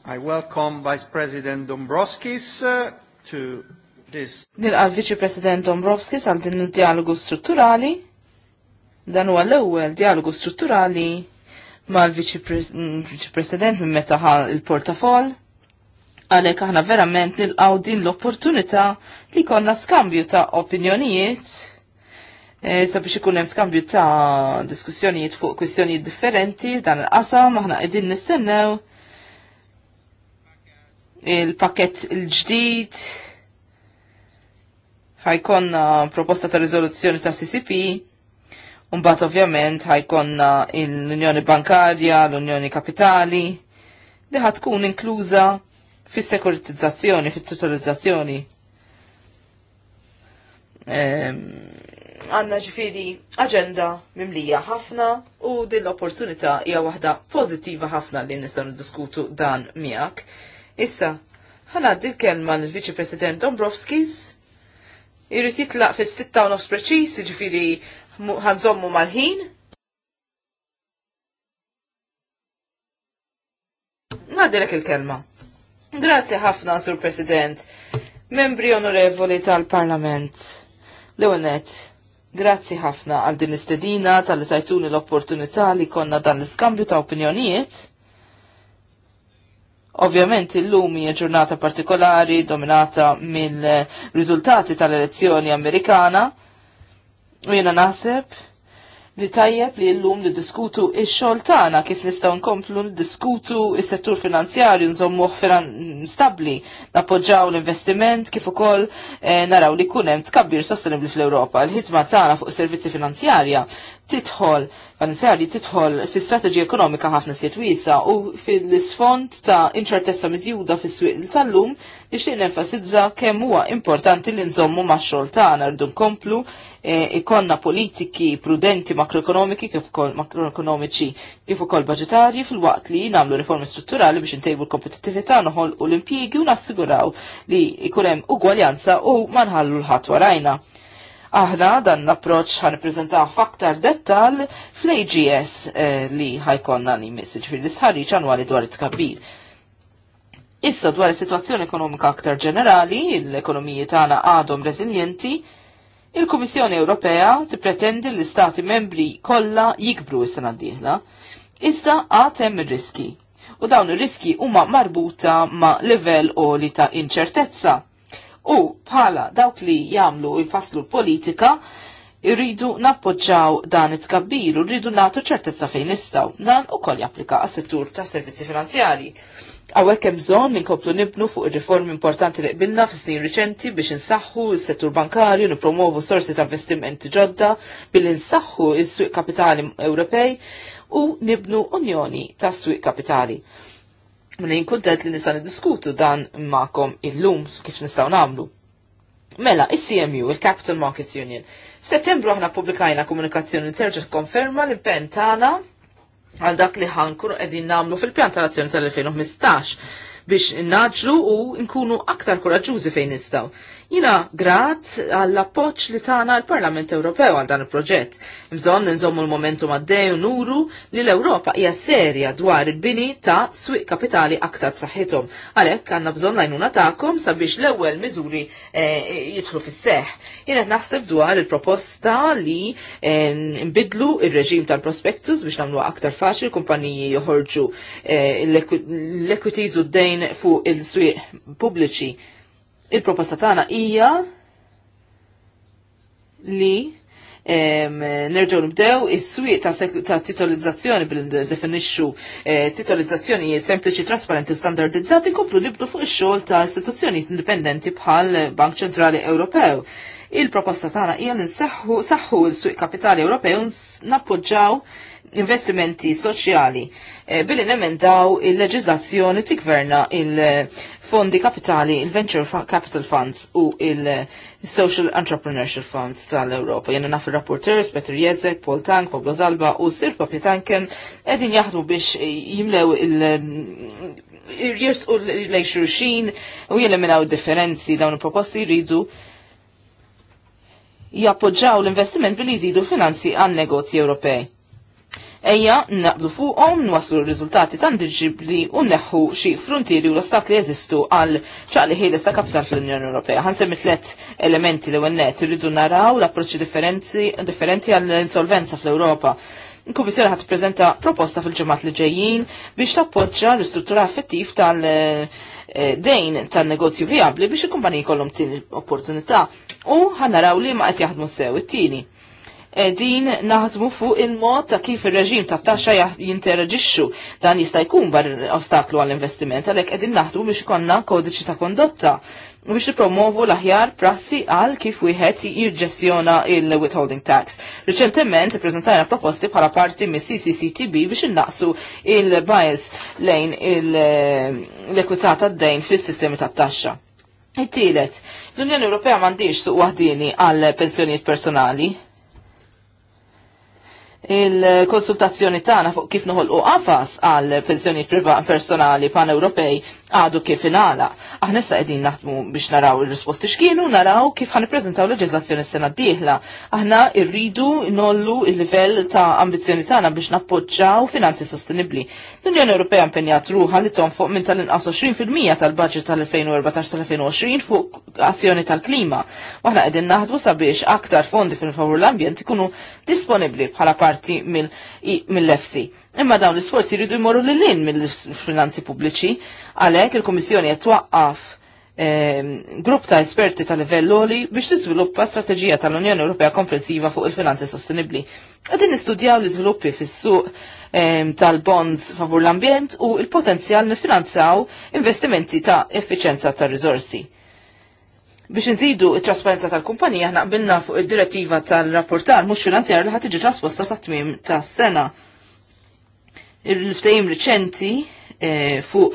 I welcome Vice President Dombrovskis uh, to this. Nilqal
Vice President Dombrovskis għal din il-dialogu strutturali. Dan huwa l-ewwel dialogu strutturali mal-Vice mm, President minn meta il-portafol. Għalhekk aħna verament nilqgħu din l-opportunità li konna skambju ta' opinjonijiet e, sabiex ikun hemm skambju ta' diskussjonijiet fuq kwistjonijiet differenti f'dan il-qasam aħna qegħdin nistennew il-pakket il-ġdid, ħajkonna proposta ta' rizoluzzjoni ta' CCP, Umbat ovvjament ħajkonna l-Unjoni Bankarja, l-Unjoni Kapitali, li ħatkun inkluża fis sekuritizzazzjoni fit tutorizzazzjoni Għanna ehm, ġifiri agenda mimlija ħafna u din l-opportunità hija waħda pożittiva ħafna li nistgħu niddiskutu dan miegħek. Issa, ħanaddi l-kelma l-Viċi President Dombrovskis, irrit jitlaq fil-6 u nofs preċis, ġifiri ħanżommu mal-ħin. Nadilek il-kelma. Grazie ħafna, Sur President. Membri onorevoli tal-Parlament. Leonet, Grazzi ħafna għal din istedina tal-li tajtuni l-opportunità li konna dan l-iskambju ta' opinjonijiet. Ovvjament illum hija ġurnata partikolari dominata mill-riżultati tal-elezzjoni Amerikana. U jiena naħseb li tajjeb li l niddiskutu ix-xogħol tagħna kif nistgħu nkomplu niddiskutu s settur finanzjarju nżommuħ finan stabli napoġġaw l-investiment kif ukoll eh, naraw li kunem tkabbir sostenibbli fl ewropa l-ħidma tagħna fuq is servizzi finanzjarja titħol, finanzjarji titħol fi strategi ekonomika ħafna siet wiesa u fil-sfond ta' inċertezza miżjuda fis swieq tal-lum nixtieq nenfasizza kemm huwa importanti li nżommu max-xogħol tagħna rdu nkomplu eh, ikonna politiki prudenti makroekonomiki kif ukoll makroekonomiċi kif ukoll budġetarji fil-waqt li nagħmlu riformi strutturali biex intejbu l-kompetittività noħolqu l-impjiegi u nassiguraw li jkun hemm ugwaljanza u ma nħallu l-ħadd warajna. Aħna dan l-approċ ħan prezentaw f'aktar dettal fl-AGS eh, li ħajkonna li message fil-isħarriċ annwali dwar it-tkabbir. Issa dwar is-sitwazzjoni ekonomika aktar ġenerali, l-ekonomiji tagħna għadhom reżiljenti, il-Kummissjoni Ewropea tippretendi l-Istati membri kollha jikbru is-sena d-dieħla. Iżda għad hemm ir-riski. U dawn ir-riski huma marbuta ma' livell oli ta' inċertezza u bħala dawk li jagħmlu jfasslu l-politika irridu nappoġġaw dan it-tkabbir u rridu nagħtu ċertezza fejn nistgħu. Dan ukoll japplika għas-settur tas servizzi finanzjarji. Għawek hemm bżonn koplu nibnu fuq ir-riformi importanti li qbilna fis-snin riċenti biex insaħħu s-settur bankarju nipromovu sorsi ta' investimenti ġodda billi nsaħħu s-swieq kapitali Ewropej u nibnu unjoni ta' swieq kapitali. Mela jinkuntet li nista' niddiskutu dan ma'kom illum kif nistgħu nagħmlu. Mela, il-CMU, il-Capital Markets Union. F'Settembru aħna publikajna komunikazzjoni terġa' konferma li pen tagħna għal dak li ħankunu qegħdin nagħmlu fil-pjan tal-azzjoni tal-2015 biex naġlu u nkunu aktar koraġużi fejn nistgħu. Jina grat għall appoġġ li tagħna l-Parlament Ewropew għal dan il-proġett. Mżon nżommu l-momentum u nuru li l-Ewropa hija serja dwar il-bini ta' swieq kapitali aktar b'saħħithom. Għalhekk għandna bżonn għajnuna tagħkom sabiex l-ewwel miżuri eh, jidħlu fis-seħħ. Jien qed naħseb dwar il-proposta li eh, nbidlu ir-reġim tal-prospektus biex nagħmluha aktar faċli kumpaniji joħorġu eh, l-equities u d-dejn fuq il-swieq pubbliċi il-proposta tagħna hija li nerġgħu nibdew is-swieq ta' titolizzazzjoni bil-definixxu eh, titolizzazzjonijiet sempliċi trasparenti standardizzati inkomplu nibdu fuq ix-xogħol ta' istituzzjonijiet indipendenti bħal Bank Ċentrali Ewropew. Il-proposta tagħna hija li nseħħu saħħu l-suq kapitali Ewropew nappoġġaw investimenti soċjali eh, billi nemendaw il-leġizlazzjoni tikverna il-fondi kapitali, il-venture capital funds u il-social entrepreneurship funds tal-Europa. Jena naf il-rapporteurs Petr Jedzek, Paul Tank, Pablo Zalba u Sir Papi Tanken edin jaħdu biex jimlew il- u lej xurxin u jeliminaw differenzi dawn il-proposti jridu jappoġġaw l-investiment billi jżidu finanzi għan negozji Ewropej. Ejja, naqblu fuqhom, nwaslu r-riżultati diġibli u neħu xi frontieri u l-ostakli jeżistu għal ċaqli ħieles ta' kapital fl-Unjoni Ewropea. semmi tlet elementi li ewwel net irridu naraw l-approċċi differenti għall-insolvenza fl-Ewropa. Komissjoni kummissjoni ħat prezenta proposta fil-ġemat li ġejjin biex tappoġġa l-istruttura effettiv tal- eh, dejn tan-negozju viabli biex il-kumpaniji kollhom tini opportunità u ħanaraw li ma qed jaħdmu sew it-tieni din naħdmu fuq il-mod ta' kif ir-reġim ta' taxxa jinteraġixxu dan jista' jkun bar ostaklu għall-investiment għalhekk qegħdin naħdmu biex ikonna kodiċi ta' kondotta u biex promovu l-aħjar prassi għal kif wieħed jirġestjona il-withholding tax. Riċentement ippreżentajna proposti bħala parti mis CCCTB biex innaqsu il-bias lejn l-ekwità tad-dejn fis-sistemi tat-taxxa. It-tielet, l-Unjoni Ewropea m'għandix suq wahdini għal pensjonijiet personali, il-konsultazzjoni tagħna fuq kif noħolqu qafas għal pensjonijiet personali pan-Ewropej għadu kif inala. Aħna issa qegħdin naħdmu biex naraw il-risposti x'kienu, naraw kif ħan l leġiżlazzjoni s-sena d-dieħla. Aħna rridu nollu il-livell ta' ambizzjoni tagħna biex nappoġġaw finanzi sostenibbli. L-Unjoni Ewropea impenjat ruħa li tonfoq minn tal-inqas 20% tal-budget tal-2014-2020 fuq azzjoni tal-klima. Aħna qegħdin naħdmu sabiex aktar fondi fil-favur l-ambjent ikunu disponibbli bħala parti mill-EFSI. Imma dawn l-isforzi jridu jmorru l lin mill-finanzi pubbliċi, għalhekk il-Kummissjoni qed twaqqaf ehm, grupp ta' esperti ta' livell biex tiżviluppa strateġija tal-Unjoni Ewropea komprensiva fuq il-finanzi sostenibbli. Qegħdin nistudjaw l-iżviluppi fis-suq ehm, tal-bonds favur l-ambjent u il-potenzjal nifinanzaw investimenti ta' efficienza ta' rizorsi. Biex nżidu it-trasparenza tal-kumpanija naqbilna qbilna fuq id-direttiva tal-rapportar mhux finanzjar li ħad iġi trasposta sa' tmiem tas-sena. Il-ftajim riċenti eh, fuq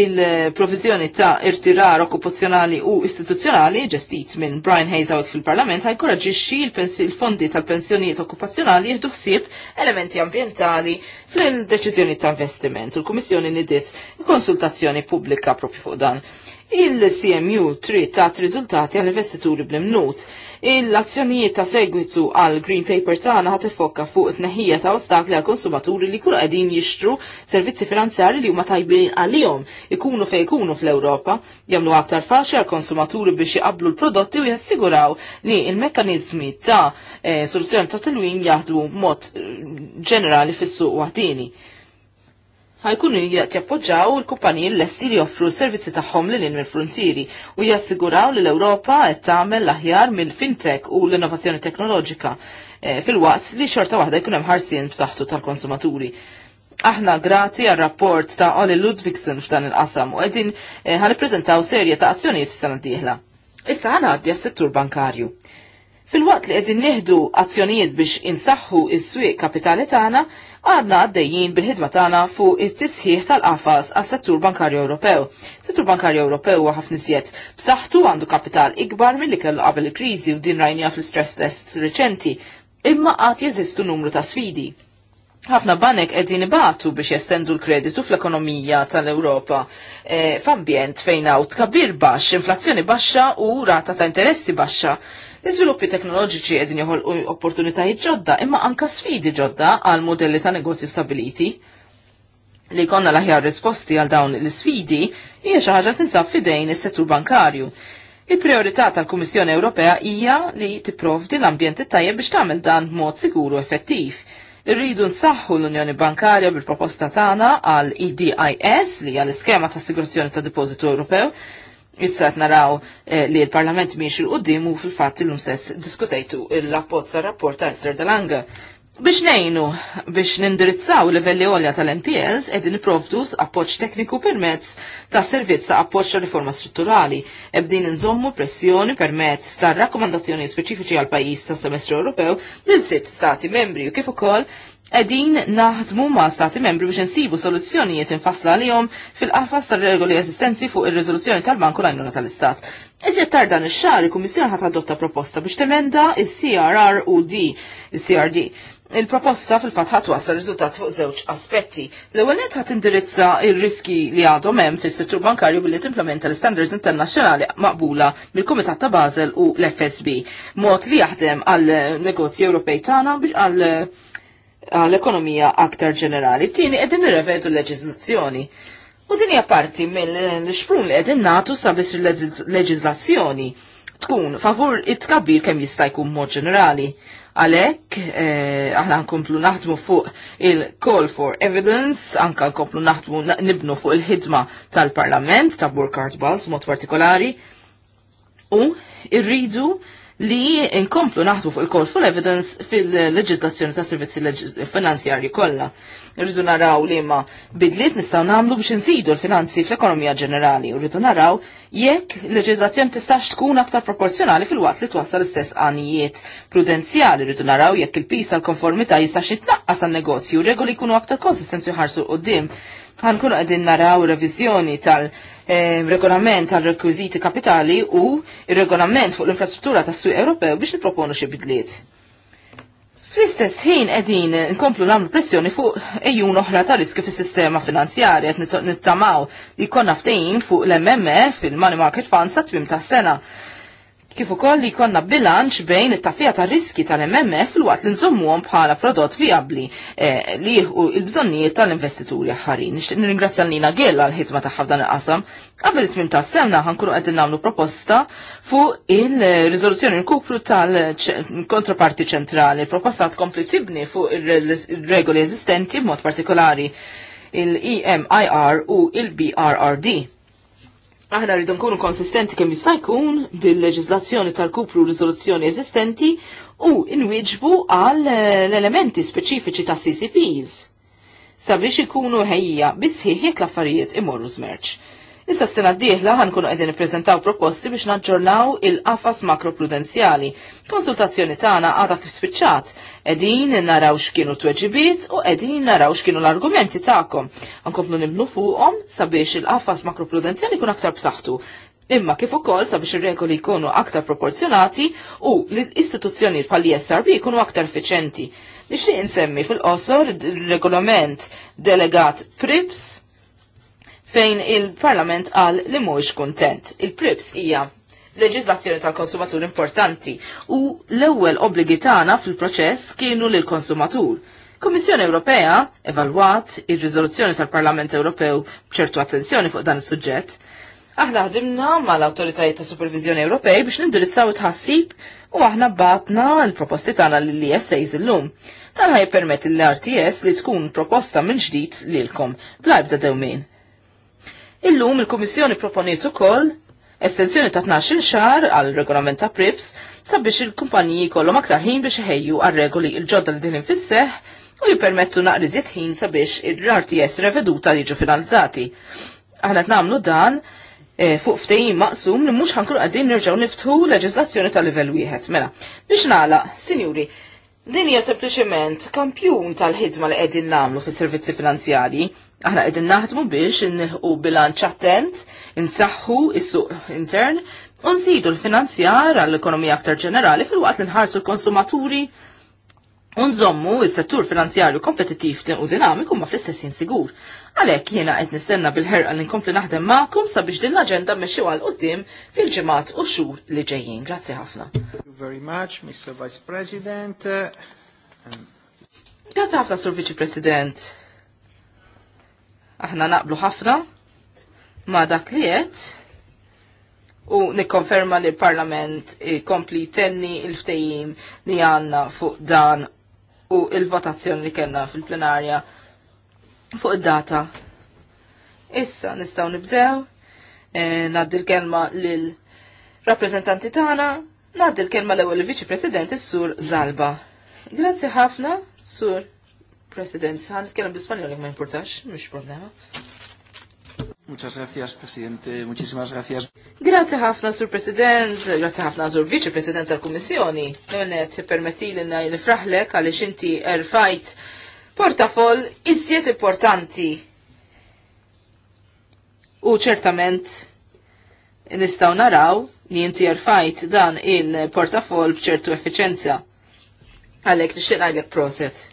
il-provizjoni ta' irtirar okkupazzjonali u istituzzjonali ġestit minn Brian Hayes għawek fil-parlament ħajkoraġiċi il-fondi tal-pensjonijiet okkupazzjonali jihdu ħsieb elementi ambientali fil-deċizjoni ta' investiment. Il-Kummissjoni nidiet konsultazzjoni pubblika propju fuq dan il-CMU trid tat riżultati għall investituri bl-imnut. Il-azzjonijiet ta' segwitu għal Green Paper tagħna ħat ifokka fuq it-neħija ta' ostakli għal konsumaturi li kull qegħdin jixtru servizzi finanzjari li huma tajbin għalihom ikunu fejn ikunu fl-Ewropa, jagħmlu aktar faċli għal konsumaturi biex jaqblu l-prodotti u jassiguraw li il mekkaniżmi ta' eh, soluzzjoni ta' tilwin jaħdmu mod eh, ġenerali fis-suq waħdini ħajkunu jappoġġaw il-kumpaniji l-lesti li joffru s-servizzi tagħhom lil mill-frontieri u jassiguraw li l-Ewropa qed tagħmel l-aħjar mill-fintech u l-innovazzjoni teknoloġika eh, fil-waqt li xorta waħda jkun hemm ħarsien b'saħħtu tal-konsumaturi. Aħna grati għal rapport ta' Oli Ludwigsen f'dan il-qasam u qegħdin eh, ħanippreżentaw serje ta' azzjonijiet sena dieħla. Issa għana għaddi settur bankarju. Fil-waqt li qegħdin nieħdu azzjonijiet biex insaħħu is-swieq kapitali tagħna, għadna għaddejjin bil-ħidma tagħna fuq it-tisħiħ tal-qafas għas-settur bankarju Ewropew. Settur bankarju Ewropew huwa ħafna iżjed b'saħħtu għandu kapital ikbar milli kellu qabel il-kriżi u din rajnija fl-stress tests reċenti, imma qatt jeżistu numru ta' sfidi. Ħafna banek qegħdin ibatu biex jestendu l-kreditu fl-ekonomija tal-Ewropa e, f'ambjent fejn hawn tkabbir baxx, inflazzjoni baxxa u rata ta' interessi baxxa L-iżviluppi teknoloġiċi qegħdin joħolqu opportunitajiet ġodda imma anka sfidi ġodda għal modelli ta' negozju stabiliti. Li konna l-aħjar risposti għal dawn l-sfidi hija xi ħaġa tinsab fidejn is-settur bankarju. Il-priorità tal-Kummissjoni Ewropea hija li tipprovdi l-ambjent tajjeb biex tagħmel dan mod siguru effettiv. Irridu nsaħħu l-Unjoni Bankarja bil-proposta tagħna għal EDIS li hija l-iskema ta' Sigurazzjoni ta' Depożitu Ewropew Issa naraw eh, li l-Parlament miex il-qoddim u fil-fatt il-lum stess diskutejtu l-appozza rapport ta' Esther Dalanga. Biex nejnu, biex nindirizzaw livelli għolja tal-NPLs edin niprovdu appoċ tekniku permezz ta' servizz ta' appoċ ta' riforma strutturali, ebdin nżommu pressjoni permezz ta' rakkomandazzjoni speċifiċi għal pajis ta' semestru Ewropew lil sitt stati membri u kif ukoll Edin naħdmu ma' stati membri biex nsibu soluzzjonijiet infassla għalihom fil-qafas tal-regoli eżistenzi fuq ir-riżoluzzjoni tal-Banku l-Għajnuna tal-Istat. Iżjed tardan ix-xahar il-Kummissjoni ħadd adotta proposta biex temenda is-CRRUD, il crd Il-proposta fil-fatt ħadd wasal riżultat fuq żewġ aspetti. L-ewwel net ħadd indirizza r-riski li għadhom hemm fis-settur bankarju billi timplementa l istandards internazzjonali maqbula mill-Kumitat ta' Basel u l-FSB. Mod li jaħdem għal negozji Ewropej tagħna biex għal għall-ekonomija aktar ġenerali. Tieni qegħdin nirrevedu l-leġiżlazzjoni. U din hija parti mill-xprun li qegħdin nagħtu sabis il-leġiżlazzjoni tkun favur it-tkabbir kemm jista' jkun mod ġenerali. Għalhekk eh, aħna nkomplu naħdmu fuq il-call for evidence, anka nkomplu naħdmu nibnu fuq il-ħidma tal-Parlament ta' Burkhard Bals, mod partikolari u irridu li inkomplu naħdu fuq il-call evidence fil-leġizlazzjoni ta' servizzi finanzjarji kollha. Rridu naraw li ma bidliet nistgħu nagħmlu biex insidu l-finanzi fl-ekonomija ġenerali rridu naraw jekk leġizlazzjoni tistax tkun aktar proporzjonali fil-waqt li twassal istess għanijiet prudenzjali rridu naraw jekk il-pis tal-konformità jistax jitnaqqas għal negozju regoli jkunu aktar konsistenzi ħarsu qudiem. Ħankunu qegħdin naraw reviżjoni tal- regolament għal rekwiziti kapitali u regolament fuq l-infrastruttura tas suq Ewropew biex niproponu xi bidliet. Fl-istess ħin qegħdin nkomplu nagħmlu pressjoni fuq ejjun oħra ta' riski fis-sistema finanzjarja qed nittamaw li konna ftejn fuq l-MMF, il-Money Market Fund sa tmiem tas-sena kif ukoll li jkollna bilanċ bejn it-tafija ta' riski tal-MMF l-waqt li nżommuhom bħala prodott viabli eh, li jieħu l-bżonnijiet tal-investituri aħħarin. Nixtieq nirringrazzja lina Gella l-ħidma tagħha f'dan il-qasam. Qabel it-tmim ta' semna ħankunu qegħdin nagħmlu proposta fuq il-riżoluzzjoni l-kupru tal-kontraparti ċentrali. Proposta tkompli tibni fuq ir-regoli eżistenti b'mod partikolari il-EMIR u il-BRRD Aħna rridu nkunu konsistenti kemm jista' jkun bil-leġiżlazzjoni tal-kupru riżoluzzjoni eżistenti u nwieġbu għal l-elementi speċifiċi ta' CCPs. Sabiex ikunu ħejja bis jekk l-affarijiet imorru żmerċ. Issa s-sena d-dieħla ħankunu għedin prezentaw proposti biex naġġornaw il-qafas makroprudenzjali. Konsultazzjoni tagħna għadha kif spiċċat, qegħdin naraw x'kienu tweġibiet u qegħdin naraw x'kienu l-argumenti tagħkom. Ankomplu nimlu fuqhom sabiex il-qafas makroprudenzjali kun aktar b'saħħtu imma kif ukoll sabiex ir-regoli jkunu aktar proporzjonati u l-istituzzjoni bħal e SRB jkunu aktar effiċenti. Nixtieq insemmi fil-qosor regolament delegat PRIPS fejn il-Parlament qal li mhuwiex kuntent. Il-prips hija leġislazzjoni tal-konsumatur importanti u l-ewwel obbligi tagħna fil-proċess kienu lil konsumatur. Komissjoni Ewropea evalwat ir-riżoluzzjoni tal-Parlament Ewropew b'ċertu attenzjoni fuq dan is-suġġett. Aħna ħdimna mal-Awtoritajiet ta' Supervizjoni Ewropej biex nindirizzaw it-ħassib u aħna batna l-proposti tagħna lill isa e illum. Dan ħaj permet l-RTS li tkun proposta minn ġdid lilkom bl-arbda dewmin. Illum il-Kummissjoni proponiet ukoll estensjoni ta' 12 xar għal regolament ta' PRIPS sabiex il-kumpaniji kollhom aktar ħin biex iħejju għal regoli il-ġodda li din infisseħ u jipermettu naqriżiet ħin sabiex il-RTS reveduta jiġu finalizzati. Aħna namlu dan e, fuq ftejjin maqsum li mhux ħankun qegħdin nerġgħu niftħu leġislazzjoni ta' livell wieħed. Mela, biex nagħlaq, sinjuri, din hija sempliċement kampjun tal-ħidma li qegħdin nagħmlu fis-servizzi finanzjarji Aħna qegħdin naħdmu biex inneħqu bilanċ attent, insaħħu is-suq intern u nżidu l-finanzjar għall-ekonomija aktar ġenerali fil-waqt li nħarsu l-konsumaturi u nżommu s settur finanzjarju kompetittiv u dinamiku ma fl-istess insigur. Għalhekk jiena qed nistenna bil-ħerqa li nkompli naħdem magħkom sabiex din l-aġenda mmexxi għal qudiem fil-ġimgħat u xhur li ġejjin. Grazzi ħafna.
very much, Mr. Vice President. Grazzi
ħafna, Sur Vice President. Aħna naqblu ħafna ma dak li qed u nikkonferma li l-Parlament ikompli tenni il ftejim li għanna fuq dan u il-votazzjoni li kena fil-plenarja fuq id-data. Issa nistaw nibdew, ngħaddi eh, naddi l-kelma lil rappresentanti tagħna, naddi l-kelma l-ewwel viċi President is-Sur Zalba. Grazzi ħafna, Sur President, għan nitkellem bl-Ispanjol ma jimportax, mhux problema. Muchas gracias, Presidente. Muchísimas gracias. Grazie ħafna, Sur President. Grazie ħafna, Sur Vice President tal-Kummissjoni. Nemmenet, se permetti li nifraħlek għaliex inti erfajt portafol iżjed importanti. U ċertament nistaw naraw li inti erfajt dan il-portafol bċertu effiċenza. Għalek, nixtieq ngħidlek proset.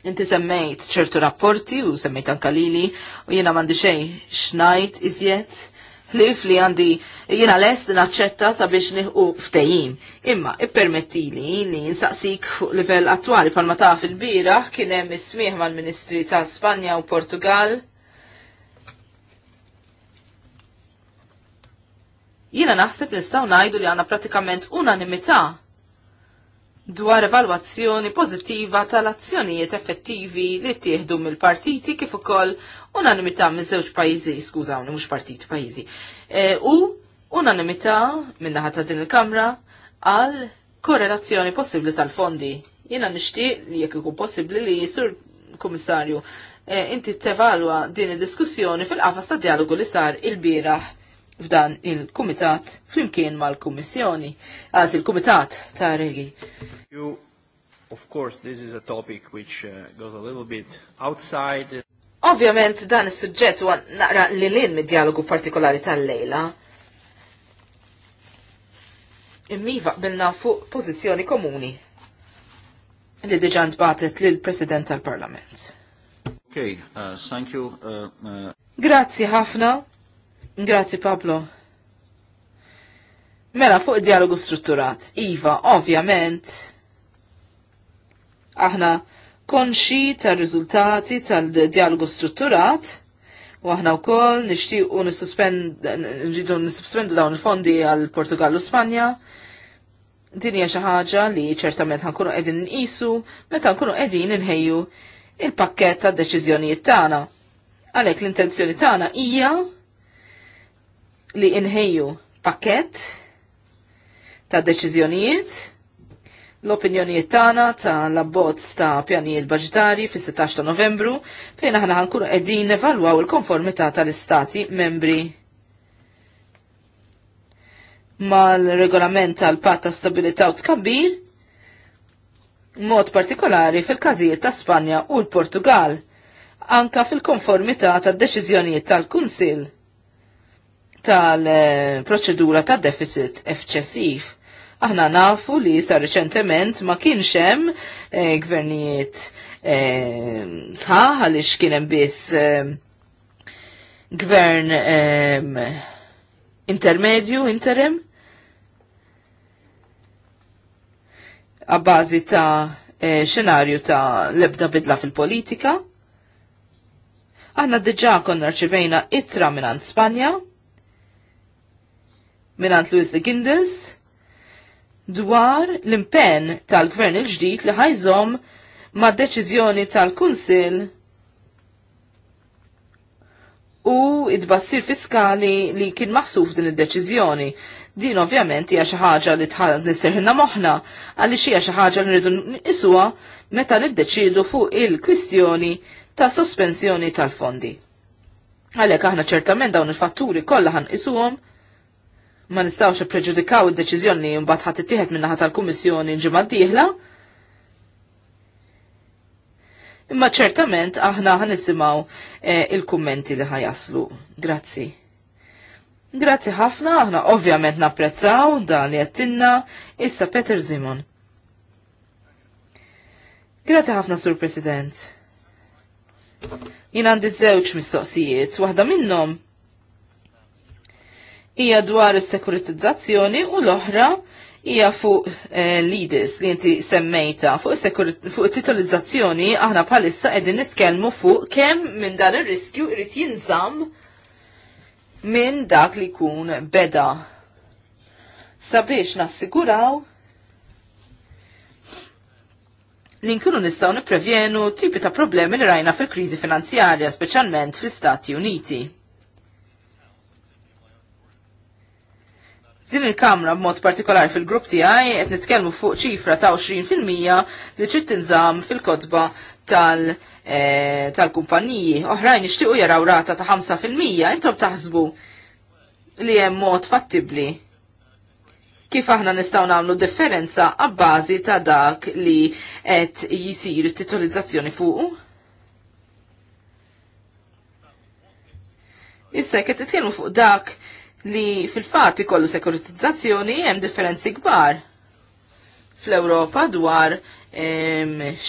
Inti semmejt ċertu rapporti u semmejt anka lili u jiena m'għandi xejn xnajt iżjed ħlif li għandi jena lest naċċetta sabiex nieħu ftehim. Imma ippermettili li nsaqsik fuq livell attwali pal taf il-bieraħ kien hemm ismieħ mal-Ministri ta' Spanja u Portugal Jiena naħseb nistaw najdu li għanna pratikament unanimità dwar evalwazzjoni pożittiva tal-azzjonijiet effettivi li tieħdu mill-partiti kif ukoll unanimità miż-żewġ pajjiżi, skużawni, mhux partit pajjiżi. E, u unanimità min-naħa ta' din il-Kamra għal korrelazzjoni possibbli tal-fondi. Jiena nixtieq li jekk ikun possibbli li sur kummissarju e, inti tevalwa din id-diskussjoni fil-qafas ta' dialogu li sar il-bieraħ f'dan il-Kumitat flimkien mal-Kummissjoni, għaz il-Kumitat ta' Regi.
of course, this is a topic which uh, goes a little bit outside.
Ovvjament dan is-suġġett huwa naqra li lin mid-dialogu partikolari tal-lejla. Immiva bilna fuq pożizzjoni komuni li diġà ntbatet lil President tal-Parlament.
Okay, uh, thank you. Uh, uh...
Grazzi ħafna Grazzi Pablo. Mela fuq dialogu strutturat, Iva, ovvjament, aħna konxi tal-rizultati tal-dialogu strutturat, u aħna wkoll nixtiequ nridu nissuspendu dawn il-fondi għal Portugal u Spanja. Din hija xi ħaġa li ċertament ħankunu qegħdin nqisu meta nkunu qegħdin inħejju il-pakkett tad-deċiżjonijiet tagħna. Għalhekk l-intenzjoni tagħna hija li inħejju pakket ta' deċiżjonijiet l-opinjonijiet tagħna ta' l-abbozz ta' pjanijiet budġetari fis-16 ta' Novembru fejn aħna ħankunu qegħdin nevalwaw il-konformità tal-istati membri mal-regolament tal-patt ta' stabilità u tkabbir mod partikolari fil-każijiet ta' Spanja u l-Portugal anka fil-konformità tad-deċiżjonijiet tal-Kunsill tal-proċedura ta' deficit eċċessiv. Aħna nafu li sa' reċentement ma kienx hemm eh, gvernijiet eh, sħaħ għaliex kien hemm biss eh, gvern intermedju, interim, għabbażi ta' xenarju ta' lebda bidla fil-politika. Aħna diġa konna rċivejna itra minn Spanja minant Louis de Gindes dwar l-impenn tal-gvern il-ġdid li ħajżom ma' deċiżjoni tal-Kunsil u id-bassir fiskali li kien maħsuf din id-deċiżjoni. Din ovvjament hija xi ħaġa li tħallat nisserħilna moħħna għaliex hija xi ħaġa li nridu nqisuha meta niddeċidu fuq il-kwistjoni ta' sospensjoni tal-fondi. Għalhekk aħna ċertament dawn il-fatturi kollha ħanqisuhom ma nistawx preġudikaw id-deċiżjoni mbagħad ħadd ittieħed minnaħa tal-Kummissjoni ġimgħa d-dieħla. Imma ċertament aħna nisimgħu eh, il-kummenti li ħajaslu. Grazzi. Grazzi ħafna, aħna ovvjament napprezzaw dan li għattinna, issa Peter Zimon. Grazzi ħafna, Sur President. Jien għandi żewġ mistoqsijiet, waħda minnhom hija dwar is-sekuritizzazzjoni u l-oħra hija fuq eh, l-IDIS li inti semmejta fuq fuq titolizzazzjoni aħna bħalissa qegħdin nitkellmu fuq kemm minn dan ir-riskju irid jinżamm minn dak li jkun beda. Sabiex nassiguraw li nkunu nistgħu nipprevjenu tipi ta' problemi li rajna fil-kriżi finanzjarja, speċjalment fl-Istati Uniti. Din il-Kamra b'mod partikolari fil-grupp tiegħi qed nitkellmu fuq ċifra ta' 20% li trid tinżamm fil-kotba tal- e, eh, tal Oħrajn ixtiequ jaraw rata ta' 5% intom taħsbu li hemm mod fattibli kif aħna nistaw namlu differenza għabbażi ta' dak li qed jisir titolizzazzjoni fuq? Issa qed titkellmu fuq dak li fil-fat ikollu sekuritizzazzjoni hemm differenzi kbar fl-Ewropa dwar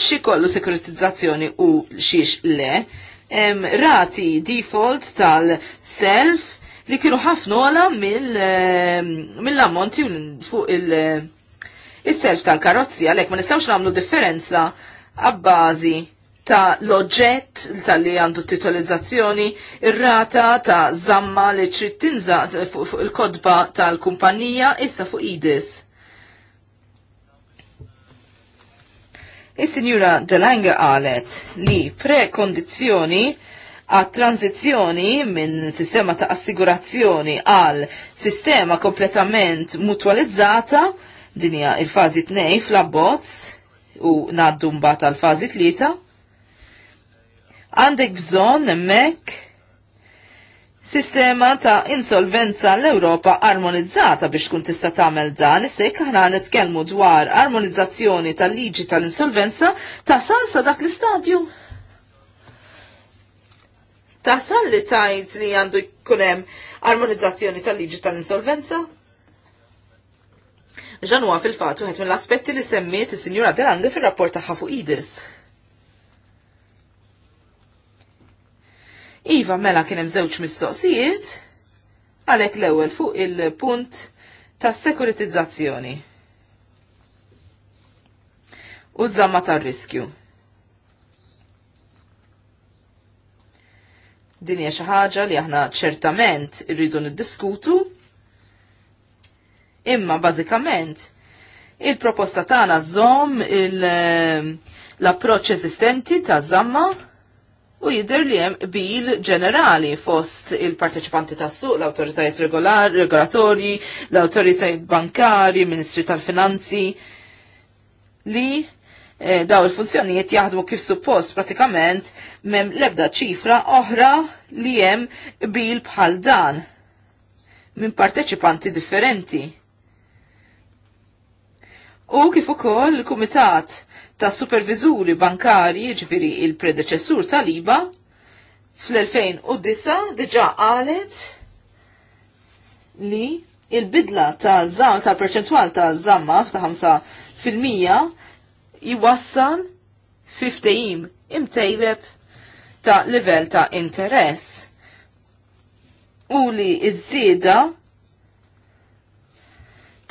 xi kollu sekuritizzazzjoni u xiex le. Em, rati default tal-self li kienu ħafna mill-ammonti mill fuq il-self il tal-karozzi, għalek ma nistawx namlu differenza għabbażi ta' loġġett tal-li għandu titolizzazzjoni, ir-rata ta' zamma li trid tinza fuq il-kodba tal-kumpanija issa fuq idis. Is-Sinjura Delanga qalet li prekondizzjoni għat tranzizjoni minn sistema ta' assigurazzjoni għal sistema kompletament mutualizzata, dinja il-fazi 2 fl-abbozz u naddumba mbagħad għal fazi 3, għandek bżonn hemmhekk sistema ta' insolvenza l-Europa armonizzata biex tkun tista' tagħmel dan issejk aħna nitkellmu dwar armonizzazzjoni tal-liġi tal-insolvenza ta' salsa dak l-istadju. Ta' sal li tajt li għandu jkun hemm armonizzazzjoni tal-liġi tal-insolvenza? Ġanwa fil-fatu għet mill-aspetti li semmiet is-Sinjura Delange fil-rapport tagħha fuq Idis. Iva mela kienem zewċ mistoqsijiet, għalek l ewwel fuq il-punt ta' sekuritizzazzjoni. U zamma ta' riskju. Din hija xi ħaġa li aħna ċertament irridu niddiskutu, imma bażikament il-proposta tagħna żomm il-approċċ ehm, eżistenti ta' zamma u jidher li hemm bil ġenerali fost il-parteċipanti tas-suq, l-awtoritajiet regolatorji, l-awtoritajiet bankari, ministri tal-finanzi li eh, daw il-funzjonijiet jaħdmu kif suppost pratikament mem lebda ċifra oħra li hemm bil bħal dan minn parteċipanti differenti. U kif ukoll il-Kumitat ta' supervizuri bankari, ġviri il-predeċessur tal-IBA, fl-2009 diġa qalet li il-bidla ta' zam ta' perċentwal ta' zamma ta' 5% jwassan 50 imtejweb ta' livell ta' interess. U li iż-żieda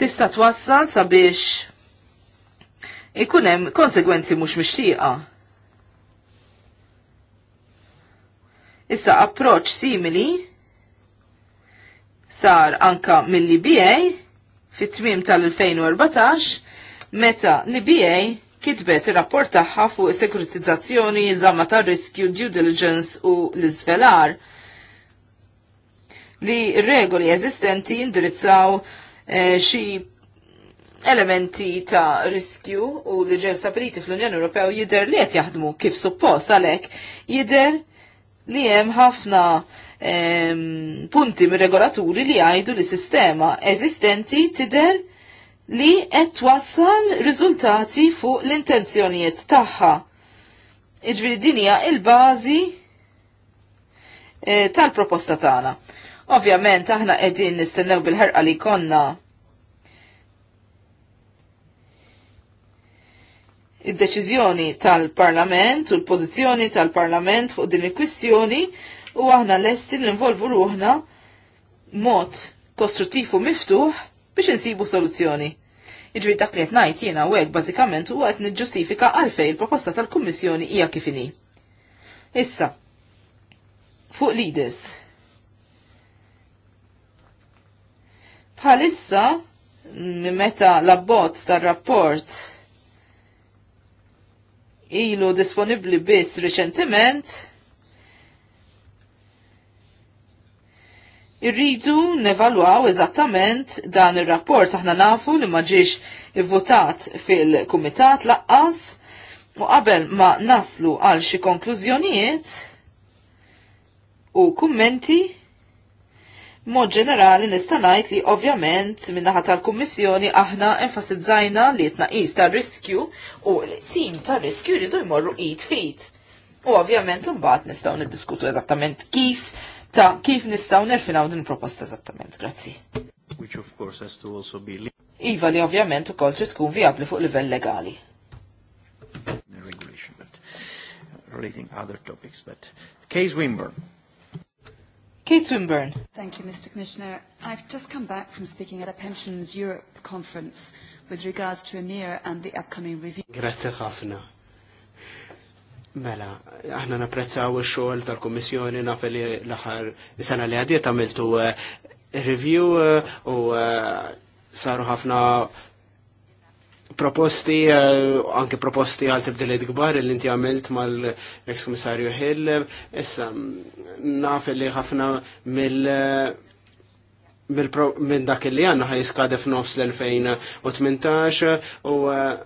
tista' twassal sabiex ikun hemm konsegwenzi mhux mixtieqa. Issa approċ simili sar anka mill-IBA fit-tmim tal-2014 meta l-IBA kitbet ir-rapport tagħha fuq sekuritizzazzjoni, żamma ta' riskju, due diligence u l-iżvelar li regoli eżistenti indirizzaw e, xi elementi ta' riskju u li ġew stabiliti fl-Unjoni Ewropea jidher li qed jaħdmu kif suppost għalhekk jidher li hemm ħafna ehm, punti mir-regolaturi li jgħidu li sistema eżistenti tidher li qed twassal riżultati fuq l-intenzjonijiet tagħha. Iġviri din hija l bażi eh, tal-proposta tagħna. Ovvjament aħna qegħdin nistennew bil-ħerqa li konna id-deċiżjoni tal-Parlament u l-pożizzjoni tal-Parlament fuq din il-kwistjoni u aħna lesti l-involvu ruħna mod kostruttiv u miftuħ biex insibu soluzzjoni. Iġri dak li ngħid jiena u hekk bażikament huwa qed niġġustifika għalfejn il-proposta tal-Kummissjoni hija kif inhi. Issa, fuq leaders. Bħalissa, meta l-abbozz tar-rapport ilu disponibli biss reċentiment, irridu nevalwaw eżattament dan ir-rapport aħna nafu li ma votat fil-kumitat laqqas u qabel ma naslu għal xi konklużjonijiet u kummenti Mod ġenerali nista' ngħid li ovvjament min-naħa tal-Kummissjoni aħna enfasizzajna li tnaqis ta' riskju u li sim ta' riskju li jmorru id fit. U ovvjament imbagħad nistgħu niddiskutu eżattament kif ta' kif nistgħu nerfinaw din proposta eżattament. Grazzi.
Which of course has to also be
Iva li ovvjament ukoll trid tkun viabli fuq livell legali.
relating other topics, but
case Wimber. Kate Swinburne.
Thank you, Mr. Commissioner. I've just come back
from speaking at a Pensions Europe conference with regards to EMIR e and the upcoming review. Grazie
ħafna. Mela, aħna napprezzaw ix-xogħol tal-Kummissjoni naf li l-aħħar sena li għadiet għamiltu eh, review eh, u eh, saru ħafna proposti, eh, anke proposti għal tibdiliet gbar l inti għamilt mal-ex komissarju Hill, issa naf li ħafna mill- minn dak li għanna ħaj skade f'nofs l-2018 u eh,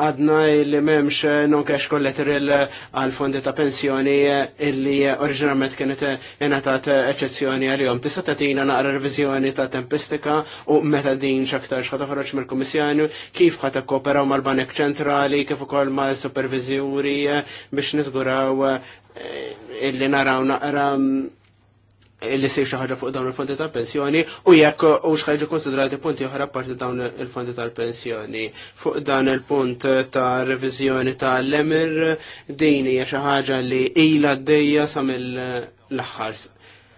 għadna li memx eh, non cash collateral il eh, fondi ta' pensjoni eh, illi oriġinarment kienet jenatat eccezzjoni għal-jom. Tista' tina naqra revizjoni ta' tempistika u meta din xaktar xħat ħroċ mill-Komissjoni kif ħat kooperaw mal-Banek Ċentrali kif ukoll mal-Supervizjuri biex nizguraw illi naraw naqra mm, li sir xi ħaġa fuq dawn il-fondi tal-pensjoni u jekk u xħajġu konsidrati punti oħra parti dawn il-fondi tal-pensjoni. Fuq dan il-punt ta' reviżjoni tal-lemir din hija xi ħaġa li d għaddejja sa l aħħar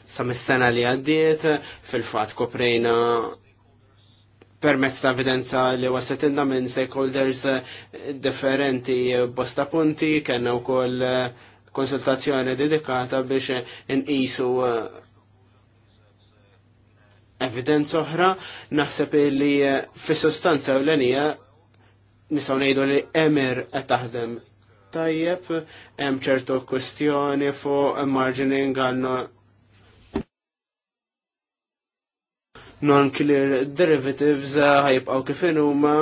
sa mis-sena li għaddiet fil-fatt koprejna permezz ta' evidenza li wasetilna minn stakeholders differenti bosta punti, kena u koll konsultazzjoni dedikata biex nqisu evidenza oħra, naħseb li eh, fis sostanza u l-enija nisaw nejdu li emir qed taħdem tajjeb, hemm ċertu kwestjoni fuq margining għal non-clear derivatives eh, ħajibqaw kifin huma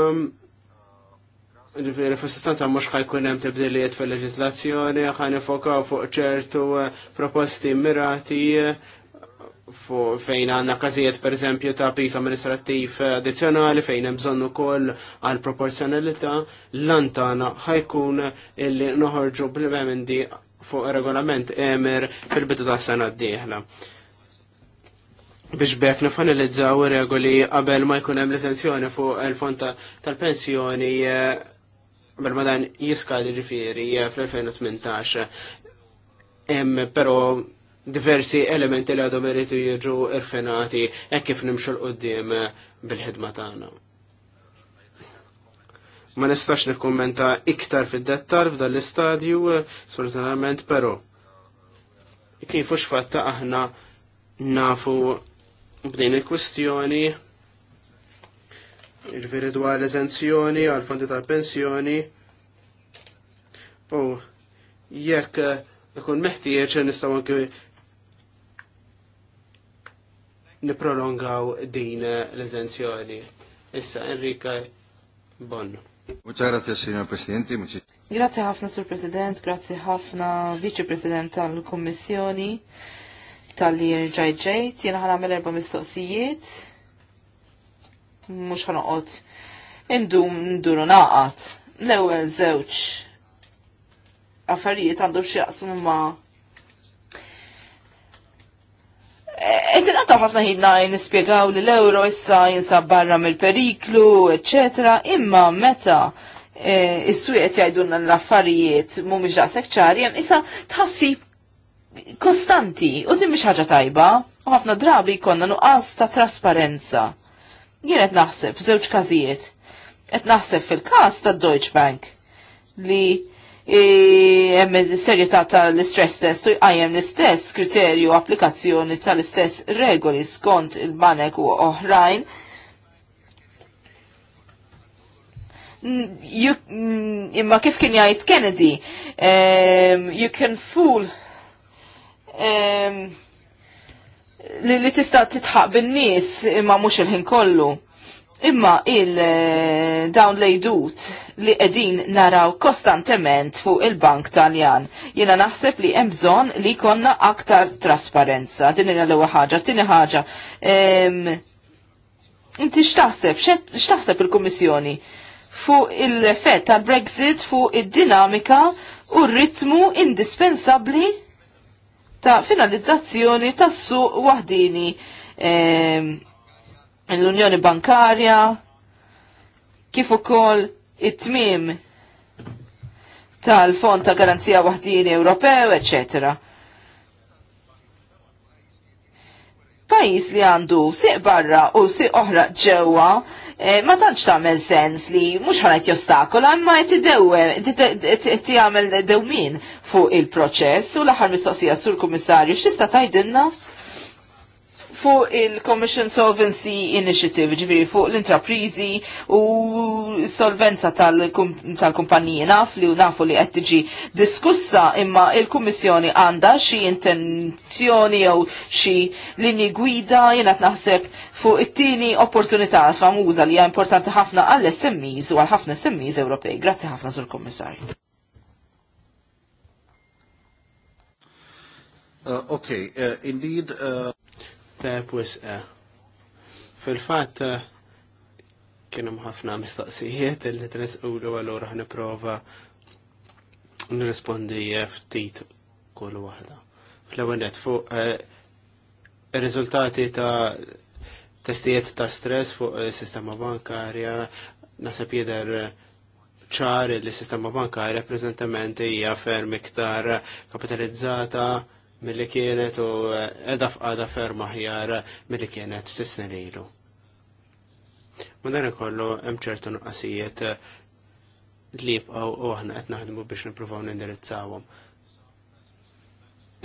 ġifiri fu sustanza mux ħajkun hemm tibdilijiet fil-leġislazzjoni, ħanifokaw fuq ċertu eh, proposti mirati fejn għanna kazijiet per eżempju ta' pis amministrativ addizjonali fejn hemm bżonn ukoll għal proporzjonalità l-antana ħajkun illi noħorġu bl emendi fuq regolament emer fil-bidu ta' sena d-dieħla. Biex bekk nifanalizzaw regoli qabel ma jkun hemm l-esenzjoni fuq il-fond tal-pensjoni qabel eh, ma dan jiskadi ġifieri eh, fl-2018. Hemm però diversi elementi li għadhom irridu jiġu irfenati hekk kif nimxu l-qoddim bil-ħidma tagħna. Ma nistax nikkummenta iktar fid-dettar f'dan l-istadju, sfortunatament, però Kifu x'fatta fatta aħna nafu b'din il-kwistjoni il-veri dwar l-eżenzjoni għal-fondi tal-pensjoni u jekk ikun meħtieġ nistgħu anke niprolongaw din l ezenzjoni Issa, Enrika Bonn.
Muċa grazie, signor Presidente.
Grazie ħafna, Sur President, grazie ħafna, Vice President tal-Kommissjoni tal-li ġajġejt. Jena ħana għamil erba mistoqsijiet. Mux ħanoqot. Indum, nduru naqat. L-ewel zewċ affarijiet għandu xieqsum ma' Et nata ħafna ħidna nispiegaw li l-euro issa jinsab barra mill-periklu, eccetera, imma meta e, is jgħidunna l-affarijiet mhumiex daqshekk ċari hemm issa tħassib kostanti u din mhix ħaġa tajba u ħafna drabi jkollna nuqqas ta' trasparenza. Jien qed naħseb żewġ każijiet. Qed naħseb fil-każ tad Deutsche Bank li hemm serjetà tal-istress test u jqajjem l-istess kriterju applikazzjoni tal-istess regoli skont il-banek u oħrajn imma kif kien jgħid Kennedy, you can fool li tista' titħaq bin-nies imma mhux il-ħin kollu. Imma il-dawn eh, lejdut li edin naraw kostantement fuq il-Bank Taljan. Jena naħseb li hemm bżonn li konna aktar trasparenza. Din il l ħaġa, tieni ħaġa. Inti x'taħseb, x'taħseb il-Kummissjoni fuq il-effett tal-Brexit fuq id-dinamika u r-ritmu indispensabbli ta' finalizzazzjoni tas-suq waħdini l-Unjoni Bankarja, kif ukoll it-tmim tal-Fond ta' Garanzija Waħdini Ewropew, etc. Pajis li għandu siq barra u siq oħra ġewwa eh, ma tantx tagħmel sens li mhux ħanajt jostakola imma qed jagħmel dewmin fuq il-proċess u l-aħħar mistoqsija sur kummissarju x'tista' tgħidilna? fuq il-Commission Solvency Initiative, ġviri fuq l-intraprizi u solvenza tal-kumpanije naf li u nafu li għettiġi diskussa imma il-Kommissjoni għanda xi intenzjoni jew xi linji gwida jenat naħseb fuq it-tini opportunità famuża li hija importanti ħafna għall-SMEs u għal ħafna SMEs Ewropej. Grazzi ħafna sur kommissarju.
Uh, okay, uh, indeed. Uh tajb wisqa. Fil-fatt kienu ħafna mistaqsijiet li tresqu l għallura ħniprofa nirrispondi ftit kull waħda. fl għanet fuq eh, il riżultati ta' testijiet ta' stress fuq eh, sistema bankarja nasab jidher eh, ċar il sistema bankarja preżentament hija ferm iktar kapitalizzata mill-li kienet u eh, edha f'qada ferma ħjar eh, mill-li kienet tisni lilu. Ma dan ikollu hemm ċertu nuqqasijiet eh, li jibqgħu u aħna qed naħdmu biex nippruvaw nindirizzawhom.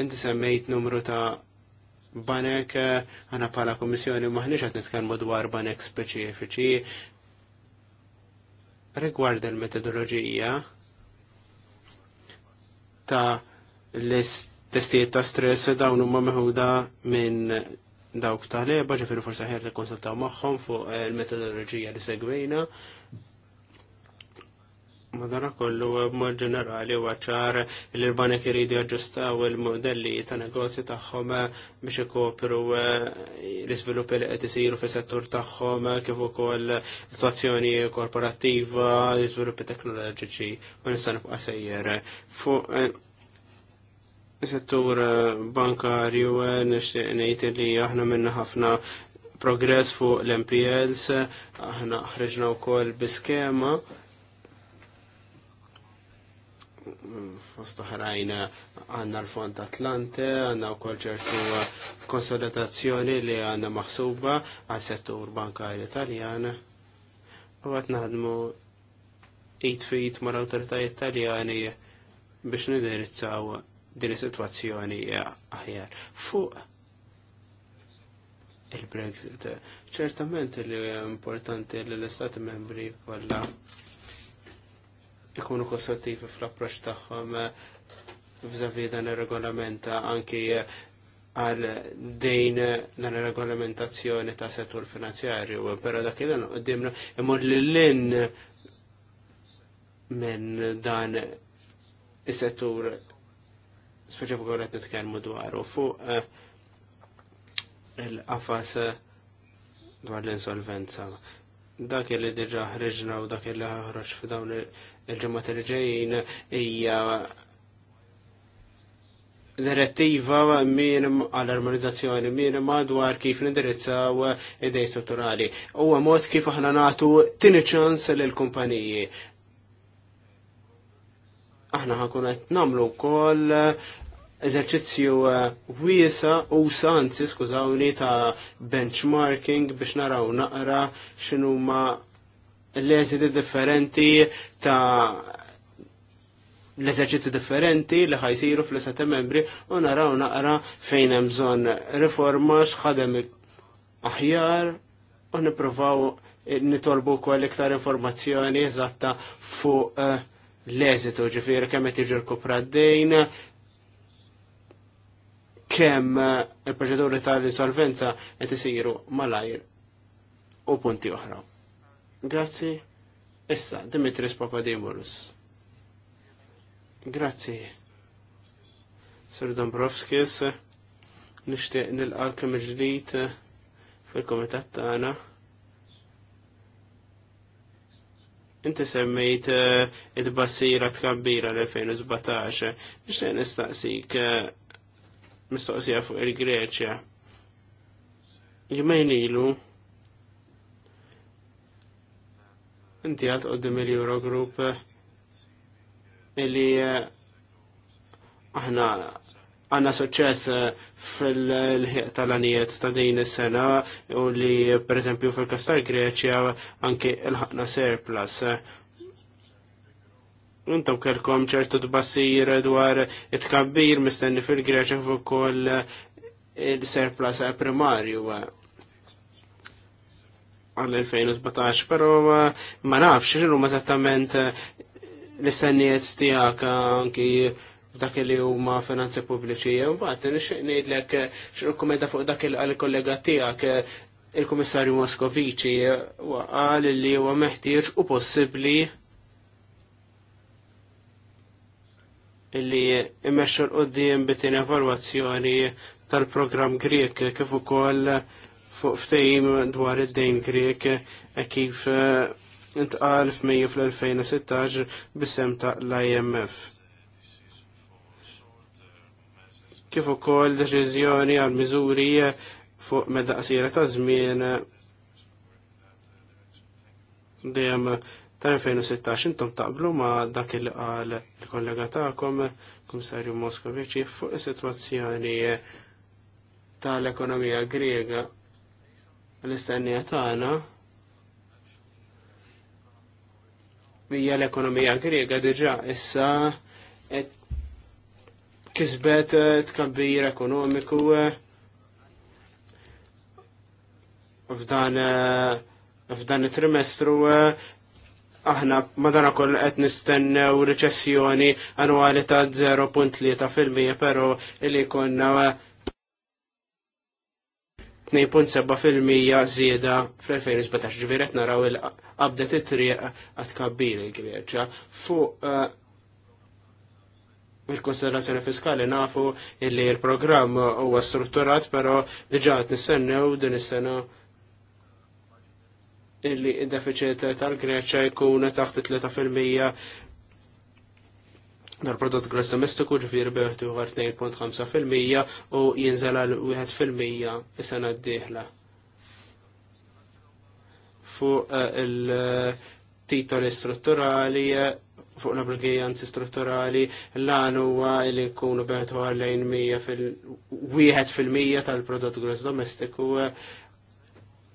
Inti semmejt numru ta' banek għana pala komissjoni maħniċ għat nitkelmu dwar banek speċifiċi rigward il-metodologija ta' list testijiet ta' stress dawn huma meħuda minn dawk ta' leba, ġifieri forsi ħer konsultaw magħhom fuq eh, il-metodoloġija li segwejna. Madara kollu eh, mod ġenerali u għacċar l-irbanek iridu jaġġustaw il-modelli ta' negozju tagħhom eh, biex ikopru l-iżviluppi li qed isiru fis-settur tagħhom kif ukoll situazzjoni korporattiva, l-iżviluppi teknoloġiċi u nista' nibqa' sejjer. Fuq settur eh, bankarju eh, nixtieq ngħid li aħna minna ħafna progress fuq l-MPLs, aħna ħreġna wkoll biskema fost oħrajn eh, għanna l-Fond Atlante, għanna u ċertu konsolidazzjoni li għanna maħsuba għas settur bankarju Taljan. U għat naħdmu it-fit mar-autoritajiet Taljani biex nidirizzaw din is-sitwazzjoni aħjar. Fuq il-Brexit, ċertament li importanti li l-Istati membri kollha ikunu kostruttivi fl-approċċ tagħhom f'żavi dan ir-regolamenta anki għal dejn dan regolamentazzjoni ta' settur finanzjarju, pero dak il għoddimna imur l-lin minn dan is-settur speċifiku għorret nitkelmu u fuq eh, il-qafas eh, dwar l-insolvenza. Dak li diġa ħriġna u dak li ħroġ f'dawn il-ġemat li ġejjin hija direttiva minim għall-armonizzazzjoni minima dwar kif nindirizzaw idej strutturali. Huwa mod kif aħna nagħtu tini ċans lill kumpaniji aħna ħakun qed nagħmlu wkoll eh, eżerċizzju eh, wiesa u sanzi skużawni ta' benchmarking biex naraw naqra xinu ma l-eżidi differenti ta' l eżerċizzju differenti li ħajsiru fl sette membri u naraw naqra fejn hemm bżonn riforma x'ħadem aħjar u nippruvaw nitolbu wkoll iktar informazzjoni eżatta fuq uh, l-eżitu ġifiri kemm qed jiġu d-dejn, kemm il-proċeduri tal-insolvenza qed isiru malajr u punti oħra. Grazzi. Issa, Dimitris Papadimurus. Grazzi. Sir Dombrovskis, nishtiq nilqa' il ġdid fil-komitat tagħna. Inti semmejt eh, id-bassira tkabbira l-2017. Nixtieq nistaqsik eh, mistoqsija fuq il-Greċja. Jumejn ilu inti għad qoddim il-Eurogroup eh, illi aħna għanna suċċess eh, fil-ħiq tal-anijiet ta' din is-sena u li per eżempju fil-Kastar Greċja anki il-ħakna surplus. Intom kelkom ċertu tbassir dwar it-kabbir mistenni fil-Greċja fuq ukoll il-surplus primarju għal-2017, pero eh, ma nafx xinu ma l-istennijiet tijak anki dak li huma finanzi pubbliċi. Mbagħad nixtieq ngħidlek eh, x'rikkumenta fuq dak il-kollega tiegħek eh, il-Kummissarju Moskoviċi eh, qal li huwa meħtieġ u possibbli illi immexxu l-qoddim bitin evalwazzjoni tal-programm Grek kif ukoll fuq ftehim dwar id-dejn Grek e kif intqal f'Mejju fl-2016 bisem ta' l-IMF. kif ukoll deċiżjoni għal miżuri fuq meda ta' żmien dejjem ta' 2016 intom taqblu ma' dak il qal il-kollega tagħkom Kummissarju Moskoviċi fuq is-sitwazzjoni tal-ekonomija Griega l-istennija tagħna hija l-ekonomija Griega diġà issa kisbet eh, tkabbir ekonomiku eh, f'dan eh, f'dan it-trimestru aħna madana koll qed nistennew riċessjoni annwali ta' 0.3 fil-mija però illi konna 2.7 fil-mija zieda fl-2017 ġviret naraw il-qabdet it-triq għat kabbir il-Greċa fuq il-konsiderazzjoni fiskali nafu illi il-programm huwa strutturat, pero diġat qed nistennew din is-sena illi id-deficit tal greċa jkun taħt 3% dal-prodott gross domestiku ġifiri beħtu għar 2.5% u jinżel għal 1% is-sena d-dieħla. Fuq eh, il-titoli strutturali fuq l-obligijanzi strutturali l-għan huwa li nkunu betu għallajn mija fil-wieħed fil-mija tal-prodott gross domestiku eh,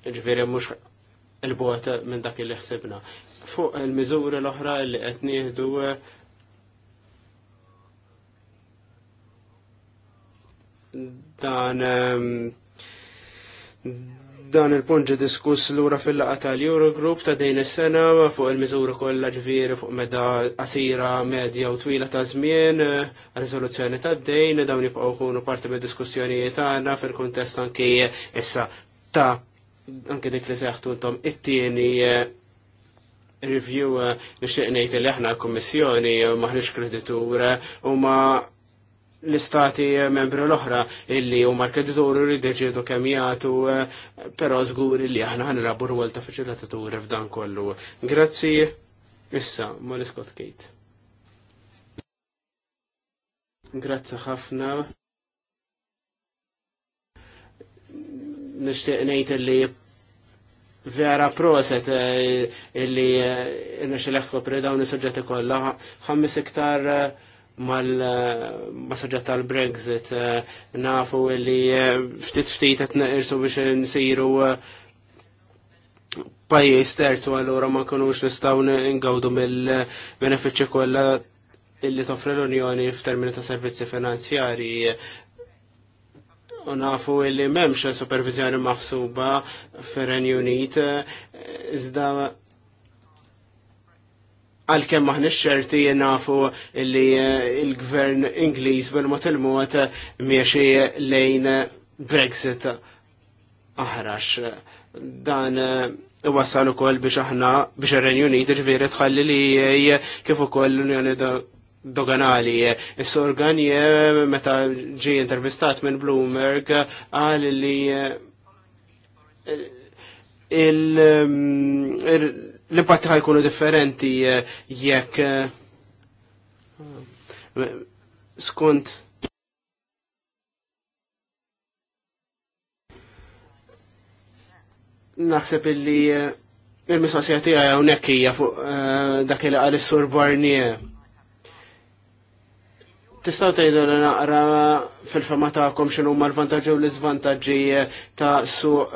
ġviri mux il-bot minn dak li ħsibna. Fuq il-miżuri l-oħra li qed nieħdu eh, dan eh, dan il-punt ġi diskuss lura fil-laqa tal-Eurogroup ta' dejn is-sena fuq il-miżuri kollha ġifieri fuq meta qasira medja u twila ta' żmien, riżoluzzjoni ta' dejn dawn jibqgħu jkunu parti mid-diskussjonijiet tagħna fil-kuntest anki issa ta' anke dik li seħħtu intom it-tieni eh, review eh, nixtieq ngħid li aħna l-Kummissjoni eh, maħniex kreditura u ma' l-istati membri l-oħra illi u markedituri li deċidu kemm jagħtu eh, però illi aħna ħanrabu rwol ta' faċilitaturi f'dan kollu. Grazzi issa l-iskot kejt. Grazzi ħafna. Nixtieq ngħid illi vera proset eh, illi eh, nixtieq kopri dawn is-suġġetti kollha ħammis iktar uh, mal-soġġet eh, tal-Brexit eh, nafu li eh, ftit ftit qed neqirsu biex insiru pajjiż terzu allura ma nkunux nistgħu ngawdu mill-benefiċċji kollha illi toffri l-Unjoni f'termini ta' servizzi finanzjarji u nafu illi m'hemmx supervizjoni maħsuba fir Unit iżda għal-kem maħni xerti nafu li eh, il-gvern Ingliż bil-mot il-mot eh, miexi lejn Brexit aħrax. Dan u eh, ukoll biex aħna biex ir-Renju Unit ġifieri tħalli li kif ukoll l-Unjoni doganali. is sorgan Ganje meta ġie intervistat minn Bloomberg qal li il l-impatti ħajkunu differenti eh, jekk eh, skont naħseb illi eh, il-mistoqsija tiegħi hawnhekk hija fuq dak li qal is-sur Barnier. Tistaw tgħidu li naqra fil-fema tagħkom x'inhuma l-vantaġġi u l-iżvantaġġi ta' suq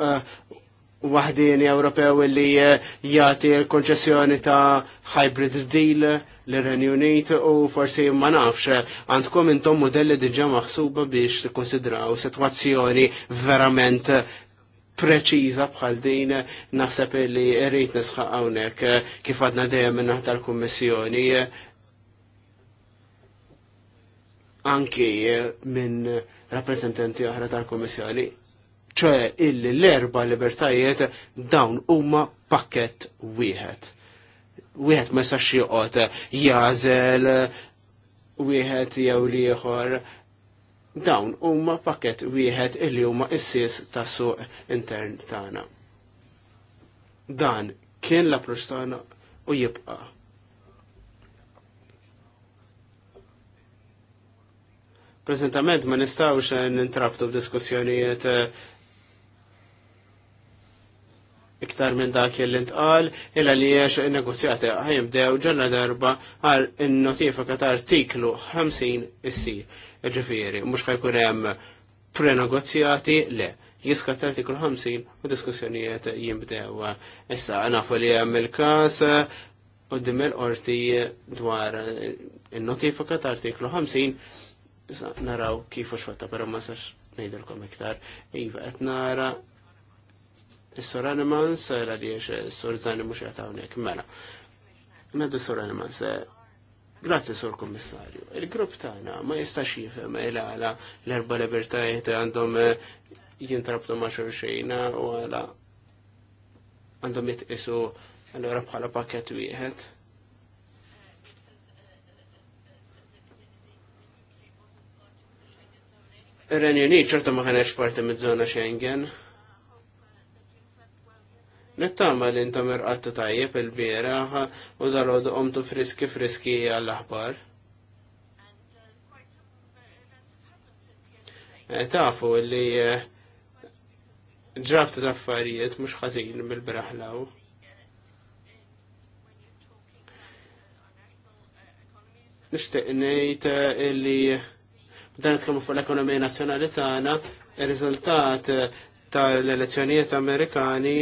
waħdini Ewropew li eh, jagħti l-konċessjoni ta' hybrid deal l-Renju Unit u forsi ma nafx għandkom intom modelli diġà maħsuba biex tikkonsidraw sitwazzjoni verament preċiża bħal din naħseb li rrid nisħaq hawnhekk eh, kif għadna dejjem minn tal-Kummissjoni eh, anki minn rappresentanti oħra tal-Kummissjoni ċe illi l-erba libertajiet dawn huma pakket wieħed. Wieħed ma sa xieqot jażel wieħed jew ieħor dawn huma pakket wieħed illi huma issis tas-suq intern tagħna. Dan kien la prostana u jibqa. Prezentament ma nistawx nintrabtu b'diskussjonijiet eh, iktar minn dak li ntqal illa li jiex negozjati ħajibdew ġanna darba għal in-notifika ta' artiklu 50 issir. Ġifieri, mhux ħajkun hemm prenegozjati le. Jiska ta' artiklu 50 u diskussjonijiet jinbdew. Issa nafu li hemm il-każ u dim il-qorti dwar in-notifika ta' artiklu 50 naraw kif u xfatta, pero ma sarx ngħidilkom iktar. Iva, qed nara Is-sor Animal sejra li s-sor Zani mux jatawnek, mela. Meddu s-sor Animal sejra. Grazie, Sor Kommissarju. Il-grupp tagħna ma jistax jifhem il-għala l-erba libertajiet għandhom eh, jintrabtu ma' xorxejna eh, u għala għandhom jitqisu allura bħala pakket wieħed. Ir-Renju Unit ma kienx parti mid-żona Schengen. Nittama li intom irqattu tajjeb il-bieraħ u dal-għodu omtu friski friski għall-aħbar. Eh, tafu li ġrafta eh, ta' mux ħażin bil-braħlaw. Nishtiq ngħid eh, li dan kemm fuq l-ekonomija nazzjonali tagħna, ir-riżultat tal-elezzjonijiet Amerikani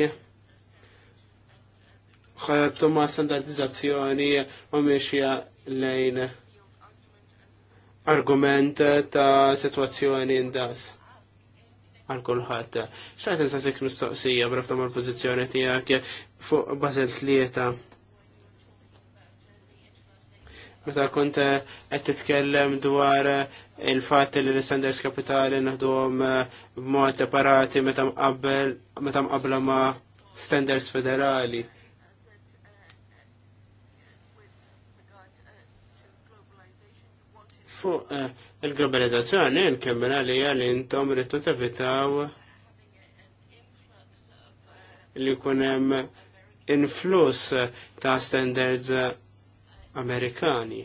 ħajabtu ma' standardizzazzjoni ma' miexja lejn argument ta' situazzjoni indas għal kulħadd. sa nsasik mistoqsija b'rafta mal-pożizzjoni tiegħek fuq bażel tlieta. Meta kont qed titkellem dwar il-fatt li l-standards kapitali naħduhom b'mod separati meta mqabbel meta mqabbla ma' standards federali. Fuq eh, il-globalizzazzjoni nkemmel għalija li intom rritu tevitaw li kunem influss ta' standards Amerikani.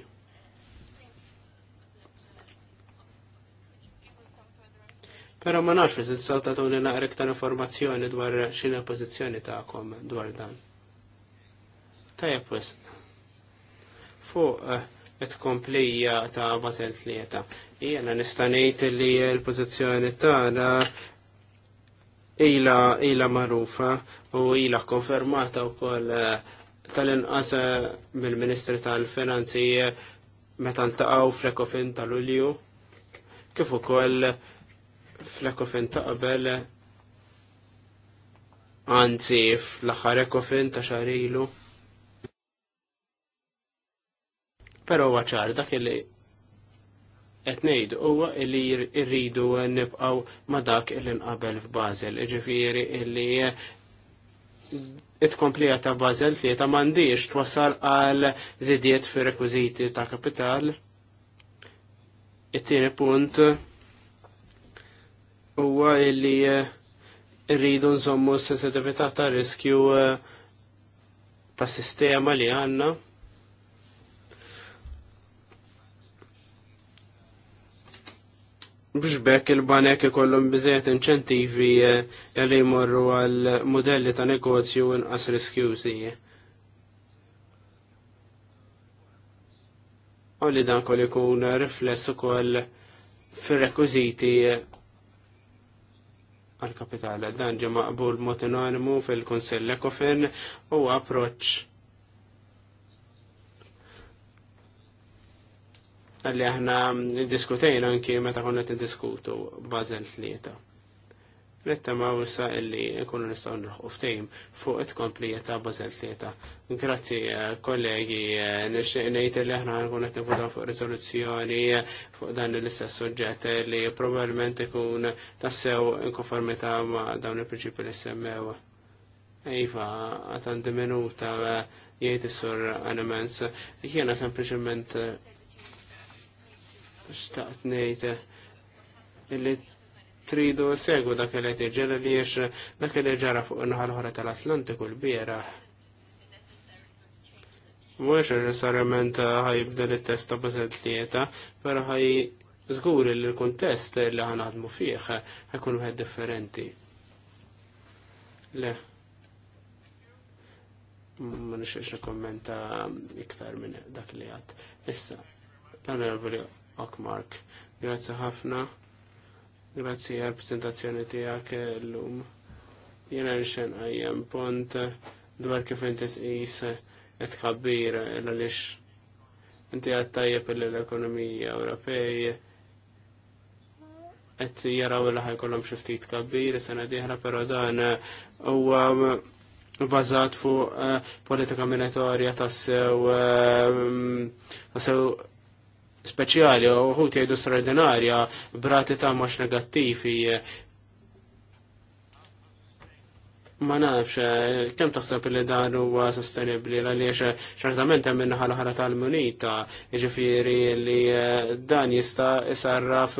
Pero ma nafx li s ta' tuni naqrek ta' informazzjoni dwar xina pozizjoni kom dwar dan. Ta' jepwis. Fuq eh, tkomplija ta' li jeta. Jena nistanejt li l-pozizjoni tagħna ila ila marufa u ila konfermata wkoll eh, tal-inqas eh, mill-Ministri tal-Finanzi eh, meta ntaqgħu fl-Ekofin tal-Ulju kif ukoll fl-Ekofin ta' qabel anzi fl-aħħar Ekofin ta' xarilu. Pero huwa ċar dak li qed ngħidu huwa li rridu nibqgħu ma' dak li nqabel f'Bażel, iġifieri illi it-komplija ta' Bażel li ta' m'għandix twassal għal żidiet fir-rekwiżiti ta' kapital. It-tieni punt huwa li rridu nżommu s-sensitività ta' riskju ta' sistema li għandna. biex il-banek ikollhom biżejjed inċentivi eh, li jmorru għal modelli ta' negozju inqas riskjużi. U li dan kol ikun rifless ukoll fir-rekwiżiti eh, għal kapitala dan ġi maqbul mod fil-Kunsill Ekofin u approċċ li aħna diskutejna anki meta konna diskutu Basel tlieta. Nittama u issa illi nkunu nistgħu nirħu ftejm fuq it-komplija ta' tlieta. Grazzi eh, kollegi, eh, nixtieq ngħid li aħna nkun qed nifutaw fuq rizoluzzjoni fuq dan l-istess suġġett li probabbilment ikun tassew inkonformità ma' dawn il-prinċipi li semmew. Iva, għatan diminuta eh, jgħid is-sur animens. Jiena sempliċement xtaqt ngħid eh, illi tridu segu dak li tiġġel li jiex dak li ġara fuq nħal ħora tal-Atlantiku l-biera. Mux ħajibda ħajbdel it-testa li jeta, però ħaj zgur li l-kuntest li ħanaħdmu fih ħajkun wieħed differenti. Le. Ma nixiex kommenta iktar minn dak li għad. Issa, l-onorevoli Okmark. Grazie ħafna, Grazie għal prezentazzjoni tijak l-lum. Jena nxen għajem pont dwar kif inti tqis kabbir l-għalix inti għattajja pelle l-ekonomija Ewropej et jaraw li ħajkollhom xi ftit kabbir sena diħra pero dan u bazat fu eh, politika minatorja tassew eh, tassew speċjali u ħut jgħidu straordinarja brati ta' mhux negattivi. Ma nafx, kemm taħseb li dan huwa sostenibbli għaliex ċertament hemm minn l-ħara tal-munita, jiġifieri li eh, dan jista' isarraf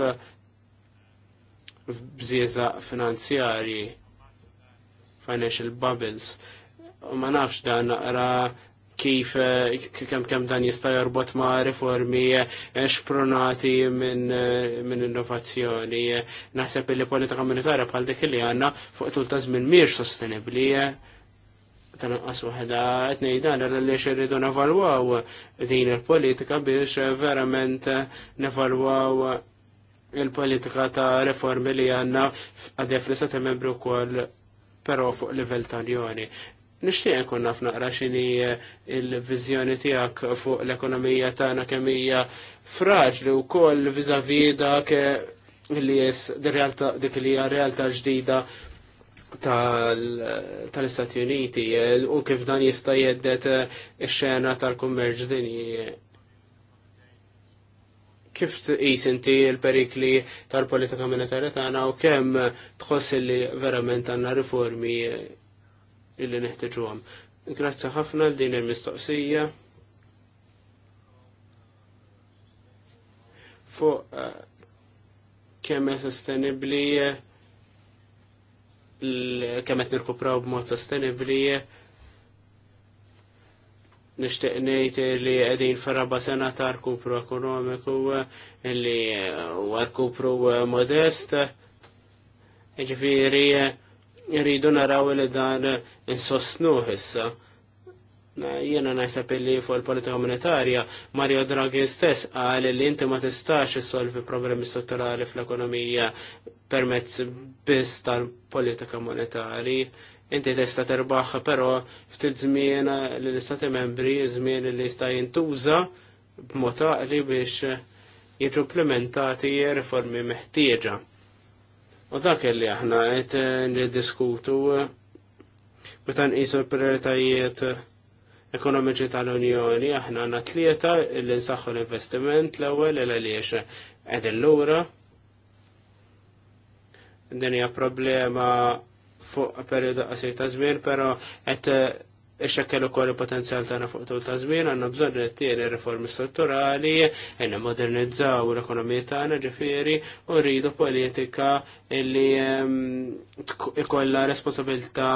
bżieża finanzjarji financial bubbles. Ma nafx dan naqra kif eh, kem kem dan jista' jorbot ma' riformi eh, xpronati minn eh, min innovazzjoni. Naħseb li politika monetarja bħal dik li għandna fuq tul ta' żmien mhijiex sostenibbli tanqas waħda qed ngħidan li xirridu nevalwaw din il-politika biex verament nevalwaw il-politika ta' reformi li għandna għadja fl se membru wkoll però fuq livell tal-joni. Nishtiq nkun naf naqra x'inhi eh, l-viżjoni tiegħek fuq l-ekonomija tagħna kemm hija fraġli wkoll vizavi dak eh, li jess dik li hija realtà ġdida tal-Istati Uniti eh, u kif dan jista' jeddet ix-xena tal-kummerġ dinji. Kif tqis inti l-perikli tal-politika monetarja tagħna u kemm tħoss li verament għandna riformi illi għam. Grazzi ħafna l din il-mistoqsija. Fuq eh, kemm sostenibbli kemm qed nirkupraw b'mod sostenibbli Nixtieq ngħid li qegħdin faraba sena ta' rkupru ekonomiku li eh, huwa rkupru modest. Ġifieri eh, jridu naraw li dan insostnuh issa. Jena najsa li fuq il-politika monetarja, Mario Draghi stess għal li inti ma tistax solvi problemi strutturali fl-ekonomija permezz biss tal-politika monetari. Inti tista' terbaħ però ftit żmien li l-istati membri, żmien li jista' jintuża b'mod biex jiġu implementati riformi meħtieġa U dak li aħna qed eh, niddiskutu eh, meta nqisu l-prioritajiet eh, ekonomiċi tal-Unjoni aħna għandna tlieta li nsaħħu l-investiment l-ewwel l għaliex qegħdin lura. Din hija problema fuq periodu qasir ta' żmien, però qed ixxekkel ukoll il-potenzjal tagħna fuq tul ta' żmien għandna bżonn tieni reformi strutturali, għanna modernizzaw l-ekonomija tagħna ġifieri u rridu politika illi ehm, ikolla responsabilta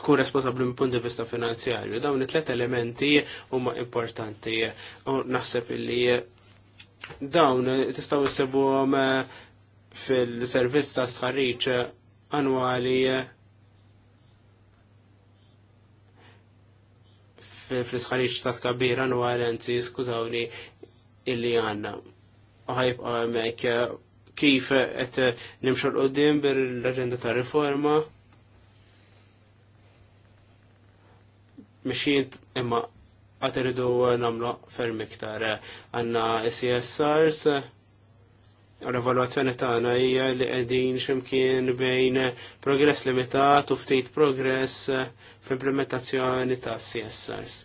tkun responsabbli minn punti vista finanzjarju. Dawn it-tlet elementi huma importanti u naħseb illi dawn tistgħu issibuhom eh, fil-servizz ta' sħarriċ annwali eh, fl isħarix ta' kabira nu għalenzi, skużawni, illi għanna. Għajb għamek eh, kif għet eh, eh, nimxu l-qoddim bir l-agenda ta' riforma. Mxin imma għateridu namlu ferm għanna SESRs l tagħna hija li qegħdin x'imkien bejn progress limitat u ftit progress fl-implementazzjoni ta' CSRs.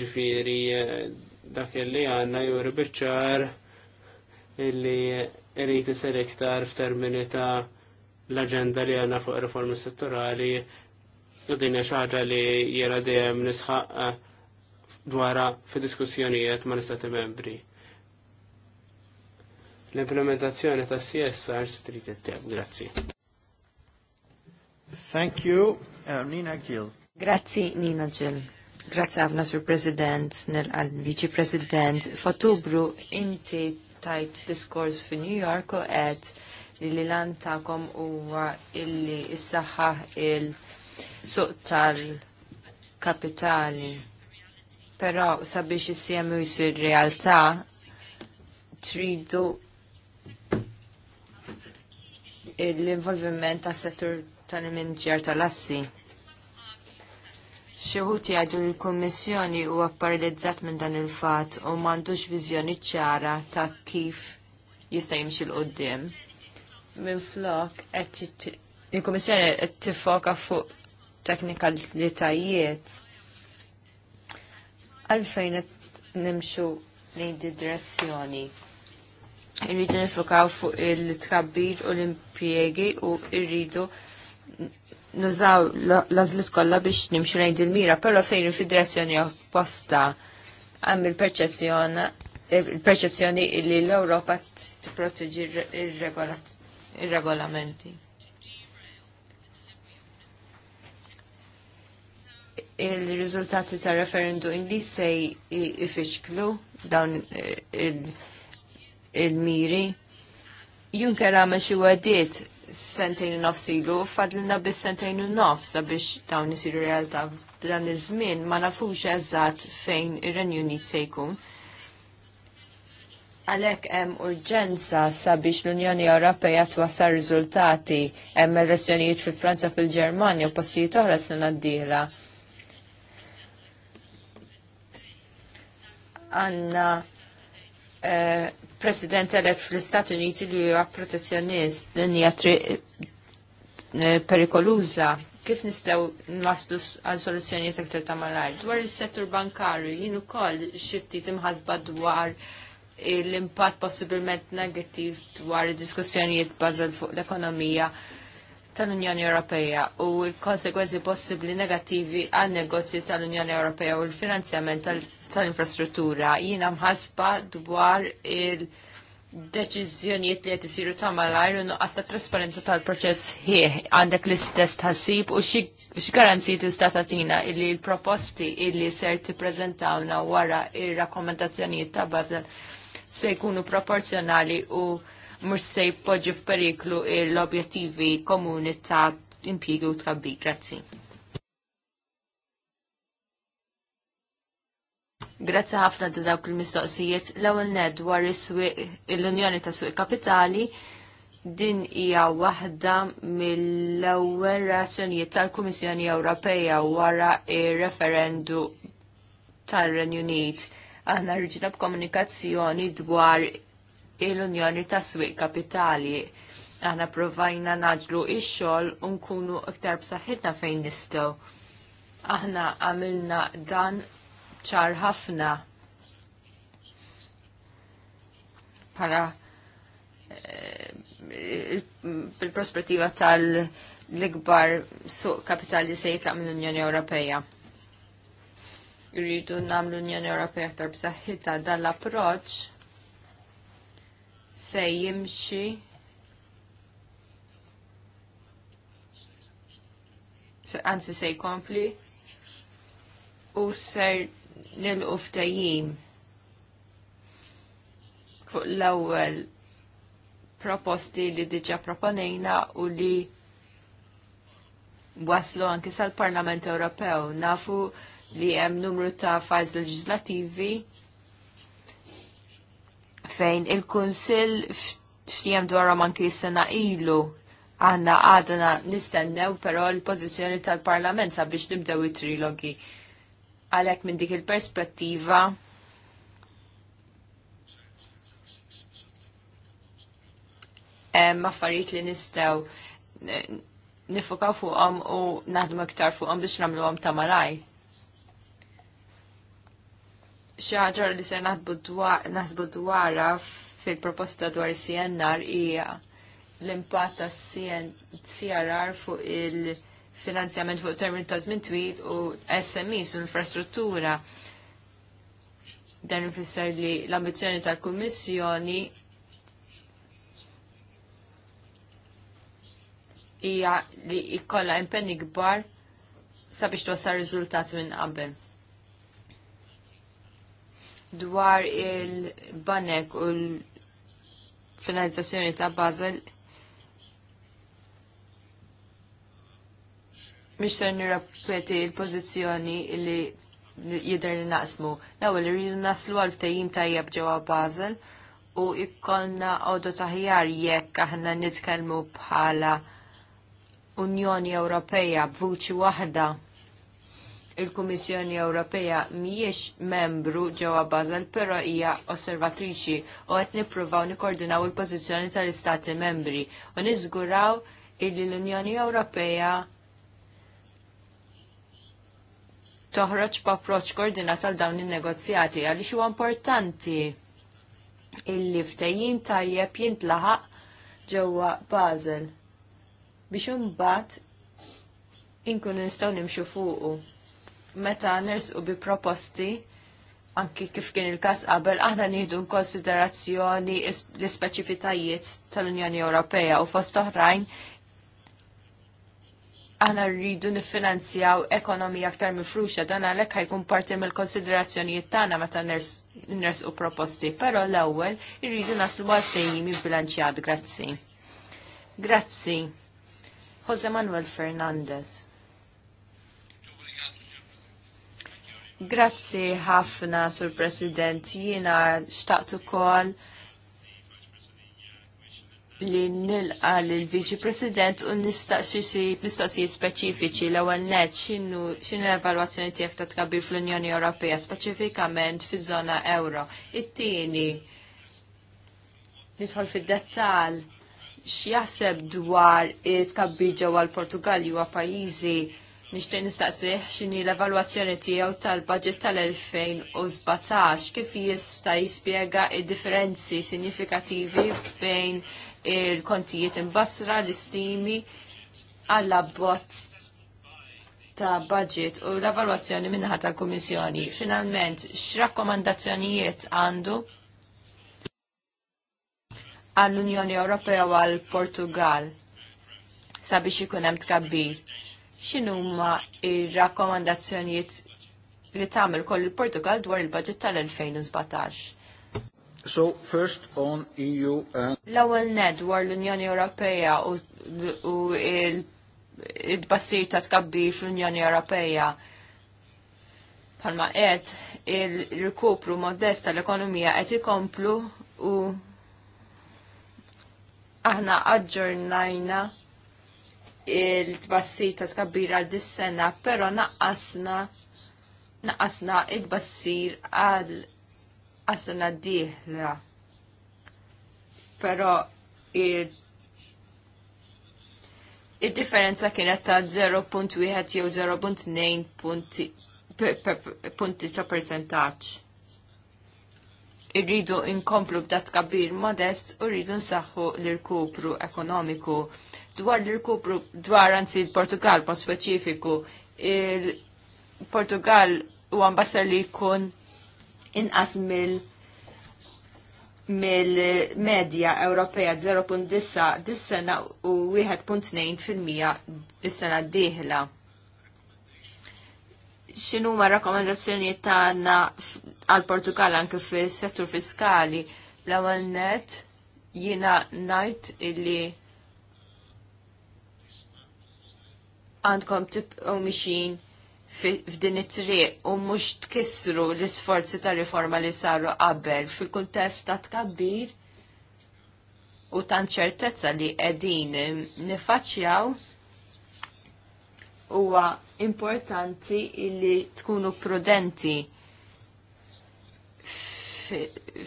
Ġifieri eh, dak li għandna juri biċċar illi irid isir iktar f'termini ta' l-aġenda li għandna fuq riformi settorali u din xi ħaġa li jiena dejjem nisħaq eh, dwara fi diskussjonijiet ma' l-istati membri l-implementazzjoni ta' CSR trid itteb. Grazzi. Thank you, uh, Nina Gill.
Grazzi, Nina Gill. Grazzi għavna sur President, nil-Viċi President. F'Ottubru inti tajt diskors fi New York u għed li lan ta'kom huwa illi issaħħa il-suq tal-kapitali. Però sabiex jissiemu cmu jisir realtà tridu l-involviment tas settur tal-minġjar tal-assi. Xieħut jgħidu l-Kommissjoni huwa paralizzat minn dan il-fat u m'għandux viżjoni ċara ta' kif jista' jimxi l-qudiem. Minn flok il-Kommissjoni qed tiffoka fuq teknikalitajiet għalfejn qed nimxu lejn di direzzjoni. Irridu nifukaw fuq il-tkabbir u l impiegi u irridu nużaw lażlit kollha biex nimxu lejn il-mira, però sejrin fid-direzzjoni opposta għam il-perċezzjoni li l-Ewropa tipproteġġi ir-regolamenti. Il-riżultati ta' referendu indi se ifixklu dawn eh, il- il-miri. Junker għamel xie għadiet sentejn nofs ilu, fadlina bis sentejn nofs sabiex dawn isiru realtà dan iż-żmien ma nafux eżatt fejn ir-Renju Unit se jkun. Għalek hemm urġenza sabiex l-Unjoni Ewropea twasa riżultati hemm elezzjonijiet fil Franza fil-Ġermanja u postijiet oħra sena d-dieħla. Għanna eh, president elef fl-Istat Uniti li huwa protezzjonist din hija eh, perikoluża kif nistgħu naslu għal soluzzjonijiet aktar ta' malajr. Dwar is-settur bankarju jien ukoll xi ftit imħasba dwar l-impatt possibilment negattiv dwar id-diskussjonijiet bażal fuq l-ekonomija tal-Unjoni Ewropea u l-konsekwenzi possibbli negattivi għal negozji tal-Unjoni Ewropea u l-finanzjament tal-Unjoni tal-infrastruttura. Jiena mħasba dwar il- deċiżjonijiet li qed isiru ta' malajr u nuqqas ta' trasparenza tal-proċess ħieħ għandek l-istess tħassib u xi garanzi tista' tagħtina illi l-proposti illi ser tippreżentawna wara ir-rakkomandazzjonijiet ta' Basel se jkunu proporzjonali u mhux se jpoġġi f'periklu l-objettivi komuni ta' impjiegi u tkabbi. Grazzi. Grazzi ħafna da dawk il-mistoqsijiet. L-ewwel ned dwar l-Unjoni ta' Suq Kapitali din hija waħda mill-ewwel reazzjonijiet tal-Kummissjoni Ewropea wara ir-referendu tar-Renju Unit. Aħna rriġna b'komunikazzjoni dwar l-Unjoni ta' Suq Kapitali. Aħna provajna naġlu ix-xogħol u nkunu iktar b'saħħitna fejn nistgħu. Aħna għamilna dan ċar ħafna para eh, il-prospettiva tal-ikbar suq kapitali se jitlaq mill-Unjoni Ewropea. Irridu nagħmlu l-Unjoni Ewropea aktar b'saħħitha dan l-approċċ se jimxi anzi se jkompli u ser l-uftajim fuq l-ewwel proposti li diġa proponejna u li waslu anki sal-Parlament Ewropew. Nafu li hemm numru ta' fajz leġislativi fejn il-Kunsill ftijem dwarhom anki sena ilu għanna għadna nistennew però l-pożizzjoni tal-Parlament sabiex nibdew it-trilogi. Għalhekk minn dik il-perspettiva hemm affarijiet li nistgħu nifokaw fuqhom u naħdmu iktar fuqhom biex nagħmluhom ta' malaj xi ħaġa li se naħsbu dwarha fil-proposta dwar CNR hija l-impatt tas CRR fuq il- finanzjament fuq termin ta' żmien twil u SMEs u infrastruttura. Dan ifisser li l-ambizzjoni tal-Kummissjoni hija li jkollha impenni kbar sabiex twassal riżultat minn qabel. Dwar il-banek u l-finalizzazzjoni ta' Basel Mish ser nirrapeti l-pozizjoni li jider li naqsmu. L-ewwel rridu naslu għal ftajim tajjeb ġewwa Basel u ikkonna għodu taħjar jekk aħna nitkellmu bħala Unjoni Ewropea b'vuċi waħda il-Kummissjoni Ewropea mhijiex membru ġewwa Basel, però hija osservatriċi u qed nippruvaw nikkoordinaw il-pożizzjoni tal-Istati membri u niżguraw illi l-Unjoni Ewropea toħroġ b'approċċ koordinat għal dawn in-negozjati għaliex huwa importanti illi ftejjim tajjeb jintlaħaq ġewwa Basel biex imbagħad inkunu nistgħu nimxu fuqu. Meta nersqu bi proposti anki kif kien il-każ qabel aħna nieħdu konsiderazzjoni l-ispeċifitajiet tal-Unjoni Ewropea u fost oħrajn aħna rridu nifinanzjaw ekonomija aktar mifruxa dan għalhekk ħajkun parti mill-konsiderazzjonijiet tagħna meta ners u proposti, però l-ewwel rridu naslu għal mi bilanċjad, grazzi. Grazzi. Jose Manuel Fernandez. Grazzi ħafna, Sur President, jiena xtaqt ukoll li nilqa l-Viċi President u nistaqsi mistoqsijiet speċifiċi l-ewwel net l-evalwazzjoni tiegħek ta' tkabbir fl-Unjoni Ewropea speċifikament fiż-żona euro. It-tieni nidħol fid-dettall x'jaħseb dwar it-tkabbir ġewwa l-Portugal huwa pajjiżi nixtieq nistaqsih x'inhi l-evalwazzjoni tiegħu tal-budget tal-2017 kif jista' jispjega d differenzi sinifikattivi bejn il-kontijiet imbasra l-istimi għall-abbozz ta' budget u l-evalwazzjoni minnaħat tal-Kummissjoni. Finalment, x'rakkomandazzjonijiet għandu għall-Unjoni Ewropea u għall-Portugal sabiex ikun hemm tkabbir. X'inhuma r rakkomandazzjonijiet li tagħmel koll il-Portugal dwar il-budget tal-2017?
So first on EU and
L-ewwel ned war l-Unjoni Ewropea u il-tbassir ta' tkabbi fl-Unjoni Ewropea bħalma qed il-rikupru modest tal-ekonomija qed ikomplu u aħna aġġornajna il-tbassir ta' tkabbira dis-sena, però naqqasna naqqasna il-bassir għal għasna diħla. d-dieħla. Pero il-differenza kienet ta' 0.1 jew 0.9 punti ta' percentaċ. Irridu inkomplu b'dat kabir modest u rridu nsaħħu l-irkupru ekonomiku. Dwar l-irkupru dwar anzi l-Portugal, po' speċifiku, il-Portugal u ambasser li jkun inqas mill mill-medja Ewropea 0.9 dis-sena u 1.2 fil-mija dis-sena d-dieħla. X'inhu ma rakkomandazzjonijiet tagħna għal Portugal anke fis-settur fiskali l-ewwel net jiena ngħid illi għandkom tibqgħu mixin f'din it-triq u mhux tkissru l-isforzi ta' riforma li saru qabel fil-kuntest ta' tkabbir u ta' ċertezza li qegħdin nifaċċjaw huwa importanti li tkunu prudenti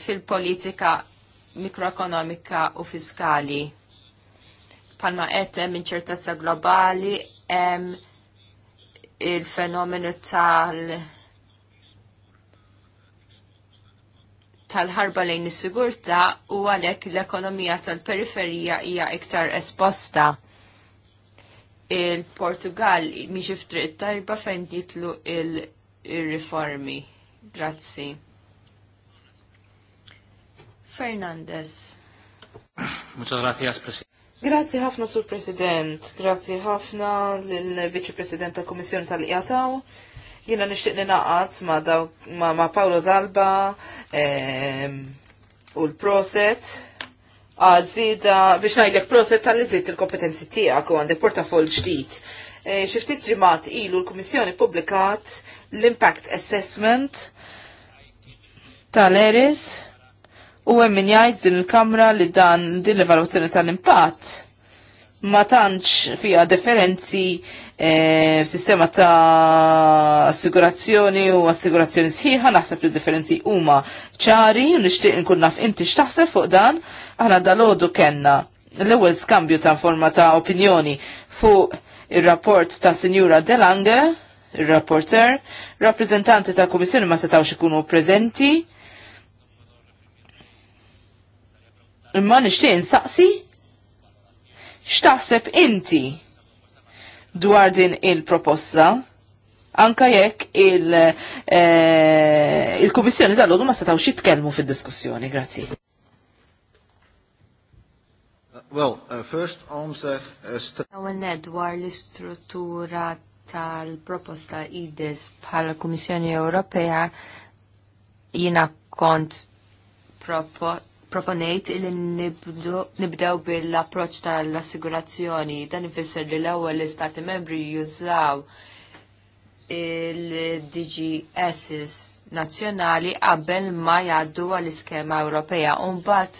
fil-politika mikroekonomika u fiskali. Palma qed hemm inċertezza globali, hemm il-fenomenu tal- tal-ħarba lejn is-sigurtà u għalhekk l-ekonomija tal-periferija hija iktar esposta. Il-Portugal miex iftriq tajba fejn jitlu il-riformi. Grazzi. Fernandez.
Muchas gracias, presidente.
Grazzi
ħafna sur President, grazzi ħafna l-Viċi President tal kummissjoni tal-Iqataw jina nishtiqni ninaqat ma, daw, ma, ma Paolo Zalba ehm, u l-Proset għazida biex najdek Proset tal-iżid il-kompetenzi tijak u għandek portafol ġdijt. E, Xiftit ġimat ilu l-Komissjoni publikat l-Impact Assessment tal-Eris u hemm min jgħid din il-kamra li dan din l-evalwazzjoni tal-impatt ma tantx fiha differenzi eh, sistema ta' assigurazzjoni u assigurazzjoni sħiħa naħseb li differenzi huma ċari u nixtieq nkun naf inti x'taħseb fuq dan aħna dalodu kenna l-ewwel skambju ta' forma ta' opinjoni fuq ir-rapport ta' Sinjura Delange, ir-rapporter, rappreżentanti ta' Kummissjoni ma setgħux ikunu preżenti Imma nixtieq insaqsi x'taħseb inti dwar din il-proposta anka jekk eh, il-Kummissjoni il kummissjoni il tal odu ma setawx jitkellmu fid-diskussjoni. Grazzi.
Well, uh, first on uh, the... dwar l-istruttura tal-proposta IDES bħala Kummissjoni Ewropea jina kont propo proponejt li nibdew bil-approċ tal-assigurazzjoni. Dan ifisser li l-ewwel l-istati membri jużaw il-DGS nazzjonali qabel ma jgħaddu għall-iskema Ewropea. u mbagħad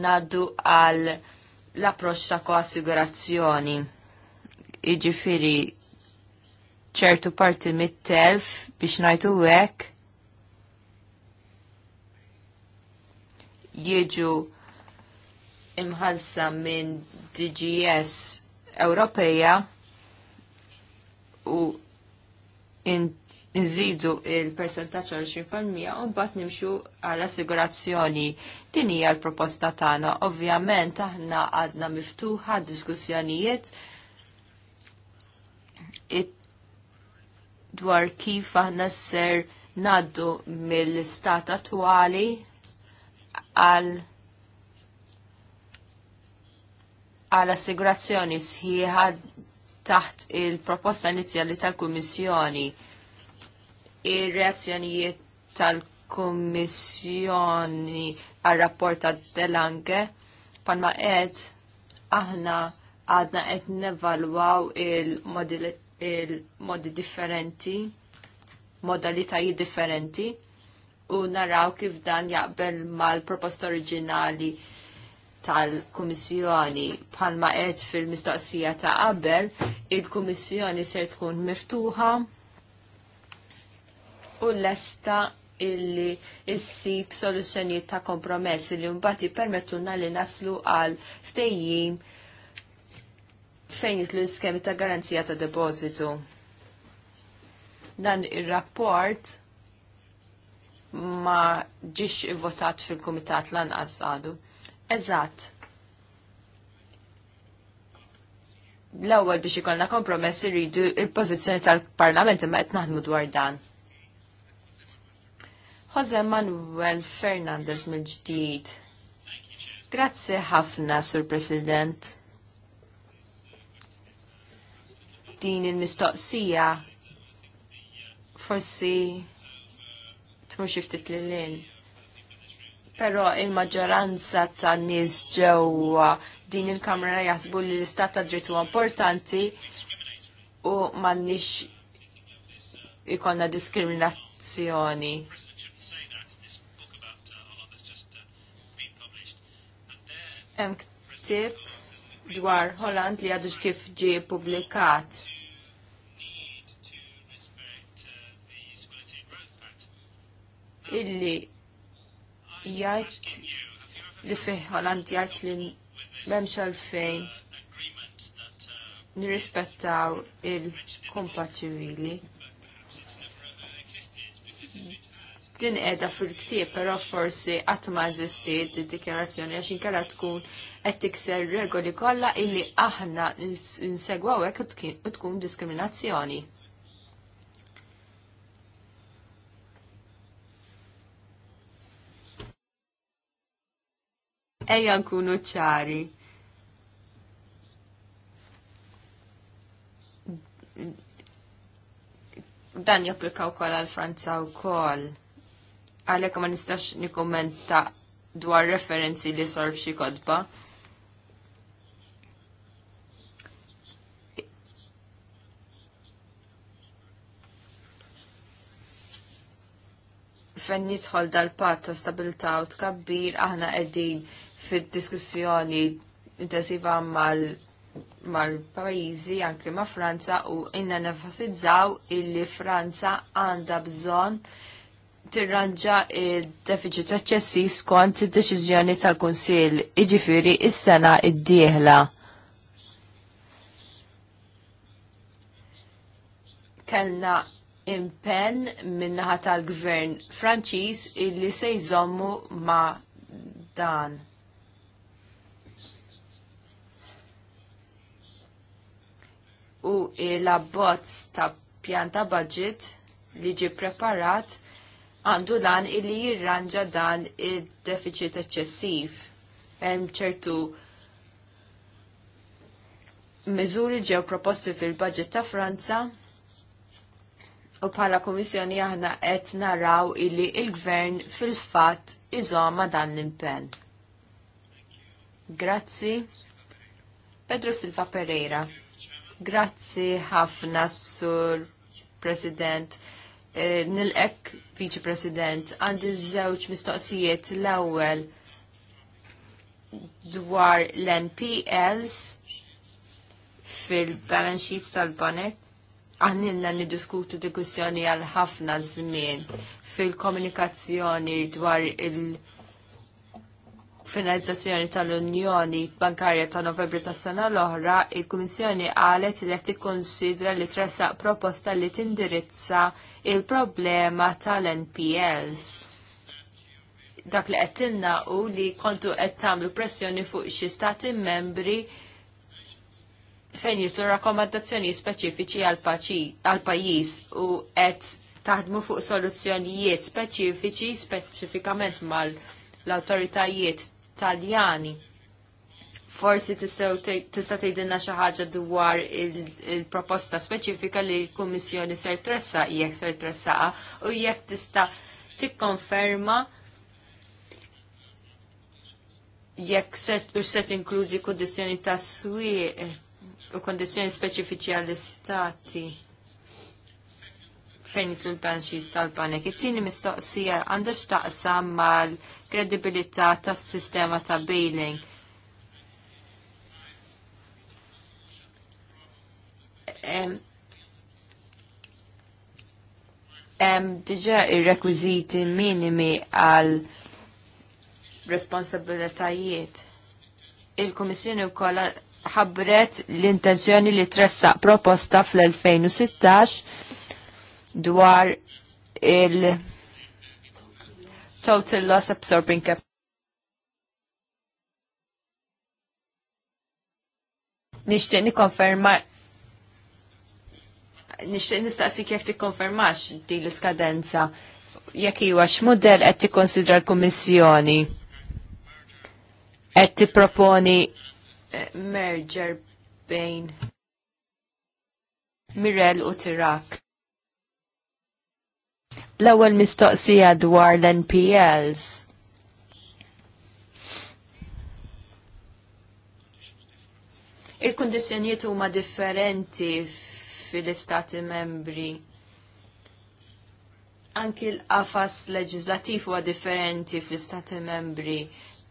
ngħaddu għal l approċċ ta' koassigurazzjoni. Jiġifieri ċertu parti mit-telf biex ngħidu hekk jieġu imħalsa minn DGS Ewropeja u nżidu il-percentaċ għal 20% u mbagħad nimxu għal assigurazzjoni. Din hija l-proposta tagħna. Ovvjament aħna għadna miftuħa diskussjonijiet dwar kif aħna ser naddu mill-istat attwali għal għal assigurazzjoni sħiħa taħt il-proposta inizjali tal-Kummissjoni ir-reazzjonijiet tal-Kummissjoni għal rapport ta' Delange palma qed aħna għadna qed nevalwaw il-modi il differenti, modalitajiet differenti u naraw kif dan jaqbel mal-proposta oriġinali tal-Kummissjoni palma qed fil-mistoqsija ta' qabel, il-Kummissjoni ser tkun miftuħa u lesta illi issib soluzzjonijiet ta' kompromess li mbagħad jippermettulna li naslu għal ftejjim fejn jitlu iskemi ta' garanzija ta' depożitu. Dan ir-rapport ma ġiex votat fil-Kumitat lanqas għadu. Eżatt. L-ewwel biex ikollna kompromess irridu il-pożizzjoni tal-Parlament imma qed naħdmu dwar dan. Jose Manuel Fernandez mill-ġdid. Grazzi ħafna, Sur President. Din il-mistoqsija forsi mux jiftit li l lilin. Pero il-maġġoranza ta' nis ġewwa din il-Kamra jaħsbu li l-istat ta' dritt importanti u m'għandniex ikonna diskriminazzjoni. Hemm ktieb dwar Holland li għadux kif ġie publikat illi jgħid li fih għalant jajt li m'hemmx għalfejn nirrispettaw il-kumpat ċivili. Din qiegħda fil-ktieb, però forsi qatt ma eżistiet id-dikjarazzjoni għax inkella tkun qed tikser regoli kollha illi aħna nsegwaw hekk u tkun diskriminazzjoni. ejja nkunu ċari. Dan japplika wkoll għal Franza wkoll. Għalhekk ma nistax nikommenta dwar referenzi li sorf xi kodba. fejn jidħol dal pat ta' stabilta' u tkabbir aħna qegħdin fid-diskussjoni intensiva mal-pajizi, mal anke ma' Franza, u inna nefasizzaw illi Franza għanda bżon tirranġa il-deficit eċċessiv skont id-deċiżjoni tal-Kunsill, iġifiri is-sena id-dieħla. Kellna impenn minnaħa tal-gvern Franċiż illi se jżommu ma' dan. u l-abbozz ta' pjanta budget li ġi preparat għandu dan illi jirranġa dan il-deficit eċċessiv. Hemm ċertu miżuri ġew proposti fil-budget ta' Franza u bħala Kummissjoni aħna qed naraw illi il-gvern fil-fatt iżoma dan l-impenn. Grazzi. Pedro Silva Pereira. Grazzi ħafna sur President. nil eh, Nilqek Viċi President għandi żewġ mistoqsijiet l-ewwel dwar l-NPLs fil-balance sheets tal-banek. Għannilna niddiskutu di kwistjoni għal ħafna żmien fil-komunikazzjoni dwar il- finalizzazzjoni tal-Unjoni Bankarja ta' Novembru tas sena l-oħra, il-Kummissjoni qalet li qed tikkonsidra li tressaq proposta li tindirizza il-problema tal-NPLs. Dak li qed u li kontu qed tagħmlu pressjoni fuq xi stati membri fejn jirtu rakkomandazzjoni speċifiċi għal pajjiż u qed taħdmu fuq soluzzjonijiet speċifiċi speċifikament mal l-autoritajiet Taljani. Forsi tista' tgħidilna xi ħaġa dwar il-proposta speċifika li l-Kummissjoni ser tressa jekk ser tressaqa u jekk tista' tikkonferma jekk set u set inkludi kundizzjoni ta' swieq u kondizzjoni speċifiċi għall-istati fejn jitlu l-panxis tal-panek. It-tieni mistoqsija għandek x'taqsam mal kredibilità tas-sistema ta' bailing. Em, diġa ir-rekwiziti minimi għal responsabilitajiet. Il-Komissjoni wkoll ħabbret l-intenzjoni li tressaq proposta fl-2016 dwar il- total loss absorbing cap. Nishtiq nikonferma nishtiq nistaqsik jekk tikkonfermax di l-iskadenza jekk huwa x'mudell qed tikkonsidra l-Kummissjoni qed tipproponi eh, merger bejn Mirel u Tirak. L-ewwel mistoqsija dwar l-NPLs. Il-kondizjonijiet huma differenti fil-istati membri. Anki l-qafas leġislativ huwa differenti fl-istati membri,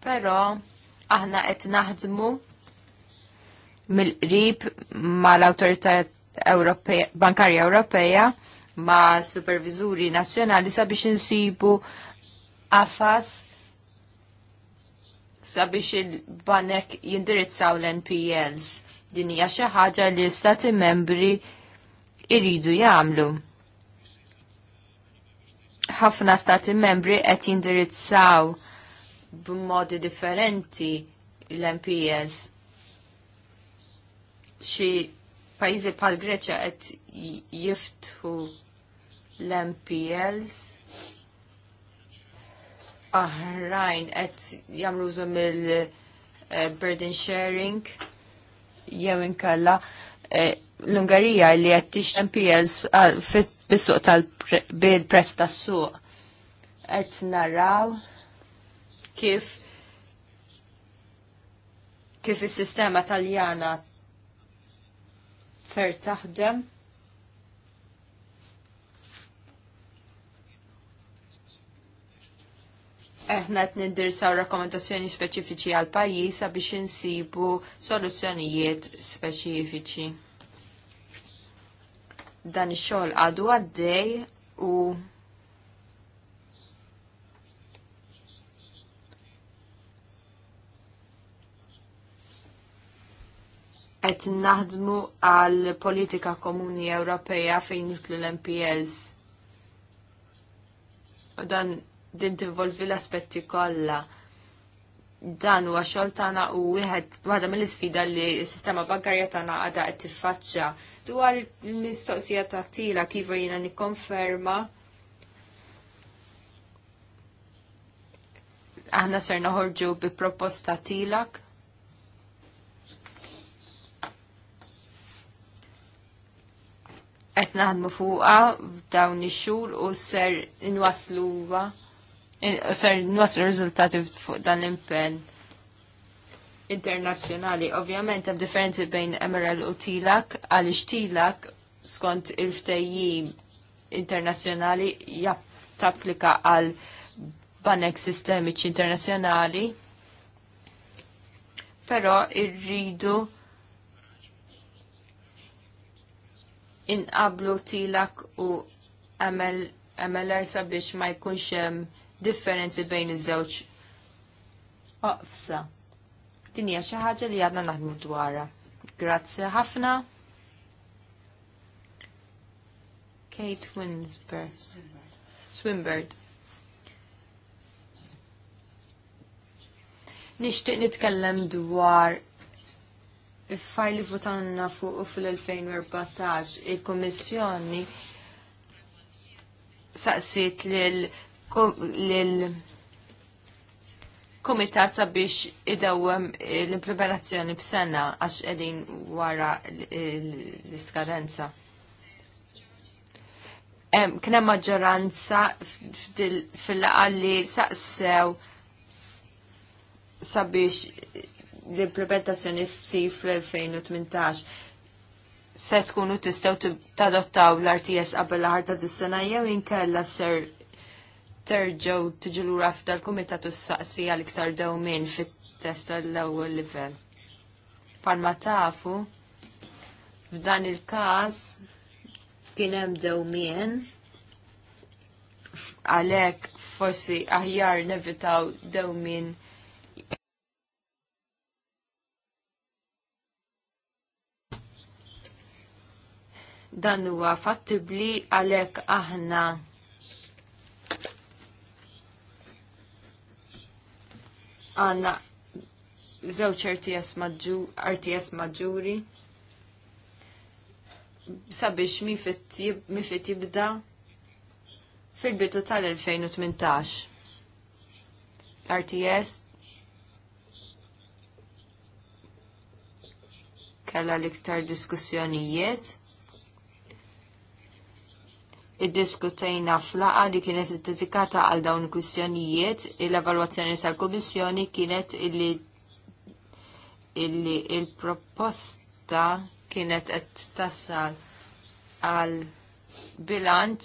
però aħna qed naħdmu mill-qrib mal-Awtorità Bankarja Ewropea ma' supervizuri nazzjonali sabiex insibu għafas sabiex il-banek jindirizzaw l-NPLs. Din hija xi ħaġa li stati membri iridu jagħmlu. Ħafna stati membri qed jindirizzaw b'modi differenti l-MPS. Xi pajjiżi bħal Greċja qed jiftħu l-MPLs aħrajn qed jagħmlu mill-burden eh, sharing jew inkella eh, l-Ungarija li qed tix MPLs ah, fis suq tal bil tas-suq qed naraw kif kif is-sistema Taljana ser taħdem Eħna qed nindirizzaw rakkomandazzjoni speċifiċi għal pajjiż sabiex insibu soluzzjonijiet speċifiċi. Dan ix-xogħol għadu għaddej u qed naħdmu għal politika komuni Ewropea fejn jitlu l mps Dan din tinvolvi l-aspetti kollha. Dan huwa xogħol tagħna u wieħed waħda mill-isfida li s-sistema bankarja tagħna għadha qed tiffaċċja. Dwar l-mistoqsija ta' tila kif jiena nikkonferma aħna ser noħorġu bi proposta tilak qed naħdmu fuqha f'dawn ix-xhur u ser inwasluha Eh, ser nwaslu rizultati fuq dan l impen internazzjonali. Ovvjament hemm differenti bejn Emerald u Tilak għaliex Tilak skont il internazjonali, internazzjonali taplika għal banek sistemiċi internazzjonali. Però irridu inqablu Tilak u MLR sabiex ma jkunx hemm differenzi bejn iż-żewġ oqsa. Din hija xi ħaġa li għadna naħdmu dwarha. Grazzi ħafna. Kate Winsberg. Swinbird. Nixtieq nitkellem dwar il-fajl li votanna fuq fil-2014 il-Kommissjoni saqsiet lil l-komitat sabiex id-dawem eh, l-implementazzjoni b'sena għax edin wara eh, l-iskadenza. Kna maġġoranza fil-għalli saqsew sabiex l-implementazzjoni s sif fl-2018 se tkunu tistaw tadottaw l-RTS qabel l ħarta t sena jew inkella ser terġaw tiġi lura f'dal kumitat u s-saqsi għal-iktar dewmin fit-test tal-ewwel livell. Palma tafu, f'dan il-każ kien hemm dewmien għalhekk forsi aħjar nevitaw dewmien dan huwa fattibli għalhekk aħna għanna zewċ RTS maġġuri sabiex mifit jibda fil-bitu tal-2018. RTS kella l-iktar diskussjonijiet iddiskutejna flaqa li kienet dedikata għal dawn il-kwistjonijiet, l-evalwazzjoni tal-Komissjoni kienet illi illi il-proposta kienet qed tasal għal bilanċ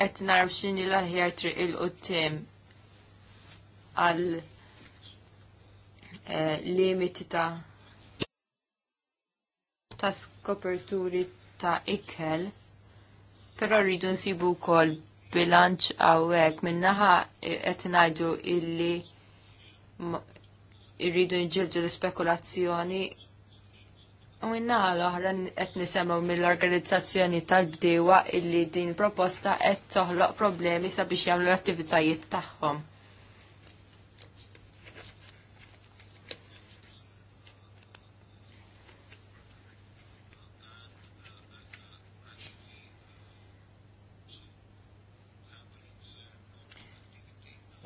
qed naraw x'inhi l-aħjar triq il qudiem għal eh, limiti ta' ta' skoperturi ta' ikel Però rridu nsibu wkoll bilanċ hawnhekk minnaħa etnajdu qed ngħidu illi rridu nġildu l-spekulazzjoni u minnaħa l-oħra qed mill-organizzazzjoni tal-bdewa illi din proposta qed toħloq problemi sabiex jagħmlu l-attivitajiet tagħhom.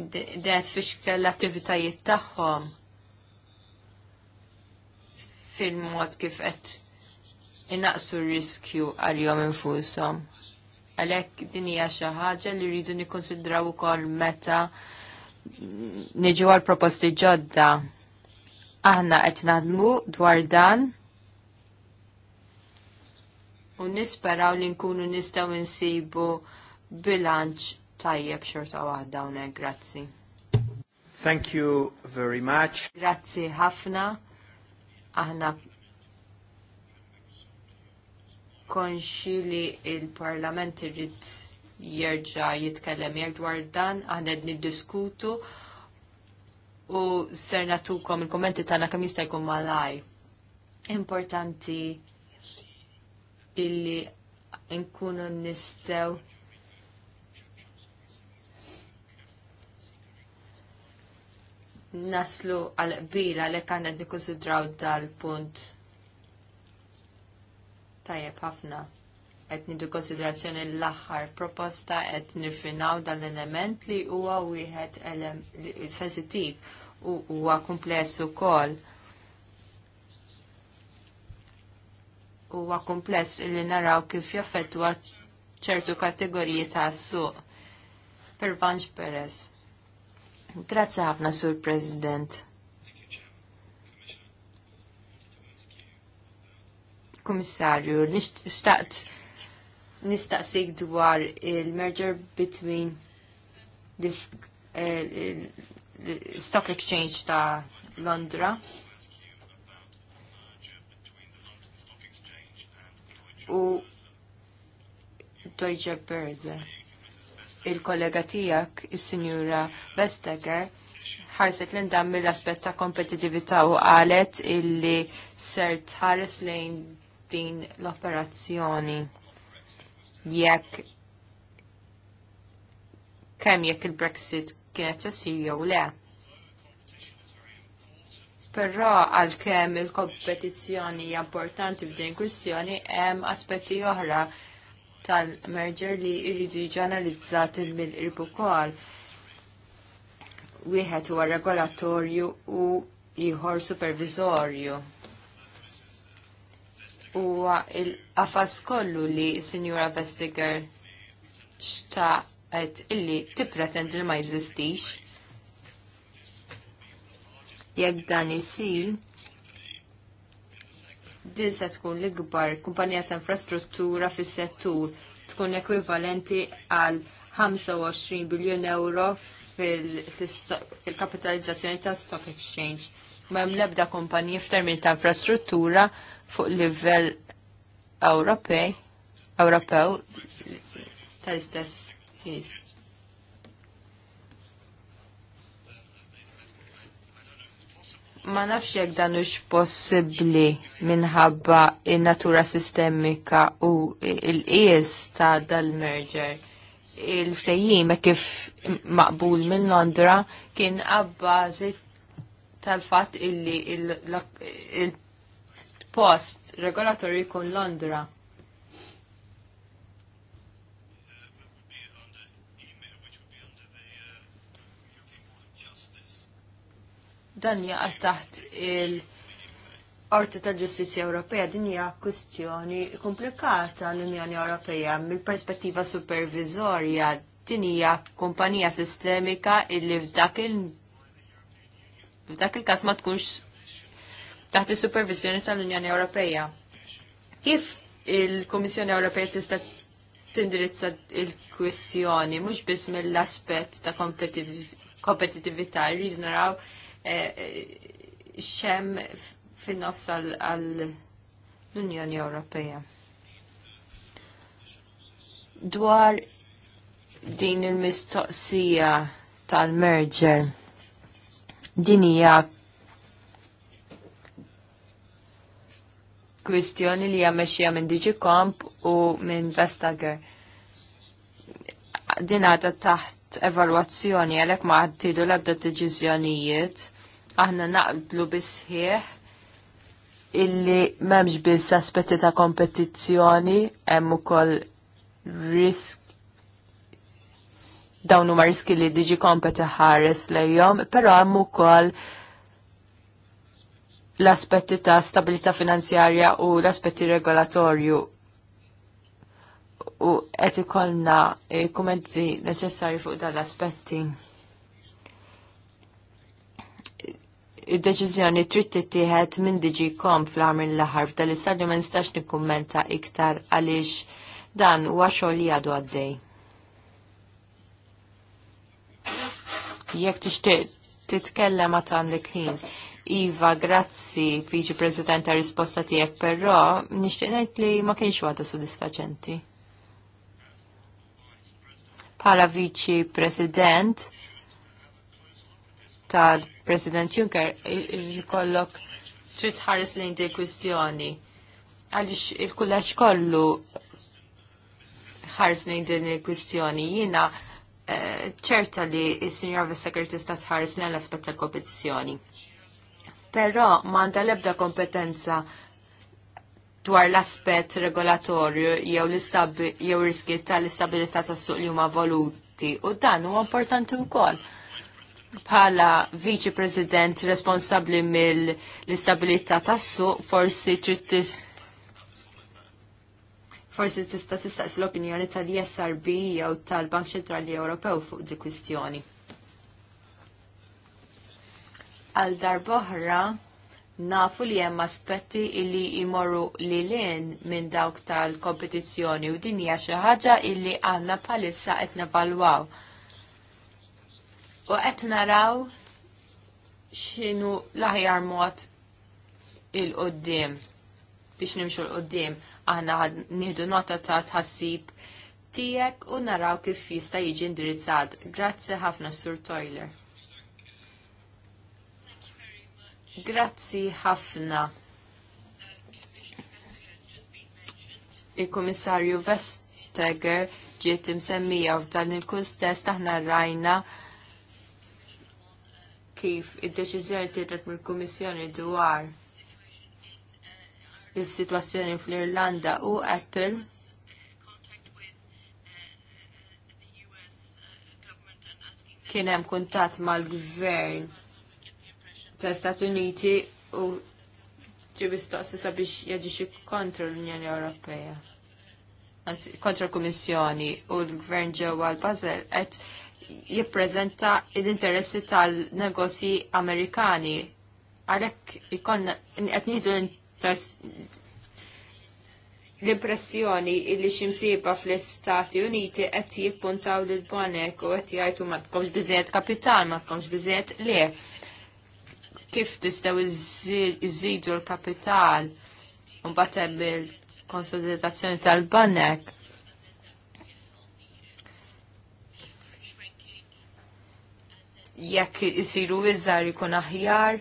fiex kell l-attivitajiet tagħhom fil-mod kif qed inaqsu r-riskju għal-jom infushom. Għalhekk din hija xi ħaġa li rridu nikkonsidraw ukoll meta niġu għal proposti ġodda. Aħna qed nadmu dwar dan u nisperaw li nkunu nistgħu insibu bilanċ tajjeb xorta waħda hawnhekk, grazzi.
Thank you very much.
Grazzi ħafna. Aħna konxili li il-Parlament irrid jerġa' jitkellem jekk dwar dan, aħna niddiskutu u ser natukom il-kommenti tagħna kemm jista' jkun malaj. Importanti illi nkunu nistgħu naslu għal bila li kanna nikkonsidraw dal-punt tajjeb ħafna. Qed nidu konsiderazzjoni l-aħħar proposta qed nifinaw dal-element li huwa wieħed sensitiv u huwa komplessu ukoll. Huwa kumpless li naraw kif jaffettwa ċertu kategoriji ta' suq. Pervanx Perez. Grazie ħafna, Sur President. Komissarju, nistaqt nistaqsik dwar il-merger between this uh, stock exchange ta' Londra u Deutsche Börse il-kollega tijak, il-Sinjura Vestager, ħarset l-indam mill-aspet ta' kompetitivita u għalet illi ser tħares lejn din l-operazzjoni jekk kemm jekk il-Brexit kienet sessir jew le. Però għalkemm il-kompetizzjoni importanti f'din kwistjoni hemm aspetti oħra tal-merger li jridu jiġi analizzati mill-irbu kol. Wieħed huwa regolatorju u ieħor supervizorju. Huwa l qafas kollu li Sinjura Vestiger xtaqet illi tippretend li ma jeżistix. Jekk dan isir, din se tkun l-ikbar kumpanija ta' infrastruttura fis-settur tkun ekwivalenti għal 25 biljun euro fil-kapitalizzazzjoni tal stock exchange. Ma hemm l-ebda kumpanija f'termini ta' infrastruttura fuq livell Ewropej Ewropew tal-istess ħis. Ma nafx jekk dan hux possibbli minħabba in-natura sistemika u l-qies ta' dal-merger. Il-ftejjim kif maqbul minn Londra kien abbażi tal-fatt illi il-post regolatorju jkun Londra. dan jaqgħad taħt il- Orti tal-Ġustizja Ewropea din hija kwistjoni komplikata l-Unjoni Ewropea mill-perspettiva supervizorja din hija kumpanija sistemika illi f'dak il f'dak il-każ ma tkunx taħt is-supervizjoni tal-Unjoni Ewropea. Kif il-Kummissjoni Ewropea tista' tindirizza il-kwistjoni mhux biss mill-aspett ta' kompetitività, irridu naraw Eh, eh, xem fin-nofs għall-Unjoni Ewropea. Dwar din il-mistoqsija tal-merger, din hija kwistjoni li hija mexxija minn DigiComp u minn Vestager. Din għadha taħt evaluazzjoni evalwazzjoni għalhekk ma għadtidu l-ebda deċiżjonijiet aħna naqblu bisħieħ illi m'hemmx biss aspetti ta' kompetizzjoni hemm ukoll risk dawn huma riski li diġi kompeti ħares lejhom, però hemm ukoll l-aspetti ta' stabilità finanzjarja u l-aspetti regolatorju u qed ikollna eh, kumenti neċessarji fuq dan l-aspetti. Id-deċiżjoni trid tittieħed minn diġi kom fl-għamil l-aħħar tal-istadju ma nistax nikkummenta iktar għaliex dan huwa xogħol li għadu għaddej. Jekk tixtieq titkellem għat għandek ħin. Iva, grazzi, Viċi President, risposta tiegħek, però nixtieq ngħid li ma kienx waħda sodisfaċenti pala viċi president tal-President Juncker jkollok trid ħares lejn di kwistjoni. Għaliex il-kullax kollu ħares lejn din il-kwistjoni. Jiena eh, ċerta li s-Sinjor Vessakar tista' tħares lejn l-aspett tal-kompetizzjoni. Però m'għandha l-ebda kompetenza dwar l-aspet regolatorju jew jew riskiet tal-istabilità tas-suq li huma voluti u dan huwa importanti wkoll. Bħala viċi president responsabbli mill-istabilità tas-suq forsi trid forsi tista' tistaqs l-opinjoni tal isrb jew tal-Bank Ċentrali Ewropew fuq di kwistjoni. Għal darboħra, nafu li hemm aspetti illi jmorru li lin minn dawk tal-kompetizzjoni u din hija xi ħaġa illi għandna bħalissa qed nevalwaw. U qed naraw x'inhu l-aħjar mod il qudiem biex nimxu l qudiem aħna nieħdu nota ta' tħassib tiegħek u naraw kif jista' jiġi indirizzat. Grazzi ħafna Sur Toiler. Grazzi ħafna. Il-Komissarju Vestager ġiet imsemmija f'dan il-kustest aħna rajna kif id-deċiżjoni tiedet mill-Kummissjoni dwar is-sitwazzjoni fl-Irlanda u Apple kien hemm kuntatt mal-gvern tal-Stati Uniti u ġibi sabiex jaġixi kontra l-Unjoni Ewropea. Anzi, kontra l komissjoni u l-Gvern ġewwa l bazel qed jippreżenta l-interessi tal-negozji Amerikani. Għalhekk ikonna qed nieħdu l-impressjoni li ximsiba fl-Istati Uniti qed jippuntaw lil bonek u qed jgħidu ma tkomx biżejjed kapital, ma tkomx biżejjed le kif tistaw iżidu l-kapital un batem il-konsolidazzjoni tal-banek. Jekk isiru iżar jkun aħjar.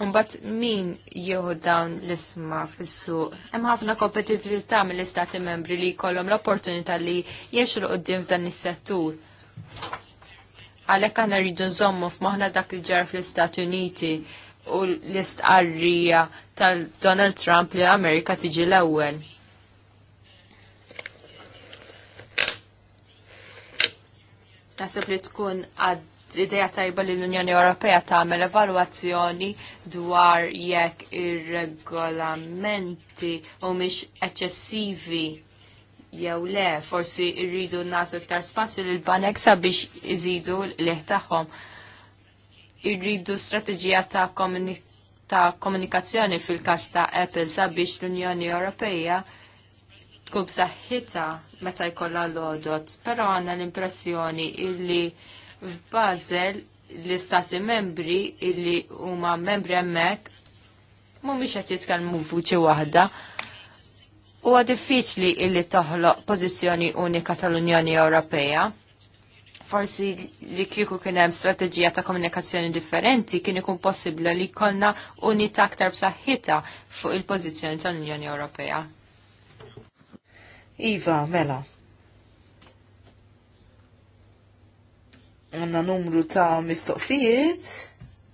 Unbat min jieħu dawn l-isma fis-suq? Hemm ħafna kompetitività mill-istati membri li jkollhom l-opportunità li jexru qudiem f'dan is-settur. Għalhekk għandna rridu nżommu f'moħħna dak li ġar fl-Istati Uniti u l-istqarrija tal-Donald Trump li Amerika tiġi l-ewwel. Nasib li tkun għad ideja tajba li l-Unjoni Ewropea tagħmel evalwazzjoni dwar jekk ir-regolamenti u miex eċċessivi jew le, forsi rridu natu iktar spazju lil banek sabiex iżidu l-leħ tagħhom. Irridu strateġija ta', ta komunikazzjoni fil-każ ta' Apple sabiex l-Unjoni Ewropea tkun b'saħħitha meta jkollha l-għodot, però għandna l-impressjoni illi f'Basel l-istati membri illi huma membri hemmhekk mhumiex qed jitkellmu f'vuċi waħda huwa diffiċli illi toħloq pożizzjoni unika tal-Unjoni Ewropea. Forsi li kieku kien hemm strateġija ta' komunikazzjoni differenti kien ikun possibbli li konna unità aktar b'saħħitha fuq il-pożizzjoni tal-Unjoni Ewropea.
Iva, mela. Għanna numru ta' mistoqsijiet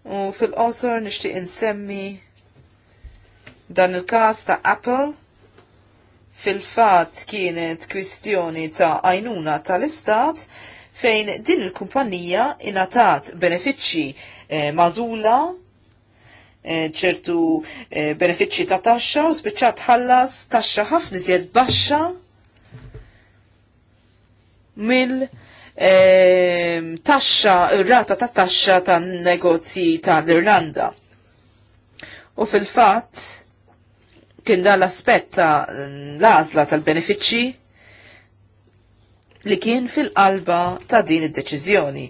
u fil-qosor nixtieq insemmi dan il-każ ta' Apple fil-fat kienet kwistjoni ta' għajnuna tal-istat fejn din il-kumpanija inatat benefiċċi eh, mażula eh, ċertu eh, benefiċċi ta' taxxa u spiċċat ħallas taxxa ħafna iżjed baxxa mill eh, taxxa rata ta' taxxa tan negozji tal-Irlanda. U fil-fatt kien da l-aspett ta' l-għażla tal-benefiċċji li kien fil-qalba ta' din id-deċiżjoni.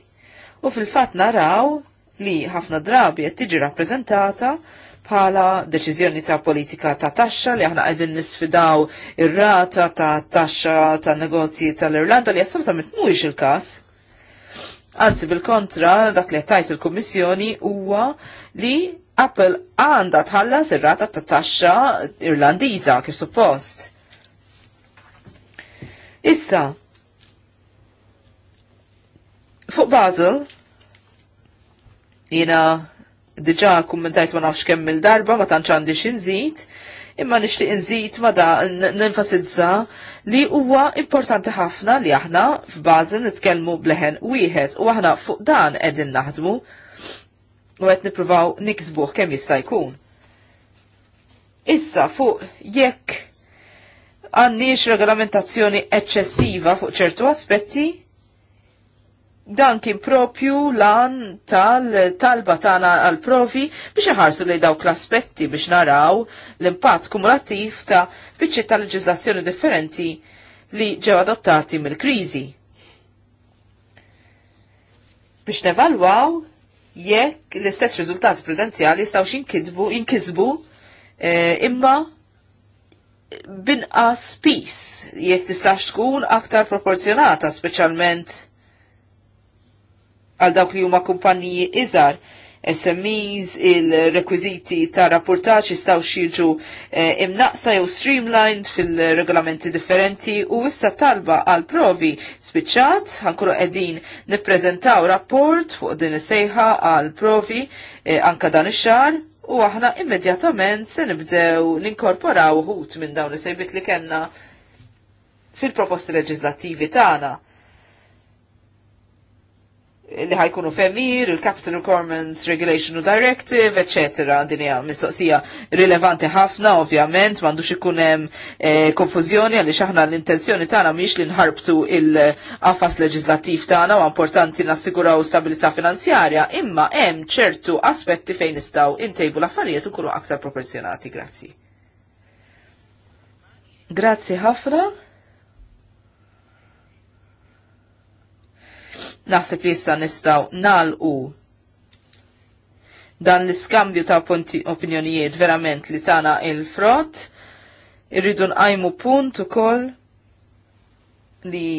U fil-fatt naraw li ħafna drabi qed tiġi rappreżentata bħala deċiżjoni ta' politika ta' taxxa li aħna qegħdin nisfidaw ir-rata ta' taxxa ta' negozji tal-Irlanda li assolutament mhuwiex il-każ. Anzi bil-kontra, dak li tajt il kummissjoni huwa li Apple għanda tħallas ir-rata ta' taxxa Irlandiża kif suppost. Issa, fuq Basel, jiena diġà kummentajt ma nafx kemm il-darba, ma tantx għandi xinżit, imma nixtieq inżid ma da nenfasizza li huwa importanti ħafna li aħna f'Basel nitkellmu bleħen wieħed u aħna fuq dan qegħdin naħdmu u qed nippruvaw niksbuħ kemm jista' jkun. Issa fuq jekk għandniex regolamentazzjoni eċċessiva fuq ċertu aspetti, dan kien propju lan tal-talba tagħna għal provi biex iħarsu lejn dawk l-aspetti biex naraw l-impatt kumulattiv ta' biċċi ta' leġislazzjoni differenti li ġew adottati mill-kriżi. Biex nevalwaw jekk l-istess riżultati prudenzjali jistgħu jinkisbu jinkisbu eh, imma binqas spis jekk tistax tkun aktar proporzjonata speċjalment għal dawk li huma kumpanniji iżgħar SMEs, il-rekwiziti ta' rapportaċ jistaw xieġu eh, imnaqsa jew streamlined fil-regolamenti differenti u issa talba għal provi spiċċat ħankru qegħdin nippreżentaw rapport fuq din is-sejħa għal provi eh, anka dan ix u aħna immedjatament se nibdew ninkorporaw uħut minn dawn is-sejbit li kellna fil-proposti leġislattivi tagħna li ħajkunu femir, il-Capital Requirements Regulation u Directive, etc. Din hija mistoqsija rilevanti ħafna, ovvjament, m'għandux ikun hemm eh, konfużjoni għaliex aħna l-intenzjoni tagħna mhix li nħarbtu il-qafas leġislattiv tagħna u importanti nassiguraw stabilità finanzjarja, imma hemm ċertu aspetti fejn nistgħu intejbu l-affarijiet ukunu aktar proporzjonati. Grazzi. Grazzi ħafna. Naħseb li issa nistaw nalqu dan l-iskambju ta' opinjonijiet verament li tana il-frott. Irridu nqajmu punt ukoll li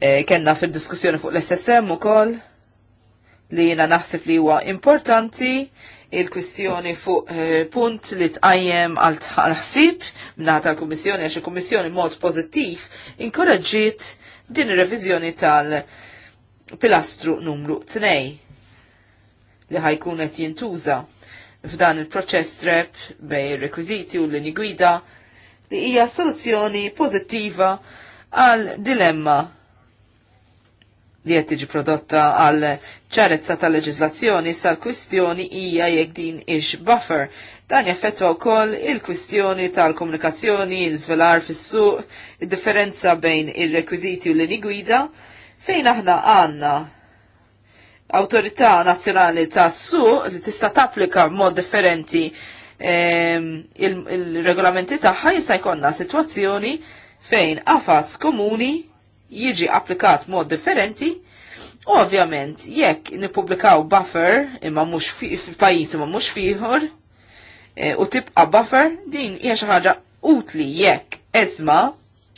eh, kenna fil-diskussjoni fuq l-SSM ukoll li jina naħseb li huwa importanti il-kwistjoni fuq eh, punt li tqajjem għal ħsib minnaħat tal-Kummissjoni għax il-Kummissjoni mod pożittiv inkoraġġiet din ir-reviżjoni tal- pilastru numru 2 li ħajkun qed jintuża f'dan il-proċess trep bej il-rekwiziti u l-lini gwida li hija soluzzjoni pożittiva għal dilemma li qed tiġi prodotta għal ċarezza tal-leġislazzjoni sal-kwistjoni hija jekk din ix buffer. Dan jaffettwa wkoll il-kwistjoni tal-komunikazzjoni, il-żvelar fis-suq, id-differenza bejn ir-rekwiżiti u l-lini gwida, fejn aħna għanna autorità nazzjonali ta' suq li tista' tapplika mod differenti ehm, il-regolamenti tagħha jista' jkollna sitwazzjoni fejn qafas komuni jiġi applikat mod differenti u ovvjament jekk nippubblikaw buffer imma mhux f'pajjiż imma mhux fieħor eh, u tibqa' buffer din hija xi ħaġa utli jekk ezma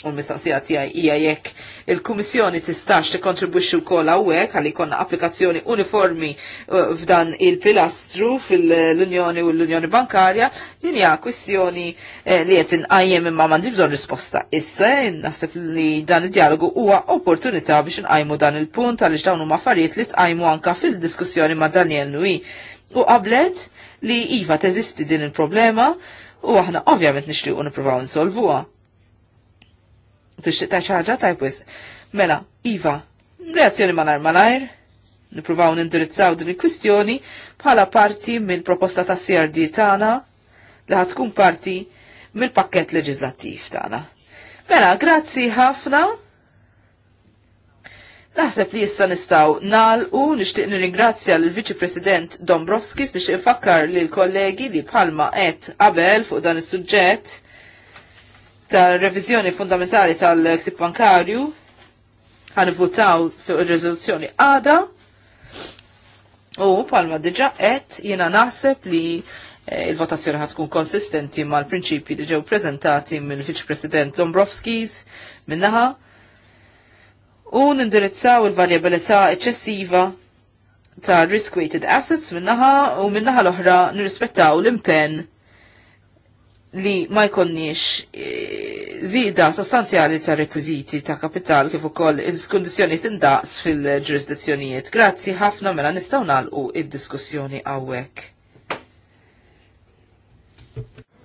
U mistaqsija tiegħi hija jekk il-Kummissjoni tistax tikkontribwixxi wkoll hawnhekk ħalli jkollna applikazzjoni uniformi uh, f'dan il-pilastru fil-Unjoni u l-Unjoni Bankarja, din hija kwistjoni eh, li qed inqajjem imma m'għandi bżonn risposta. Issa naħseb li dan id-dialogu huwa opportunità biex inqajmu dan il-punt għaliex dawn huma affarijiet li tqajmu anka fil-diskussjoni ma' Daniel Nui. U qablet li iva teżisti din il-problema u aħna ovvjament nixtiequ nippruvaw insolvuha tixtieq ta' ħaġa tajbwis. Mela, Iva, reazzjoni malajr malajr, nipruvaw nindirizzaw din il-kwistjoni bħala parti mill-proposta ta' CRD tagħna li ħatkun parti mill-pakket leġislattiv tagħna. Mela, grazzi ħafna. Naħseb li jissa nistaw nal u nishtiq nirringrazzja l-Viċi President Dombrovskis nixtieq nfakkar li l-kollegi li bħalma qed qabel fuq dan is-suġġett tal-revizjoni fundamentali tal-ktib bankarju għan votaw fuq il-rezoluzzjoni għada u palma diġa qed jiena naħseb li eh, il-votazzjoni ħat tkun konsistenti mal-prinċipji li ġew prezentati mill-Viċ President Dombrovskis minnaħa u nindirizzaw il-varjabilità eċċessiva ta' risk-weighted assets minnaħa u minnaħa l-oħra nirrispettaw l-impenn li ma jkonniex e, zida sostanzjali ta' rekwiziti ta' kapital kif ukoll il-kondizjoni tindaqs fil-ġurisdizzjonijiet. Grazzi ħafna mela nistgħu nagħlqu id-diskussjoni hawnhekk.